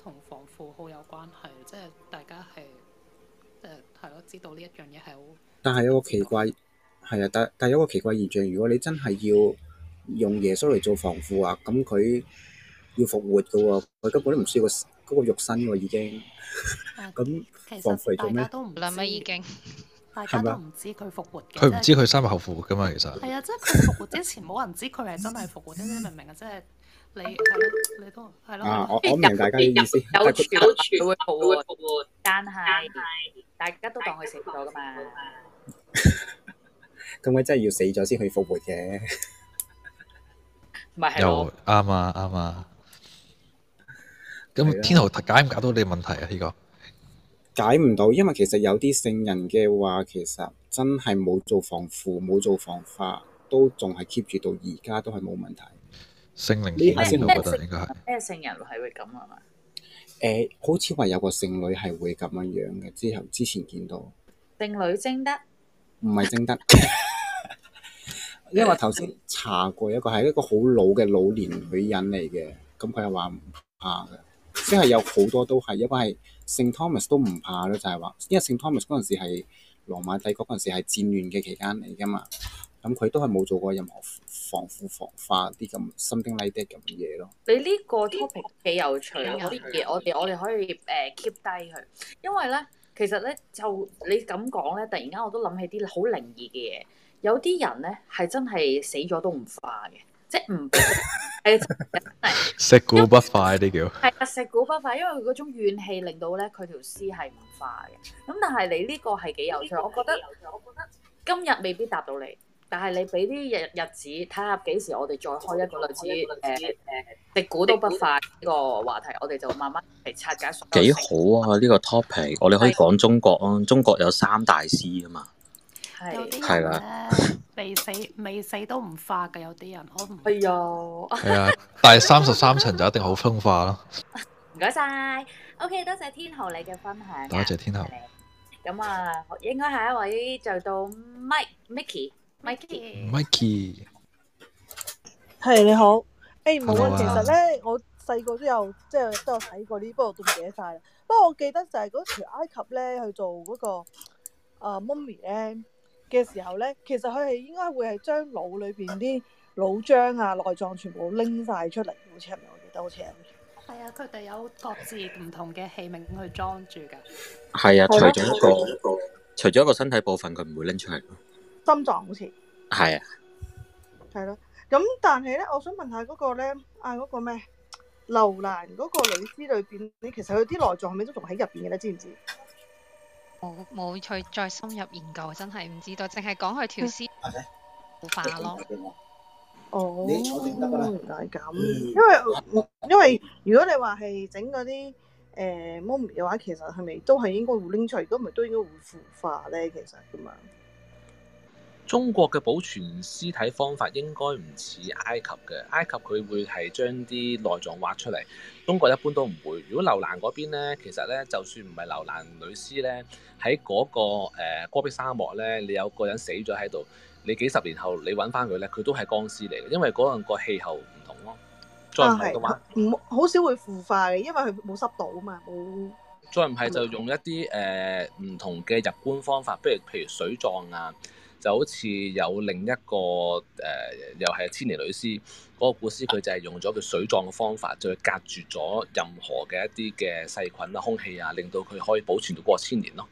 同防腐好有關係，即係大家係誒係咯，知道呢一樣嘢係好。但係有個奇怪係啊！但但有個奇怪現象，如果你真係要用耶穌嚟做防腐啊，咁佢要復活嘅喎，佢根本都唔需要個嗰肉身喎已經。咁 防腐咗咩？都唔啦咩已經，大家都唔知佢復活。佢唔吧是知佢三日後復活嘅嘛，其實係啊，即係佢復活之前冇人知佢係真係復活，真真正正嘅即係。你係咯，你都係咯。 啊，我我明大家嘅意思，但係佢佢會復活，但係大家都當佢死咗噶嘛。咁咪真係要死咗先可以復活嘅。咪係咯，啱啊啱啊。咁天后解唔解到你問題啊？呢、啊、個解唔到解難道 解 marker，因為其實有啲聖人嘅話，其實真係冇做防腐，冇做防化，都仲係 keep 住到而家都係冇問題。聖靈呢下先我覺得應該係咩聖人係會咁係嘛？誒、呃，好似話有個聖女係會咁樣樣嘅，之後之前見到聖女貞德唔係貞德，德 因為我頭先查過一個係一個好老嘅老年女人嚟嘅，咁佢又話唔怕嘅，即係有好多都係，有啲係聖 Thomas 都唔怕咯，就係話因為聖 Thomas 嗰陣時係羅馬帝嗰陣時係戰亂嘅期間嚟噶嘛。咁佢都係冇做過任何防腐防化啲咁 something like that 咁嘅嘢咯。你呢個 topic 幾有趣，有啲嘢我哋我哋可以誒 keep 低佢，因為咧其實咧就你咁講咧，突然間我都諗起啲好靈異嘅嘢。有啲人咧係真係死咗都唔化嘅，即係唔係真係食古不化啲叫？係啊，食古不化，因為佢嗰種怨氣令到咧佢條屍係唔化嘅。咁但係你呢個係幾有趣，我覺得。我覺得，今日未必答到你。但係你俾啲日日子睇下幾時，我哋再開一個類似誒誒，食股，呃呃、都不化呢個話題，我哋就慢慢嚟拆解。幾好啊！呢、這個 topic，的我哋可以講中國啊。中國有三大師啊嘛。係係啦，未的死未死都唔化嘅有啲人，可唔。哎呀的，係啊，但係三十三層就一定好分化咯。唔該晒，OK，多謝天后你嘅分享。多謝天后。咁啊，應該下一位就到 Mike Mickey。Mikey，Mikey，係你好。誒、hey, 吧，冇啊，其實咧，我細個都有，即係都有睇過呢，不過都唔記得晒。不過我記得就係嗰時埃及咧去做嗰、那個誒 mummy 咧嘅時候咧，其實佢係應該會係將腦裏邊啲腦漿啊、內臟全部拎晒出嚟，好似係咪我記得？好似係。係啊，佢哋有各自唔同嘅器皿去裝住噶。係啊，除咗一個，除咗一個身體部分，佢唔會拎出嚟。心臟好似係啊，係咯，咁但係咧，我想問下嗰個咧，啊嗰個咩樓蘭嗰個女屍裏邊，你其實佢啲內臟係咪都仲喺入邊嘅咧？知唔知？冇冇去再深入研究，真係唔知道，淨係講佢條屍腐化咯。哦，就係咁，因為我因為如果你話係整嗰啲誒 mummy 嘅話，其實係咪都係應該會拎出嚟？如果唔係，都應該會腐化咧。其實咁啊。中國嘅保存屍體方法應該唔似埃及嘅，埃及佢會係將啲內臟挖出嚟。中國一般都唔會。如果樓蘭嗰邊咧，其實呢，就算唔係樓蘭女屍呢，喺嗰、那個、呃、戈壁沙漠呢，你有個人死咗喺度，你幾十年後你揾翻佢呢，佢都係乾屍嚟嘅，因為嗰陣個氣候唔同咯、啊。再唔係嘅話，好、啊、少會腐化嘅，因為佢冇濕度啊嘛，冇。再唔係就用一啲誒唔同嘅入棺方法，不如譬如水葬啊。就好似有另一個誒、呃，又係千年女屍。嗰、嗰個古屍，佢就係用咗佢水葬嘅方法，就去隔住咗任何嘅一啲嘅細菌啊、空氣啊，令到佢可以保存到過千年咯。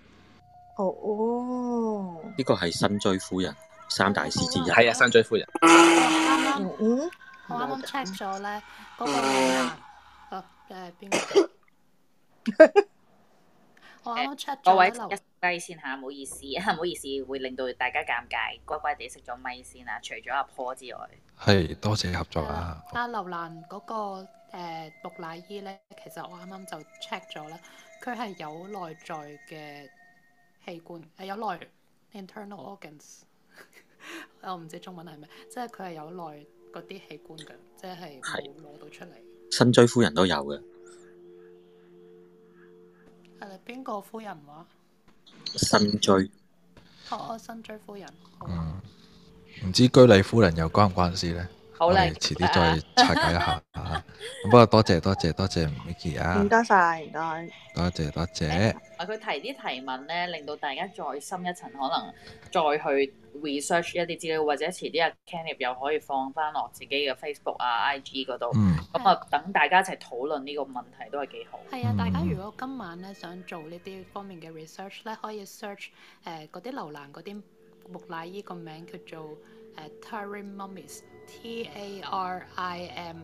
哦，哦，呢個係辛追夫人三大師之一，係啊，辛追夫人。啱我啱啱 check 咗咧，嗰、哦、個男嘅係邊個？我啱啱 check，各位咪先嚇，唔好意思，唔好意思，會令到大家尷尬，乖乖哋熄咗咪先啦。除咗阿婆之外，係多謝合作啊！阿、啊好啊、劉蘭嗰、那個木乃伊咧，其實我啱啱就 check 咗啦，佢係有內在嘅器官，啊、有內 internal organs， 我唔知中文係咩，即係佢係有內嗰啲器官嘅，即係冇攞到出嚟。新追夫人都有嘅，係邊個夫人話？辛追，托我辛追夫人。嗯，唔知居里夫人又關唔關事咧？好啦，遲啲再拆解一下嚇、 啊。不過多謝多謝多謝 Miki 啊！唔該晒，唔該。多謝多謝。啊，佢提啲提問咧，令到大家再深一層，可能再去 research 一啲資料，或者遲啲啊 Canopy 又可以放翻落自己嘅 Facebook 啊、IG 嗰度。咁啊，等大家一齊討論呢個問題都係幾好。係啊，大家如果今晚咧想做呢啲方面嘅 research 咧，可以 search 誒、呃、嗰啲樓蘭嗰啲木乃伊個名叫做誒、呃、Tarim Mummies T A R I M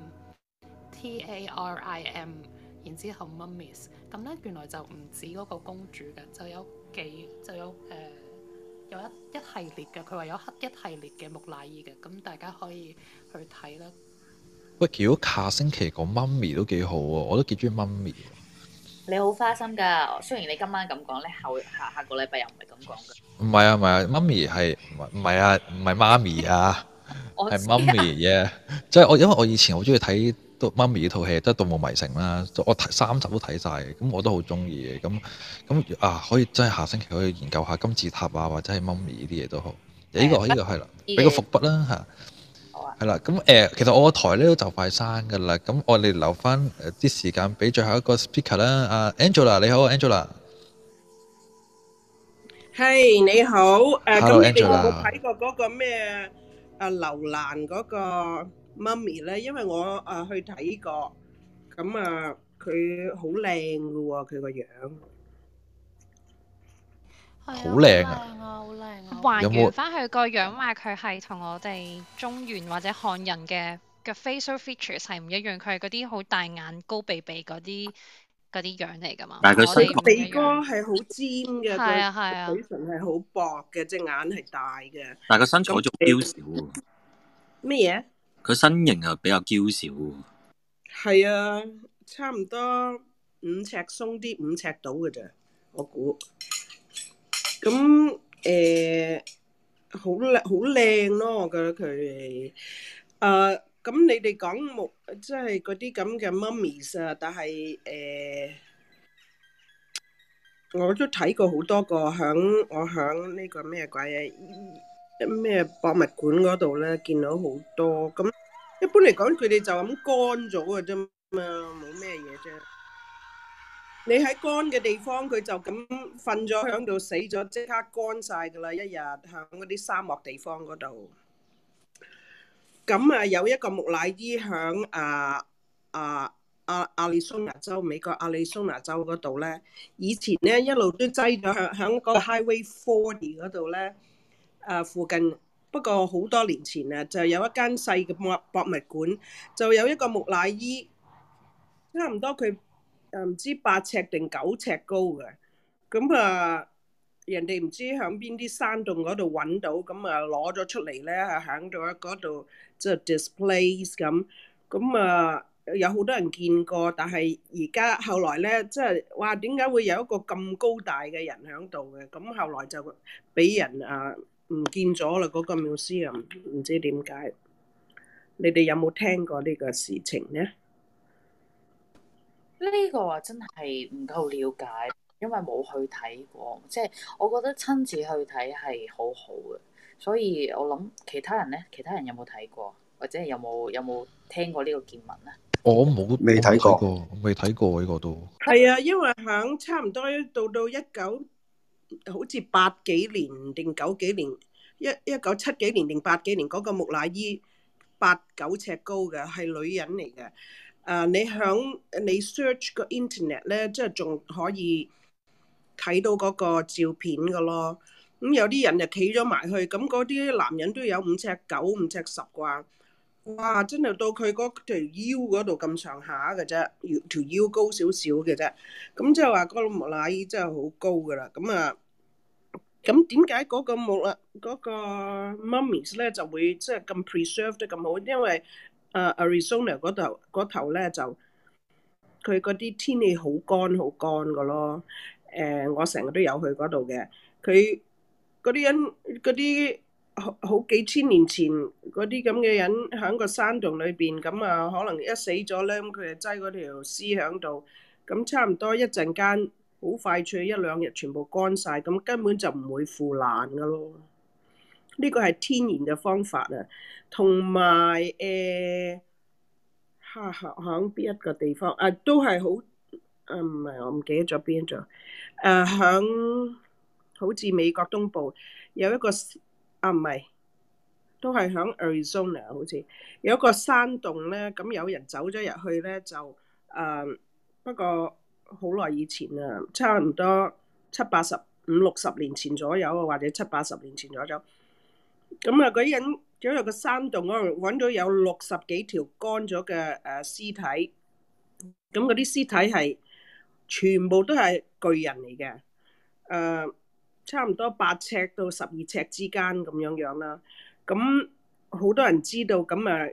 T A R I M，然之後 mummies 咁咧，原來就唔止嗰個公主嘅，就有幾就有誒、呃、有一一系列嘅，佢話有一一系列嘅木乃伊嘅，咁大家可以去睇啦。喂，如果下星期講媽咪都幾好喎，我都幾中意媽咪。你好花心噶，雖然你今晚咁講咧，後下下,下個禮拜又唔係咁講嘅。唔係啊，唔係啊，媽咪係，唔係啊，唔係媽咪啊！ 係 Mummy，yeah，即係我，因為我以前好中意睇《The Mummy》呢套戲，即係《盜墓迷城》啦。我睇三集都睇晒，咁我都好中意嘅。咁咁啊，可以真係下星期可以研究下金字塔啊，或者係 Mummy 呢啲嘢都好。依、這個呢、uh, 這個係、這個 uh, 啦，俾個伏筆啦吓。係啦，咁誒、啊嗯，其實我個台咧都就快刪噶啦。咁我哋留翻啲時間俾最後一個 speaker 啦。阿、uh, Angela 你好，Angela。嘿，hey, 你好。Hello, Angela。睇過嗰個咩？啊！劉蘭嗰個媽咪咧，因為我啊去睇過，咁啊佢好靚噶喎，佢個樣好靚啊！好靚啊！還原翻佢個樣，話佢係同我哋中原或者漢人嘅嘅 facial features 係唔一樣，佢係嗰啲好大眼高鼻鼻嗰啲。嗰啲樣嚟㗎嘛，鼻哥係好尖嘅，佢嘴唇係好薄嘅，隻眼係大嘅。但係個身材仲嬌小喎。咩嘢？佢身形又比較嬌小喎。係啊，差唔多五尺鬆啲，五尺到嘅啫，我估。咁誒，好靚好靚咯，我覺得佢啊～咁你哋講木，即係嗰啲咁嘅 mummies 啊，但係誒，我都睇過好多個，響我響呢個咩鬼嘢？咩博物館嗰度咧，見到好多。咁一般嚟講，佢哋就咁乾咗噶啫嘛，冇咩嘢啫。你喺乾嘅地方，佢就咁瞓咗響度，死咗即刻乾晒噶啦，一日響嗰啲沙漠地方嗰度。咁啊，有一個木乃伊喺啊啊啊亞利桑那州，美國亞利桑那州那州嗰度咧，以前咧一路都擠咗喺喺嗰個 Highway Forty 嗰度咧，啊附近。不過好多年前啊，就有一間細嘅博物館，就有一個木乃伊，差唔多佢唔知八尺定九尺高嘅，咁啊。人哋唔知喺邊啲山洞嗰度揾到，咁啊攞咗出嚟咧，喺到喺嗰度即係 display 咁，咁啊有好多人見過，但係而家後來咧，即係哇點解會有一個咁高大嘅人喺度嘅？咁後來就俾人啊唔見咗啦，嗰個 museum 啊，唔知點解。你哋有冇聽過呢個事情咧？呢個啊真係唔夠了解。因為冇去睇過，即係我覺得親自去睇係好好嘅，所以我諗其他人呢，其他人有冇睇過，或者有冇有冇聽過呢個見聞呢？我冇未睇過，未睇過呢個都係啊！因為響差唔多到到一九，好似八幾年定九幾年，一一九七幾年定八幾年嗰個木乃伊，八九尺高嘅係女人嚟嘅。啊，uh，你響你 search 個 internet 呢，即係仲可以。睇到嗰個照片嘅咯，咁、嗯、有啲人就企咗埋去，咁嗰啲男人都有五尺九、五尺十啩，哇！真係到佢嗰條腰嗰度咁上下嘅啫，條腰高少少嘅啫，咁即係話個木乃伊真係好高嘅啦，咁、那、啊、個，咁點解嗰個木啊嗰個 mummies 咧就會即係咁 preserve 得咁好？因為啊、呃、Arizona 嗰頭嗰頭咧就佢嗰啲天氣好乾好乾嘅咯。誒、呃，我成日都有去嗰度嘅，佢嗰啲人嗰啲好好幾千年前嗰啲咁嘅人喺個山洞裏邊，咁、嗯、啊、嗯、可能一死咗咧，佢、嗯、就擠嗰條屍喺度，咁、嗯、差唔多一陣間好快脆，一兩日全部乾晒咁、嗯、根本就唔會腐爛噶咯。呢個係天然嘅方法啊，同埋誒，下下響邊一個地方啊，都係好啊，唔係我唔記得咗邊一座。誒，響、uh, 好似美國東部有一個啊，唔係都係響 Arizona 好似有一個山洞咧，咁有人走咗入去咧就誒，uh, 不過好耐以前啦，差唔多七八十五六十年前左右，或者七八十年前左右。咁啊，嗰啲人走入個山洞嗰度搵到有六十幾條乾咗嘅誒屍體，咁嗰啲屍體係。全部都係巨人嚟嘅，誒、呃、差唔多八尺到十二尺之間咁樣這樣啦。咁、嗯、好多人知道，咁啊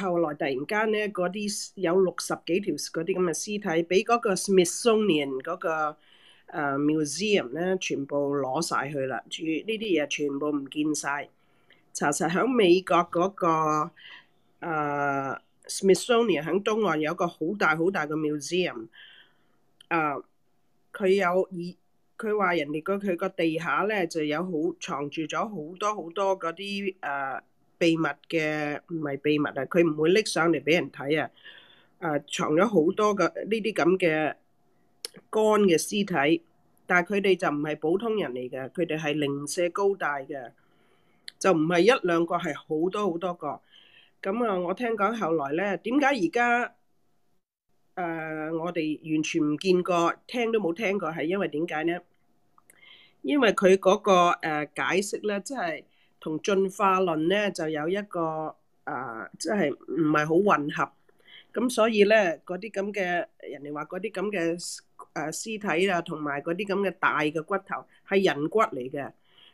後來突然間咧，嗰啲有六十幾條嗰啲咁嘅屍體，俾嗰個 Smithsonian 嗰、嗰個、呃、museum 咧，全部攞晒去啦。住呢啲嘢全部唔見晒，查實喺美國嗰、嗰個、呃 Smithsonian 喺東岸有個好大好大嘅 museum，誒，佢、uh, 有以佢話人哋個佢個地下咧就有好藏住咗好多好多嗰啲誒秘密嘅，唔係秘密啊，佢唔會拎上嚟俾人睇啊，誒、uh, 藏咗好多個呢啲咁嘅乾嘅屍體，但係佢哋就唔係普通人嚟嘅，佢哋係零舍高大嘅，就唔係一兩個，係好多好多個。咁啊、嗯，我聽講後來咧，點解而家誒我哋完全唔見過，聽都冇聽過，係因為點解咧？因為佢嗰、嗰個、呃、解釋咧，即係同進化論咧就有一個誒，即係唔係好混合。咁、嗯、所以咧，嗰啲咁嘅人哋話嗰啲咁嘅誒屍體啊，同埋嗰啲咁嘅大嘅骨頭係人骨嚟嘅。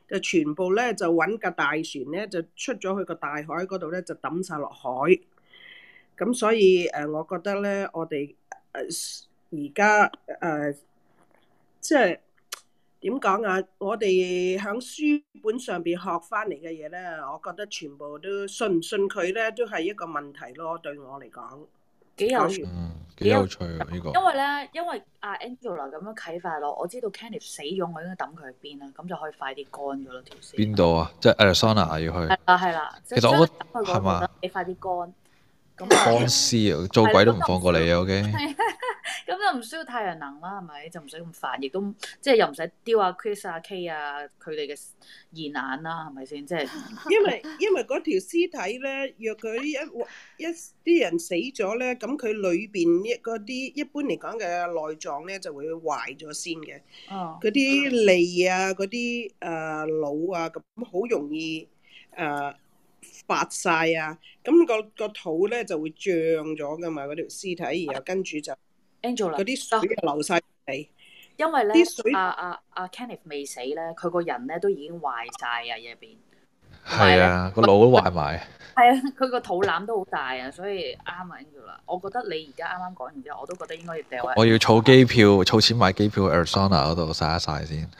就全部咧就揾架大船咧就出咗去個大海嗰度咧就抌晒落海，咁所以誒，我覺得咧，我哋誒而家誒，即係點講啊？我哋響書本上邊學翻嚟嘅嘢咧，我覺得全部都信唔信佢咧，都係一個問題咯。對我嚟講。幾有幾有趣啊！呢個、嗯、因為咧，因為阿 Angela 咁樣啟發我，我知道 Candice 死咗，我應該抌佢去邊啊？咁就可以快啲乾咗咯條屍。邊度啊？即係 Arizona、啊、要去。係啦係啦。其實我覺得係嘛？你快啲乾，乾屍啊！做鬼都唔放過你啊 ！OK。 咁 就唔需要太陽能啦，係咪？就唔使咁煩，亦都即係又唔使丟啊 Chris 啊 K 啊佢哋嘅眼眼啦，係咪先？即係、就是、 因為因為嗰條屍體咧，若佢一一啲人死咗咧，咁佢裏邊一嗰啲一般嚟講嘅內臟咧就會壞咗先嘅。哦，嗰啲脷啊，嗰啲誒腦啊，咁好容易誒、呃、發晒啊！咁、那個個肚咧就會脹咗㗎嘛，嗰條屍體，然後跟住就。Angela，嗰啲水就流曬地，因為咧阿阿阿 Kenneth 未死咧，佢個人咧都已經壞曬啊入邊，係啊，個腦都壞埋，係啊，佢個肚腩都好大啊，所以啱啊，Angela。我覺得你而家啱啱講完之後，我都覺得應該要掉。我要儲機票，儲錢買機票去 Arizona 嗰度曬一曬先。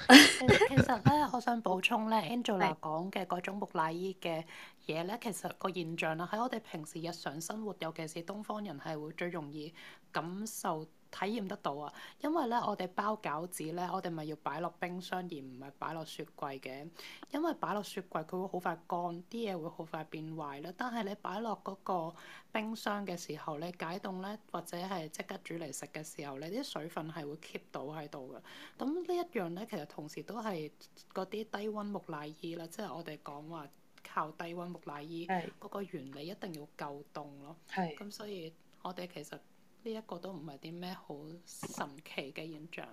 其實咧，我想補充咧，Angela 講嘅嗰種木乃伊嘅嘢咧，其實個現象啦，喺我哋平時日常生活，尤其是東方人係會最容易感受。體驗得到啊，因為咧我哋包餃子咧，我哋咪要擺落冰箱而唔係擺落雪櫃嘅，因為擺落雪櫃佢會好快乾，啲嘢會好快變壞咯。但係你擺落嗰個冰箱嘅時候，你解凍咧或者係即刻煮嚟食嘅時候，你啲水分係會 keep 到喺度嘅。咁呢一樣咧，其實同時都係嗰啲低溫木乃伊啦，即係我哋講話靠低溫木乃伊嗰是個原理一定要夠凍咯。係是，咁所以我哋其實。呢一個都唔係啲咩好神奇嘅現象。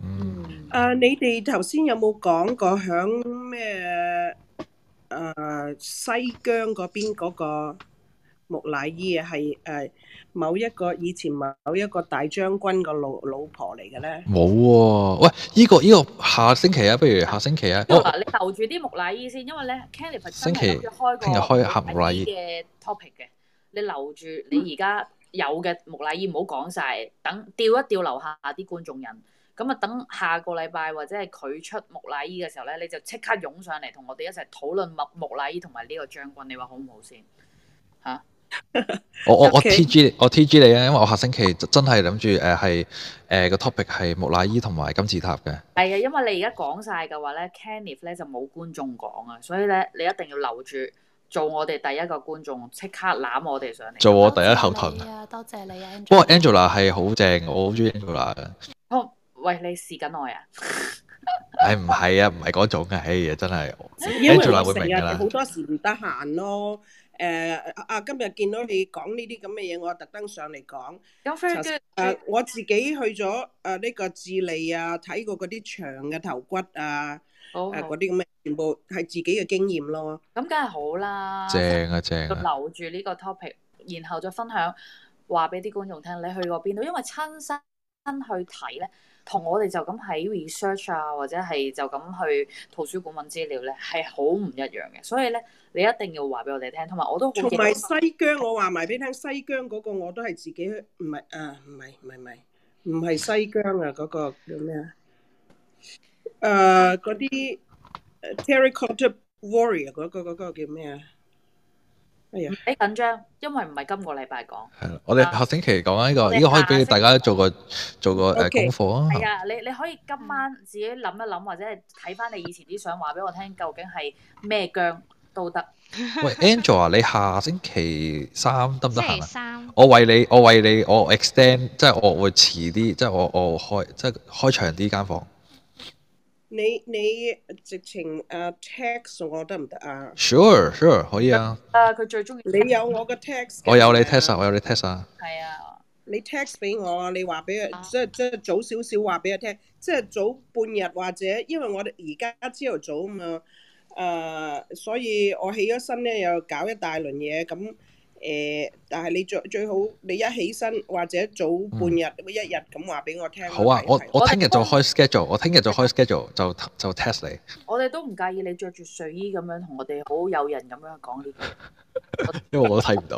嗯，誒、啊，你哋頭先有冇講過響咩誒西疆嗰邊嗰個木乃伊啊？係誒某一個以前某一個大將軍個老老婆嚟嘅咧？冇喎、啊，喂，依、這個依、這個下星期啊，不如下星期啊。嗱，我你留住啲木乃伊先，因為咧，Kelly 係星期開，開，聽日開木乃伊嘅 topic 嘅，你留住，你而家。嗯嗯有嘅木乃伊唔好講晒，等調一調樓下啲觀眾人，咁啊等下個禮拜或者係佢出木乃伊嘅時候咧，你就即刻湧上嚟同我哋一齊討論木木乃伊同埋呢個將軍，你話好唔好先？嚇！我我我 T G 我 T G 你啊，因為我下星期真係諗住誒係誒個 topic 係木乃伊同埋金字塔嘅。係啊，因為你而家講晒嘅話咧，Kenneth 咧就冇觀眾講啊，所以咧你一定要留住。做我哋第一個觀眾，即刻攬我哋上嚟。做我第一後盾啊！多謝你啊，Angela。不過 Angela 係好正，我好中意 Angela。我喂你試緊我啊？唉，唔係啊，唔係嗰種啊，真係。Angela 會明啦。你好多時唔得閒咯。誒啊，今日見到你講呢啲咁嘅嘢，我特登上嚟講。有 friend 誒，我自己去咗誒呢個智利啊，睇過嗰啲長嘅頭骨啊。係嗰啲咁嘅，好好啊，全部係自己嘅經驗咯。咁梗係好啦，正啊正啊！留住呢個 topic，然後再分享話俾啲觀眾聽，你去過邊度？因為親身去睇咧，同我哋就咁喺 research 啊，或者係就咁去圖書館揾資料咧，係好唔一樣嘅。所以咧，你一定要話俾我哋聽。同埋我都好、嗰個。同埋西疆，我話埋俾你聽，西疆嗰個我都係自己唔係誒，唔係唔係唔係，唔係、啊、唔係西疆啊，嗰、嗰個叫咩啊？誒，嗰啲、uh,《Terracotta、uh, Warrior》嗰、嗰、okay.、個叫咩啊？哎呀，你緊張，因為唔係今個禮拜講。係啦，我哋下星期講啊，呢個呢個可以俾大家做個做個誒功課啊。係啊，你你可以今晚自己諗一諗，或者係睇翻你以前啲想話俾我聽，究竟係咩薑都得。喂 Angel 啊，你下星期三得唔得閒啊？我為你，我為你，我 extend，即係我會遲啲，即係我我開即係開長啲間房。你你直情啊 text 我得唔得啊？Sure sure 可以啊。啊，佢 最中意你有我個 text。我有你 text，我、啊、有你 text。係啊，你 text 俾我，啊，你話俾佢，即係即係早少少話俾佢聽，即係早半日或者，因為我哋而家朝頭早嘛，誒、呃，所以我起咗身咧又搞一大輪嘢咁。誒，但係你最最好你一起身或者早半日咁、嗯、一日咁話俾我聽。好啊，我我聽日就開 schedule，我聽日就開 schedule 就就 test 你。我哋都唔介意你着住睡衣咁樣同我哋好友人咁樣講呢句，因為我都睇唔到。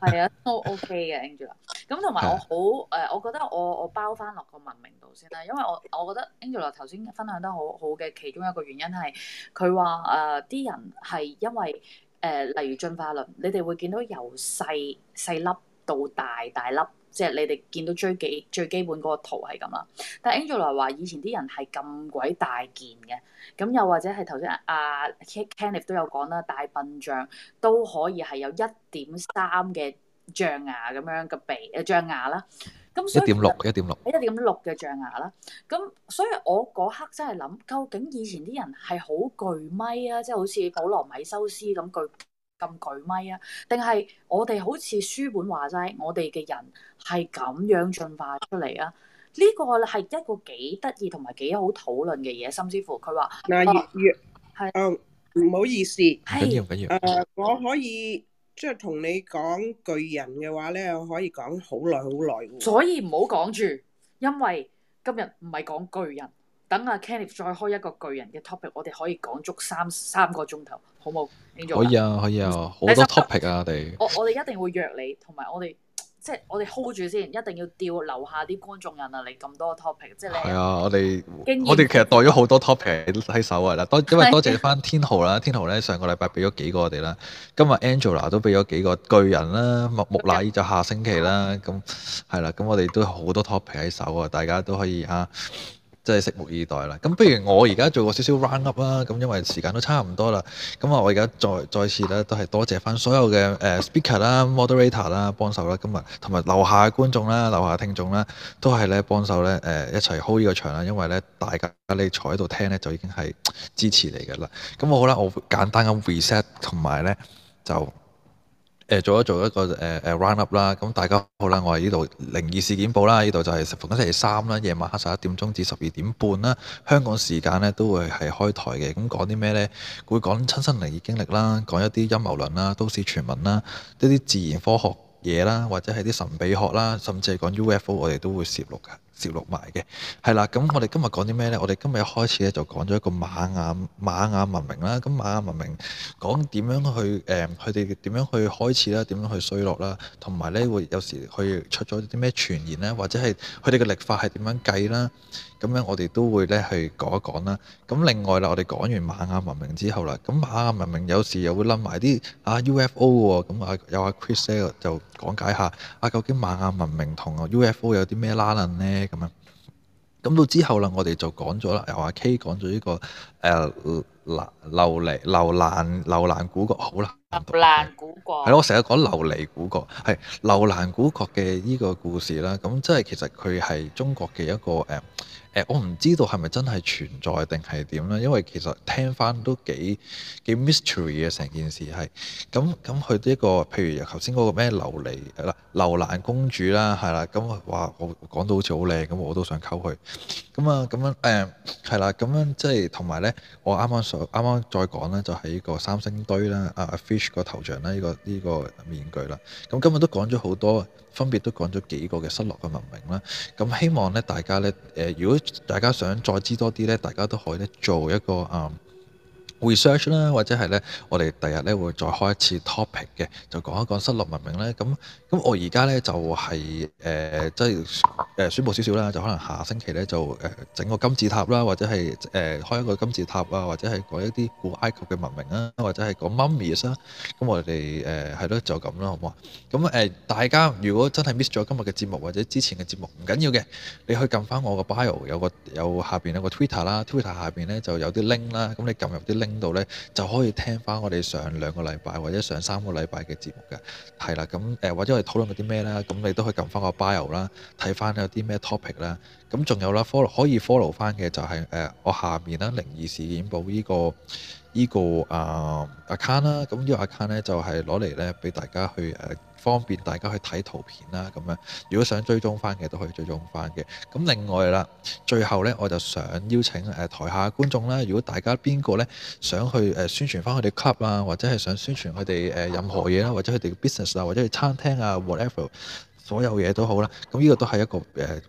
係 啊，都 OK 嘅 Angela 咁同埋我好誒，我覺得我我包翻落個文明度先啦，因為我我覺得 Angela 頭先分享得好好嘅其中一個原因係佢話誒啲人係因為。誒，例如進化論，你哋會見到由細細粒到大大粒，即係你哋見到最基最基本嗰個圖係咁啦。但 Angela 話以前啲人係咁鬼大件嘅，咁又或者係頭先阿 Kenneth 都有講啦，大笨象都可以係有一點三嘅象牙咁樣嘅鼻誒、啊、象牙啦。一點六，一點六，一點六嘅象牙啦。咁所以，我嗰刻真係諗，究竟以前啲人係好巨咪啊，即、就、係、是、好似普羅米修斯咁巨咁巨咪啊？定係我哋好似書本話齋，我哋嘅人係咁樣進化出嚟啊？呢、這個係一個幾得意同埋幾好討論嘅嘢，甚至乎佢話嗱，越越係唔好意思，哎、緊要緊要、啊、我可以。即係同你講巨人嘅話咧，我可以講好耐好耐。所以唔好講住，因為今日唔係講巨人。等阿 Kenneth 再開一個巨人嘅 topic，我哋可以講足三三個鐘頭，好冇？可以啊，可以啊，嗯、好多 topic 啊，是我哋們。我我哋一定會約你，同埋我哋。即係我哋 hold 住先，一定要吊留下啲觀眾人啊！你咁多 topic，即係你係啊！我哋驗我哋其實帶咗好多 topic 喺 手啊！啦，多因為多謝翻天豪啦， 天豪咧上個禮拜俾咗幾個我哋啦，今日 Angela 都俾咗幾個巨人啦，木木乃伊就下星期啦，咁係啦，咁、啊、我哋都好多 topic 喺手啊，大家都可以啊。真係拭目以待啦。咁不如我而家做個少少 round up 啦。咁因為時間都差唔多啦。咁啊，我而家再再次咧都係多謝翻所有嘅誒 speaker 啦、moderator 啦、幫手啦。今日同埋樓下嘅觀眾啦、樓下聽眾啦，都係咧幫手咧誒一齊 hold 呢個場啦。因為咧大家你坐喺度聽咧，就已經係支持你㗎啦。咁我好啦，我簡單咁 reset 同埋咧就。誒做一做一個誒誒 roundup 啦，咁、呃啊啊啊、大家好啦，我係呢度靈異事件報啦，呢度就係逢星期三啦，夜晚黑十一點鐘至十二點半啦，香港時間咧都會係開台嘅，咁、嗯、講啲咩呢？會講親身靈異經歷啦，講一啲陰謀論啦、都市傳聞啦、一啲自然科學嘢啦，或者係啲神秘學啦，甚至係講 UFO，我哋都會攝錄㗎。接落埋嘅，係啦、啊，咁我哋今日講啲咩呢？我哋今日一開始咧就講咗一個瑪雅瑪雅文明啦，咁瑪雅文明講點樣去誒，佢哋點樣去開始啦，點樣去衰落啦，同埋呢會有時去出咗啲咩傳言呢？或者係佢哋嘅歷法係點樣計啦。咁樣我哋都會咧去講一講啦。咁另外啦，我哋講完瑪雅文明之後啦，咁瑪雅文明有時又會冧埋啲啊 UFO 喎。咁啊，有阿 Chris 咧就講解下啊，究竟瑪雅文明同 UFO 有啲咩拉楞呢？咁樣。咁到之後啦，我哋就講咗啦，又阿 K 講咗呢、呢個誒流琉璃樓蘭樓蘭古國好啦。流、啊、蘭古國。係咯，我成日講琉璃古國係樓蘭古國嘅呢個故事啦。咁即係其實佢係中國嘅一個誒。啊我唔知道係咪真係存在定係點啦，因為其實聽翻都幾幾 mystery 嘅成件事係。咁咁佢呢一個譬如頭先嗰個咩琉璃，嗱，樓蘭公主啦，係啦。咁話我講到好似好靚，咁我都想溝佢。咁啊，咁樣誒係啦，咁、嗯、樣即係同埋咧，我啱啱所啱啱再講咧，就係、是、呢個三星堆啦，阿、啊、Fish 個頭像啦，呢、這個呢、這個面具啦。咁、嗯、今日都講咗好多。分別都講咗幾個嘅失落嘅文明啦，咁希望咧大家咧，誒、呃、如果大家想再知多啲咧，大家都可以咧做一個啊。嗯 research 啦，或者係咧，我哋第日咧會再開一次 topic 嘅，就講一講失落文明咧。咁咁我而家咧就係誒即係誒宣布少少啦，就可能下星期咧就誒、呃、整個金字塔啦，或者係誒、呃、開一個金字塔啊，或者係講一啲古埃及嘅文明啊，或者係講 mummies 啦、啊。咁我哋誒係咯，就咁啦，好唔好啊？咁誒、呃、大家如果真係 miss 咗今日嘅節目或者之前嘅節目，唔緊要嘅，你去撳翻我個 bio 有個有下邊有個 Twitter 啦，Twitter 下邊咧就有啲 link 啦，咁你撳入啲 link。聽咧就可以聽翻我哋上兩個禮拜或者上三個禮拜嘅節目嘅，係啦，咁誒或者我哋討論啲咩咧，咁你都可以撳翻個 bio 啦，睇翻有啲咩 topic 啦，咁仲有啦 follow 可以 follow 翻嘅就係誒我下面啦靈異事件簿呢個依個啊 account 啦，咁呢個 account 咧就係攞嚟呢俾大家去誒。方便大家去睇圖片啦，咁樣如果想追蹤翻嘅都可以追蹤翻嘅。咁另外啦，最後呢，我就想邀請誒、呃、台下觀眾啦，如果大家邊個呢，想去誒、呃、宣傳翻佢哋 club 啊，或者係想宣傳佢哋誒任何嘢啦，或者佢哋嘅 business 啊，或者係、啊、餐廳啊 whatever。所有嘢都好啦，咁、這、呢個都係一個誒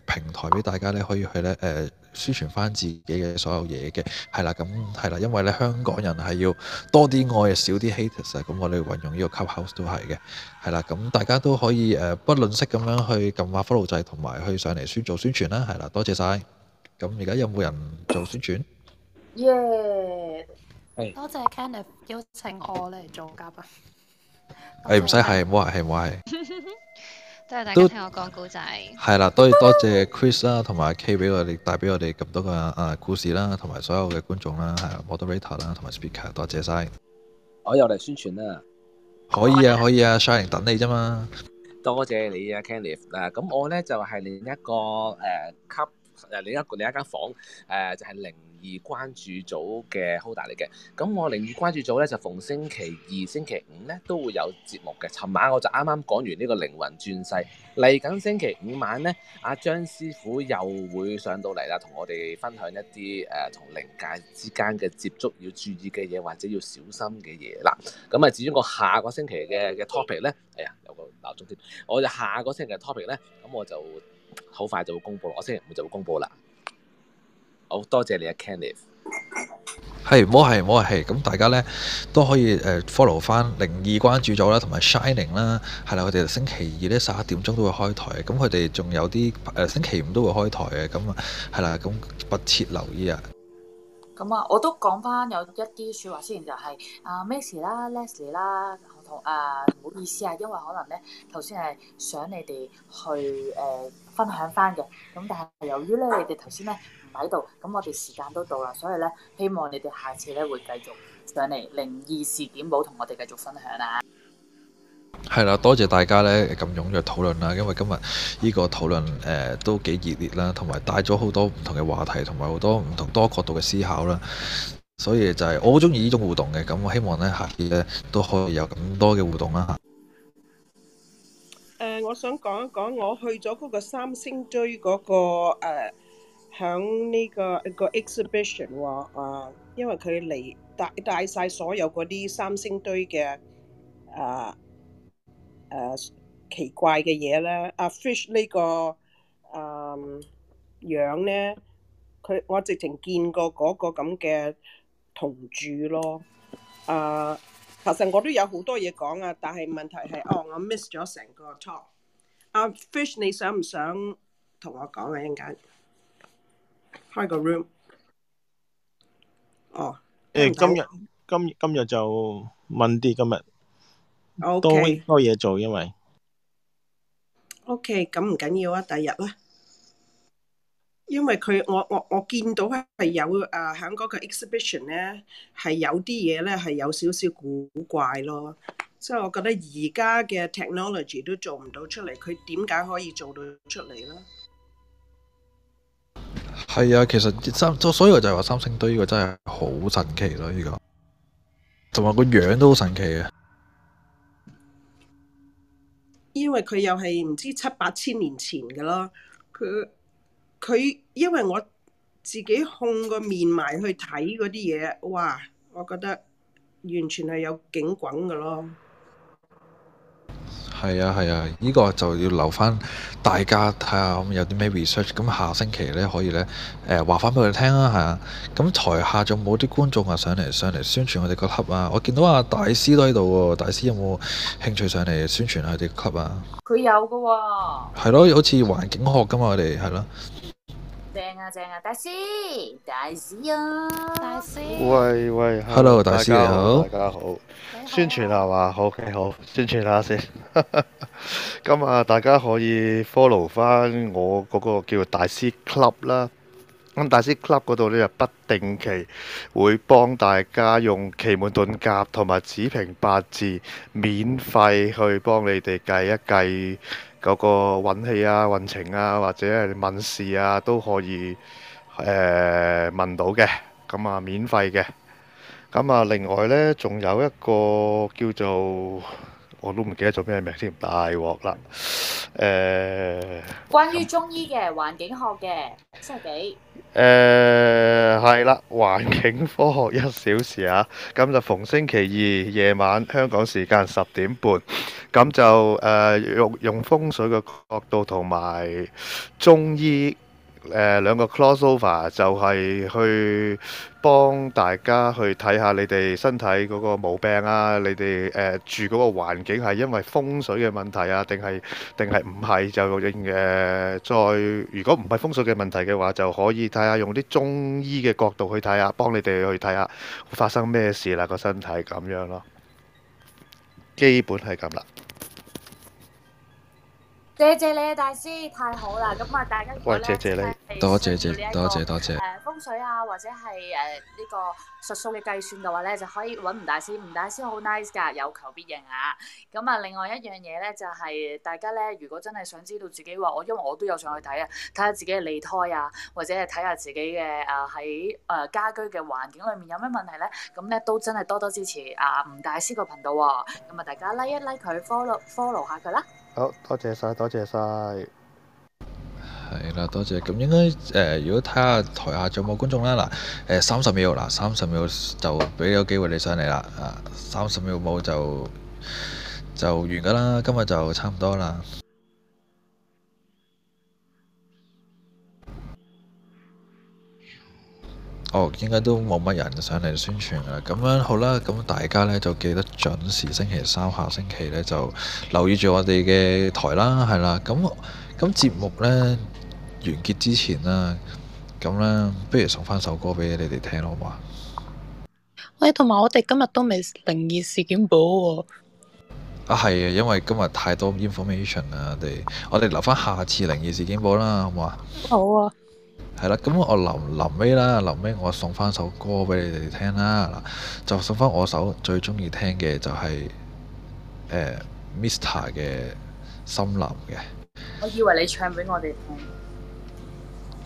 平台俾大家咧，可以去咧誒宣傳翻自己嘅所有嘢嘅，係啦，咁係啦，因為咧香港人係要多啲愛少啲 haters 啊，咁我哋運用呢個 Clubhouse 都係嘅，係啦，咁大家都可以誒不論式咁樣去撳下 follow 掣同埋去上嚟宣做宣傳啦，係啦 Yeah. Hey.，多謝晒、哎。咁而家有冇人做宣傳耶！多謝 Kenneth 邀請我嚟做嘉賓。誒唔使係，唔好係，唔好係。即係大家聽我講故仔，係啦，多謝多謝 Chris 啦，同埋 K 俾我哋帶俾我哋咁多個誒故事啦，同埋所有嘅觀眾啦，係啊，Moderator 啦，同埋 Speaker，多謝晒，我又嚟宣傳啦，可以啊，可以啊，Shining 等你啫嘛。多謝你啊，Kenneth 啊，咁我咧就係、是、另一個誒級誒另一個另一間房誒、啊，就係零。而關注組嘅 Hold 大力嘅，咁我靈異關注組咧就逢星期二、星期五咧都會有節目嘅。尋晚我就啱啱講完呢個靈魂轉世，嚟緊星期五晚咧，阿張師傅又會上到嚟啦，同我哋分享一啲誒同靈界之間嘅接觸要注意嘅嘢，或者要小心嘅嘢啦。咁啊，至於我下個星期嘅嘅 topic 咧，哎呀，有個鬧鐘添，我就下個星期嘅 topic 咧，咁我就好快就會公佈，我星期五就會公佈啦。好多謝你啊 Candice 唔好係，唔好係，咁大家咧都可以誒 follow 翻靈異關注組啦，同埋 Shining 啦，係啦，佢哋星期二咧十一點鐘都會開台咁佢哋仲有啲誒星期五都會開台嘅，咁啊，係啦，咁不切留意啊。咁、嗯就是、啊，我都講翻有一啲説話先，就係啊 Max 啦，Leslie 啦，同誒唔好意思啊，因為可能咧頭先係想你哋去誒、呃、分享翻嘅，咁、呃、但係由於咧你哋頭先咧。 喺度，咁我哋時間都到啦，所以咧，希望你哋下次咧會繼續上嚟《靈異事件簿》同我哋繼續分享啦。係啦，多謝大家咧咁踴躍討論啦，因為今日呢個討論誒都幾熱烈啦，同埋帶咗好多唔同嘅話題，同埋好多唔同多角度嘅思考啦。所以就係我好中意呢種互動嘅，咁我希望咧下次咧都可以有咁多嘅互動啦。誒，我想講一講，我去咗嗰個三星堆嗰、嗰個、呃響呢、呢個一個 exhibition 喎，啊，因為佢嚟帶帶晒所有嗰啲三星堆嘅啊啊奇怪嘅嘢咧，啊 fish、呢個、啊呢個啊樣咧，佢我直情見過嗰個咁嘅同住咯。啊，其實我都有好多嘢講啊，但係問題係，哦，我 miss 咗成個 talk、uh。啊 fish，你想唔想同我講啊？一陣間？開個 room 哦，誒，今日今今日就問啲今日多多嘢做，因為 O K，咁唔緊要啊，第日咧。因為佢我我我見到係有誒，喺嗰個 exhibition 咧係有啲嘢咧係有少少古怪咯，即係我覺得而家嘅 technology 都做唔到出嚟，佢點解可以做到出嚟咧？係啊，其實三，所以我就係話三星堆呢個真係好神奇咯，呢個同埋個樣都好神奇啊！這個、奇啊，因為佢又係唔知七八千年前㗎咯，佢佢因為我自己控個面埋去睇嗰啲嘢，哇，我覺得完全係有警滾噶咯。係啊係啊，呢、啊呢個就要留翻大家睇下咁有啲咩 research，咁下星期呢，可以呢誒話翻俾佢聽啦啊，咁、啊、台下仲冇啲觀眾啊上嚟上嚟宣傳我哋個 club 啊？我見到阿大師都喺度喎，大師有冇興趣上嚟宣傳下啲 club 啊？佢有噶、哦。係咯、啊，好似環境學噶嘛、啊，我哋係咯。正啊正啊，大師，大師啊，大師。喂喂，Hello，大師你好，大家好。宣傳下嘛，幾好，好，宣傳下先。今日大家可以 follow 翻我嗰個叫做大師 club 啦。咁大師 club 嗰度呢就不定期會幫大家用奇門遁甲同埋子平八字，免費去幫你哋計一計。嗰個運氣啊、運程啊，或者係問事啊，都可以誒、呃、問到嘅，咁、嗯、啊免費嘅。咁、嗯、啊，另外呢，仲有一個叫做～我都唔記得做咩名添，大鑊啦！誒、呃，關於中醫嘅環境學嘅，星期幾？誒、呃，係啦，環境科學一小時啊！咁就逢星期二夜晚香港時間十點半，咁就誒用、呃、用風水嘅角度同埋中醫。誒、呃、兩個 crossover 就係去幫大家去睇下你哋身體嗰個毛病啊，你哋誒、呃、住嗰個環境係因為風水嘅問題啊，定係定係唔係就誒、呃、再？如果唔係風水嘅問題嘅話，就可以睇下用啲中醫嘅角度去睇下，幫你哋去睇下發生咩事啦、啊嗰個身體咁樣咯，基本係咁啦。謝謝你啊，大師，太好啦！咁、嗯、啊，大家如果咧，多謝多謝多謝多謝。誒，風水啊，或者係誒呢個術數嘅計算嘅話咧，就可以揾吳大師。吳大師好 nice 噶，有求必應啊！咁、嗯、啊，另外一樣嘢咧，就係、是、大家咧，如果真係想知道自己話我，因為我都有上去睇啊，睇下自己嘅利胎啊，或者係睇下自己嘅誒喺誒家居嘅環境裏面有咩問題咧，咁、嗯、咧都真係多多支持啊吳大師個頻道、啊。咁、嗯、啊，大家 like、like、一 like 佢、like、，follow follow 下佢啦。好多謝晒，多謝晒。係啦， 多謝。咁應該誒、呃，如果睇下台下仲有冇觀眾啦。嗱、呃，誒，三十秒，嗱，三十秒就俾咗機會你上嚟啦。啊，三十秒冇就就完噶啦，今日就差唔多啦。哦，應該都冇乜人上嚟宣傳啦。咁樣好啦，咁大家呢就記得準時星期三下星期呢就留意住我哋嘅台啦，係啦。咁咁節目呢，完結之前啦，咁呢不如送翻首歌俾你哋聽咯，好嘛？喂，同埋我哋今日都未靈異事件簿喎。啊，係啊，因為今日太多 information 啦，我哋我哋留翻下次靈異事件簿啦，好唔好啊？好啊。係啦，咁我臨尾啦，臨尾我送翻首歌畀你哋聽啦，就送翻我首最中意聽嘅就係呃 Mr. 嘅《森林》嘅。我以為你唱畀我哋聽，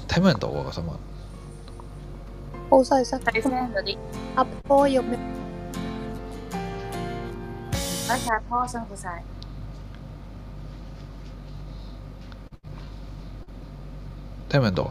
聽唔聽到啊？個新聞好細聲，細聲嗰啲阿波要咩？阿沙波辛苦曬，聽唔聽到？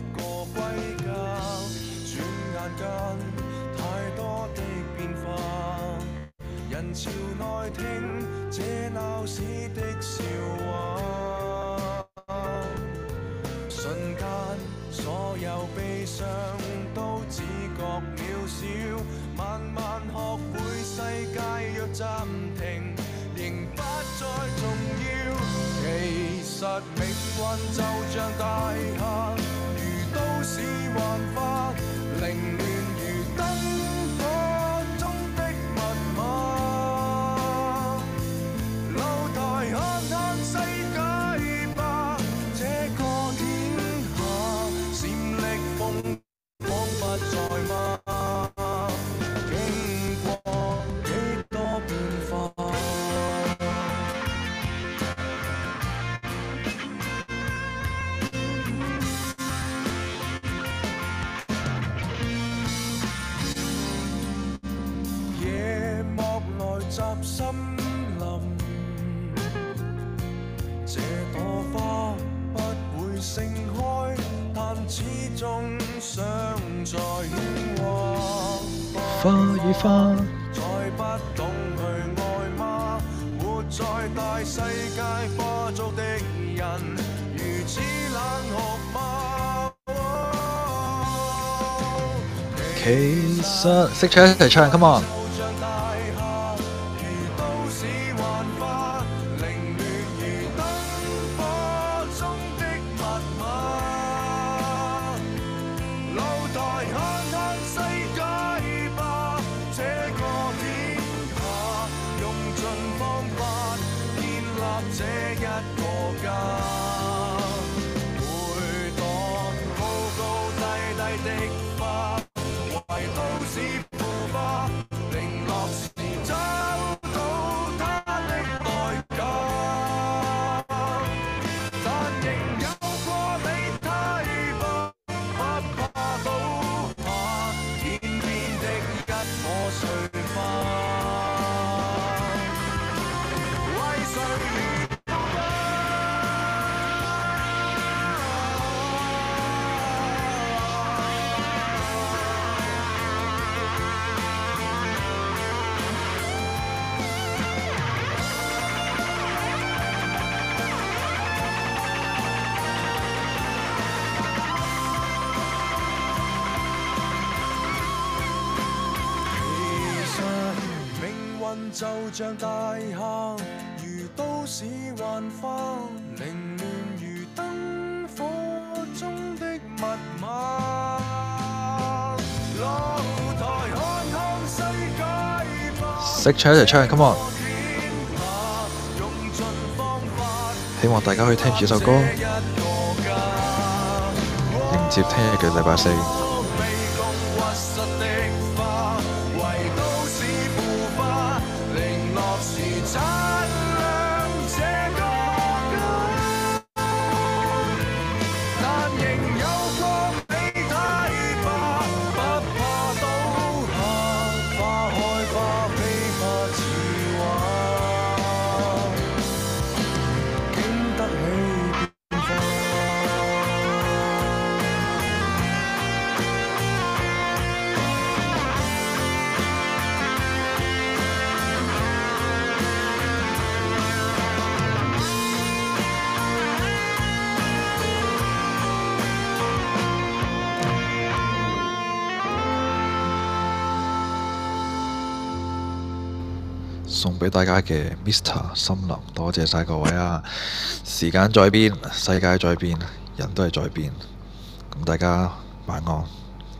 太多的變化，人潮內聽這鬧市的笑話。瞬間，所有悲傷都只覺渺小。慢慢學會，世界若暫停，仍不再重要。其實命運就像大廈，如都市幻化，凌亂。中在花與花，再不懂去愛嗎活在大世界化作的人，如此冷酷嗎？其實識唱一齊唱，Come on！像大廈如都市幻化，凌亂如燈火中的密碼，識唱一齊唱，Come on！希望大家可以聽住首歌，迎接聽日嘅禮拜四。大家嘅 Mr 森林，多謝晒各位啊！時間在變，世界在變，人都係在變。咁大家晚安。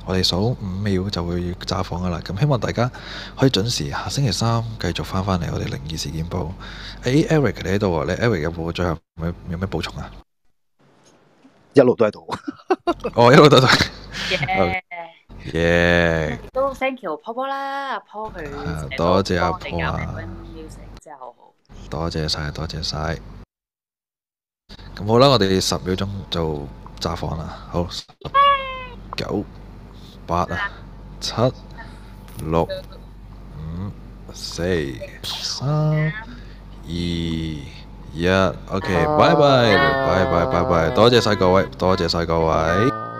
我哋數五秒就會炸房噶啦。咁希望大家可以準時下星期三繼續翻返嚟我哋《靈異事件報》欸。誒，Eric 你喺度啊？你 Eric 有冇最後有咩有補充啊？一路都喺度。哦 ，oh, 一路都喺度。 yeah. 耶！Yeah, 都 thank you 阿婆，婆啦，阿婆佢多謝阿婆啊多！多謝晒，多謝晒。咁好啦，我哋十秒鐘就炸房啦。好，十、九、八啊、七、六、五、四、三、二、一，OK，uh，拜拜，拜拜，拜拜，多謝晒各位，多謝晒各位。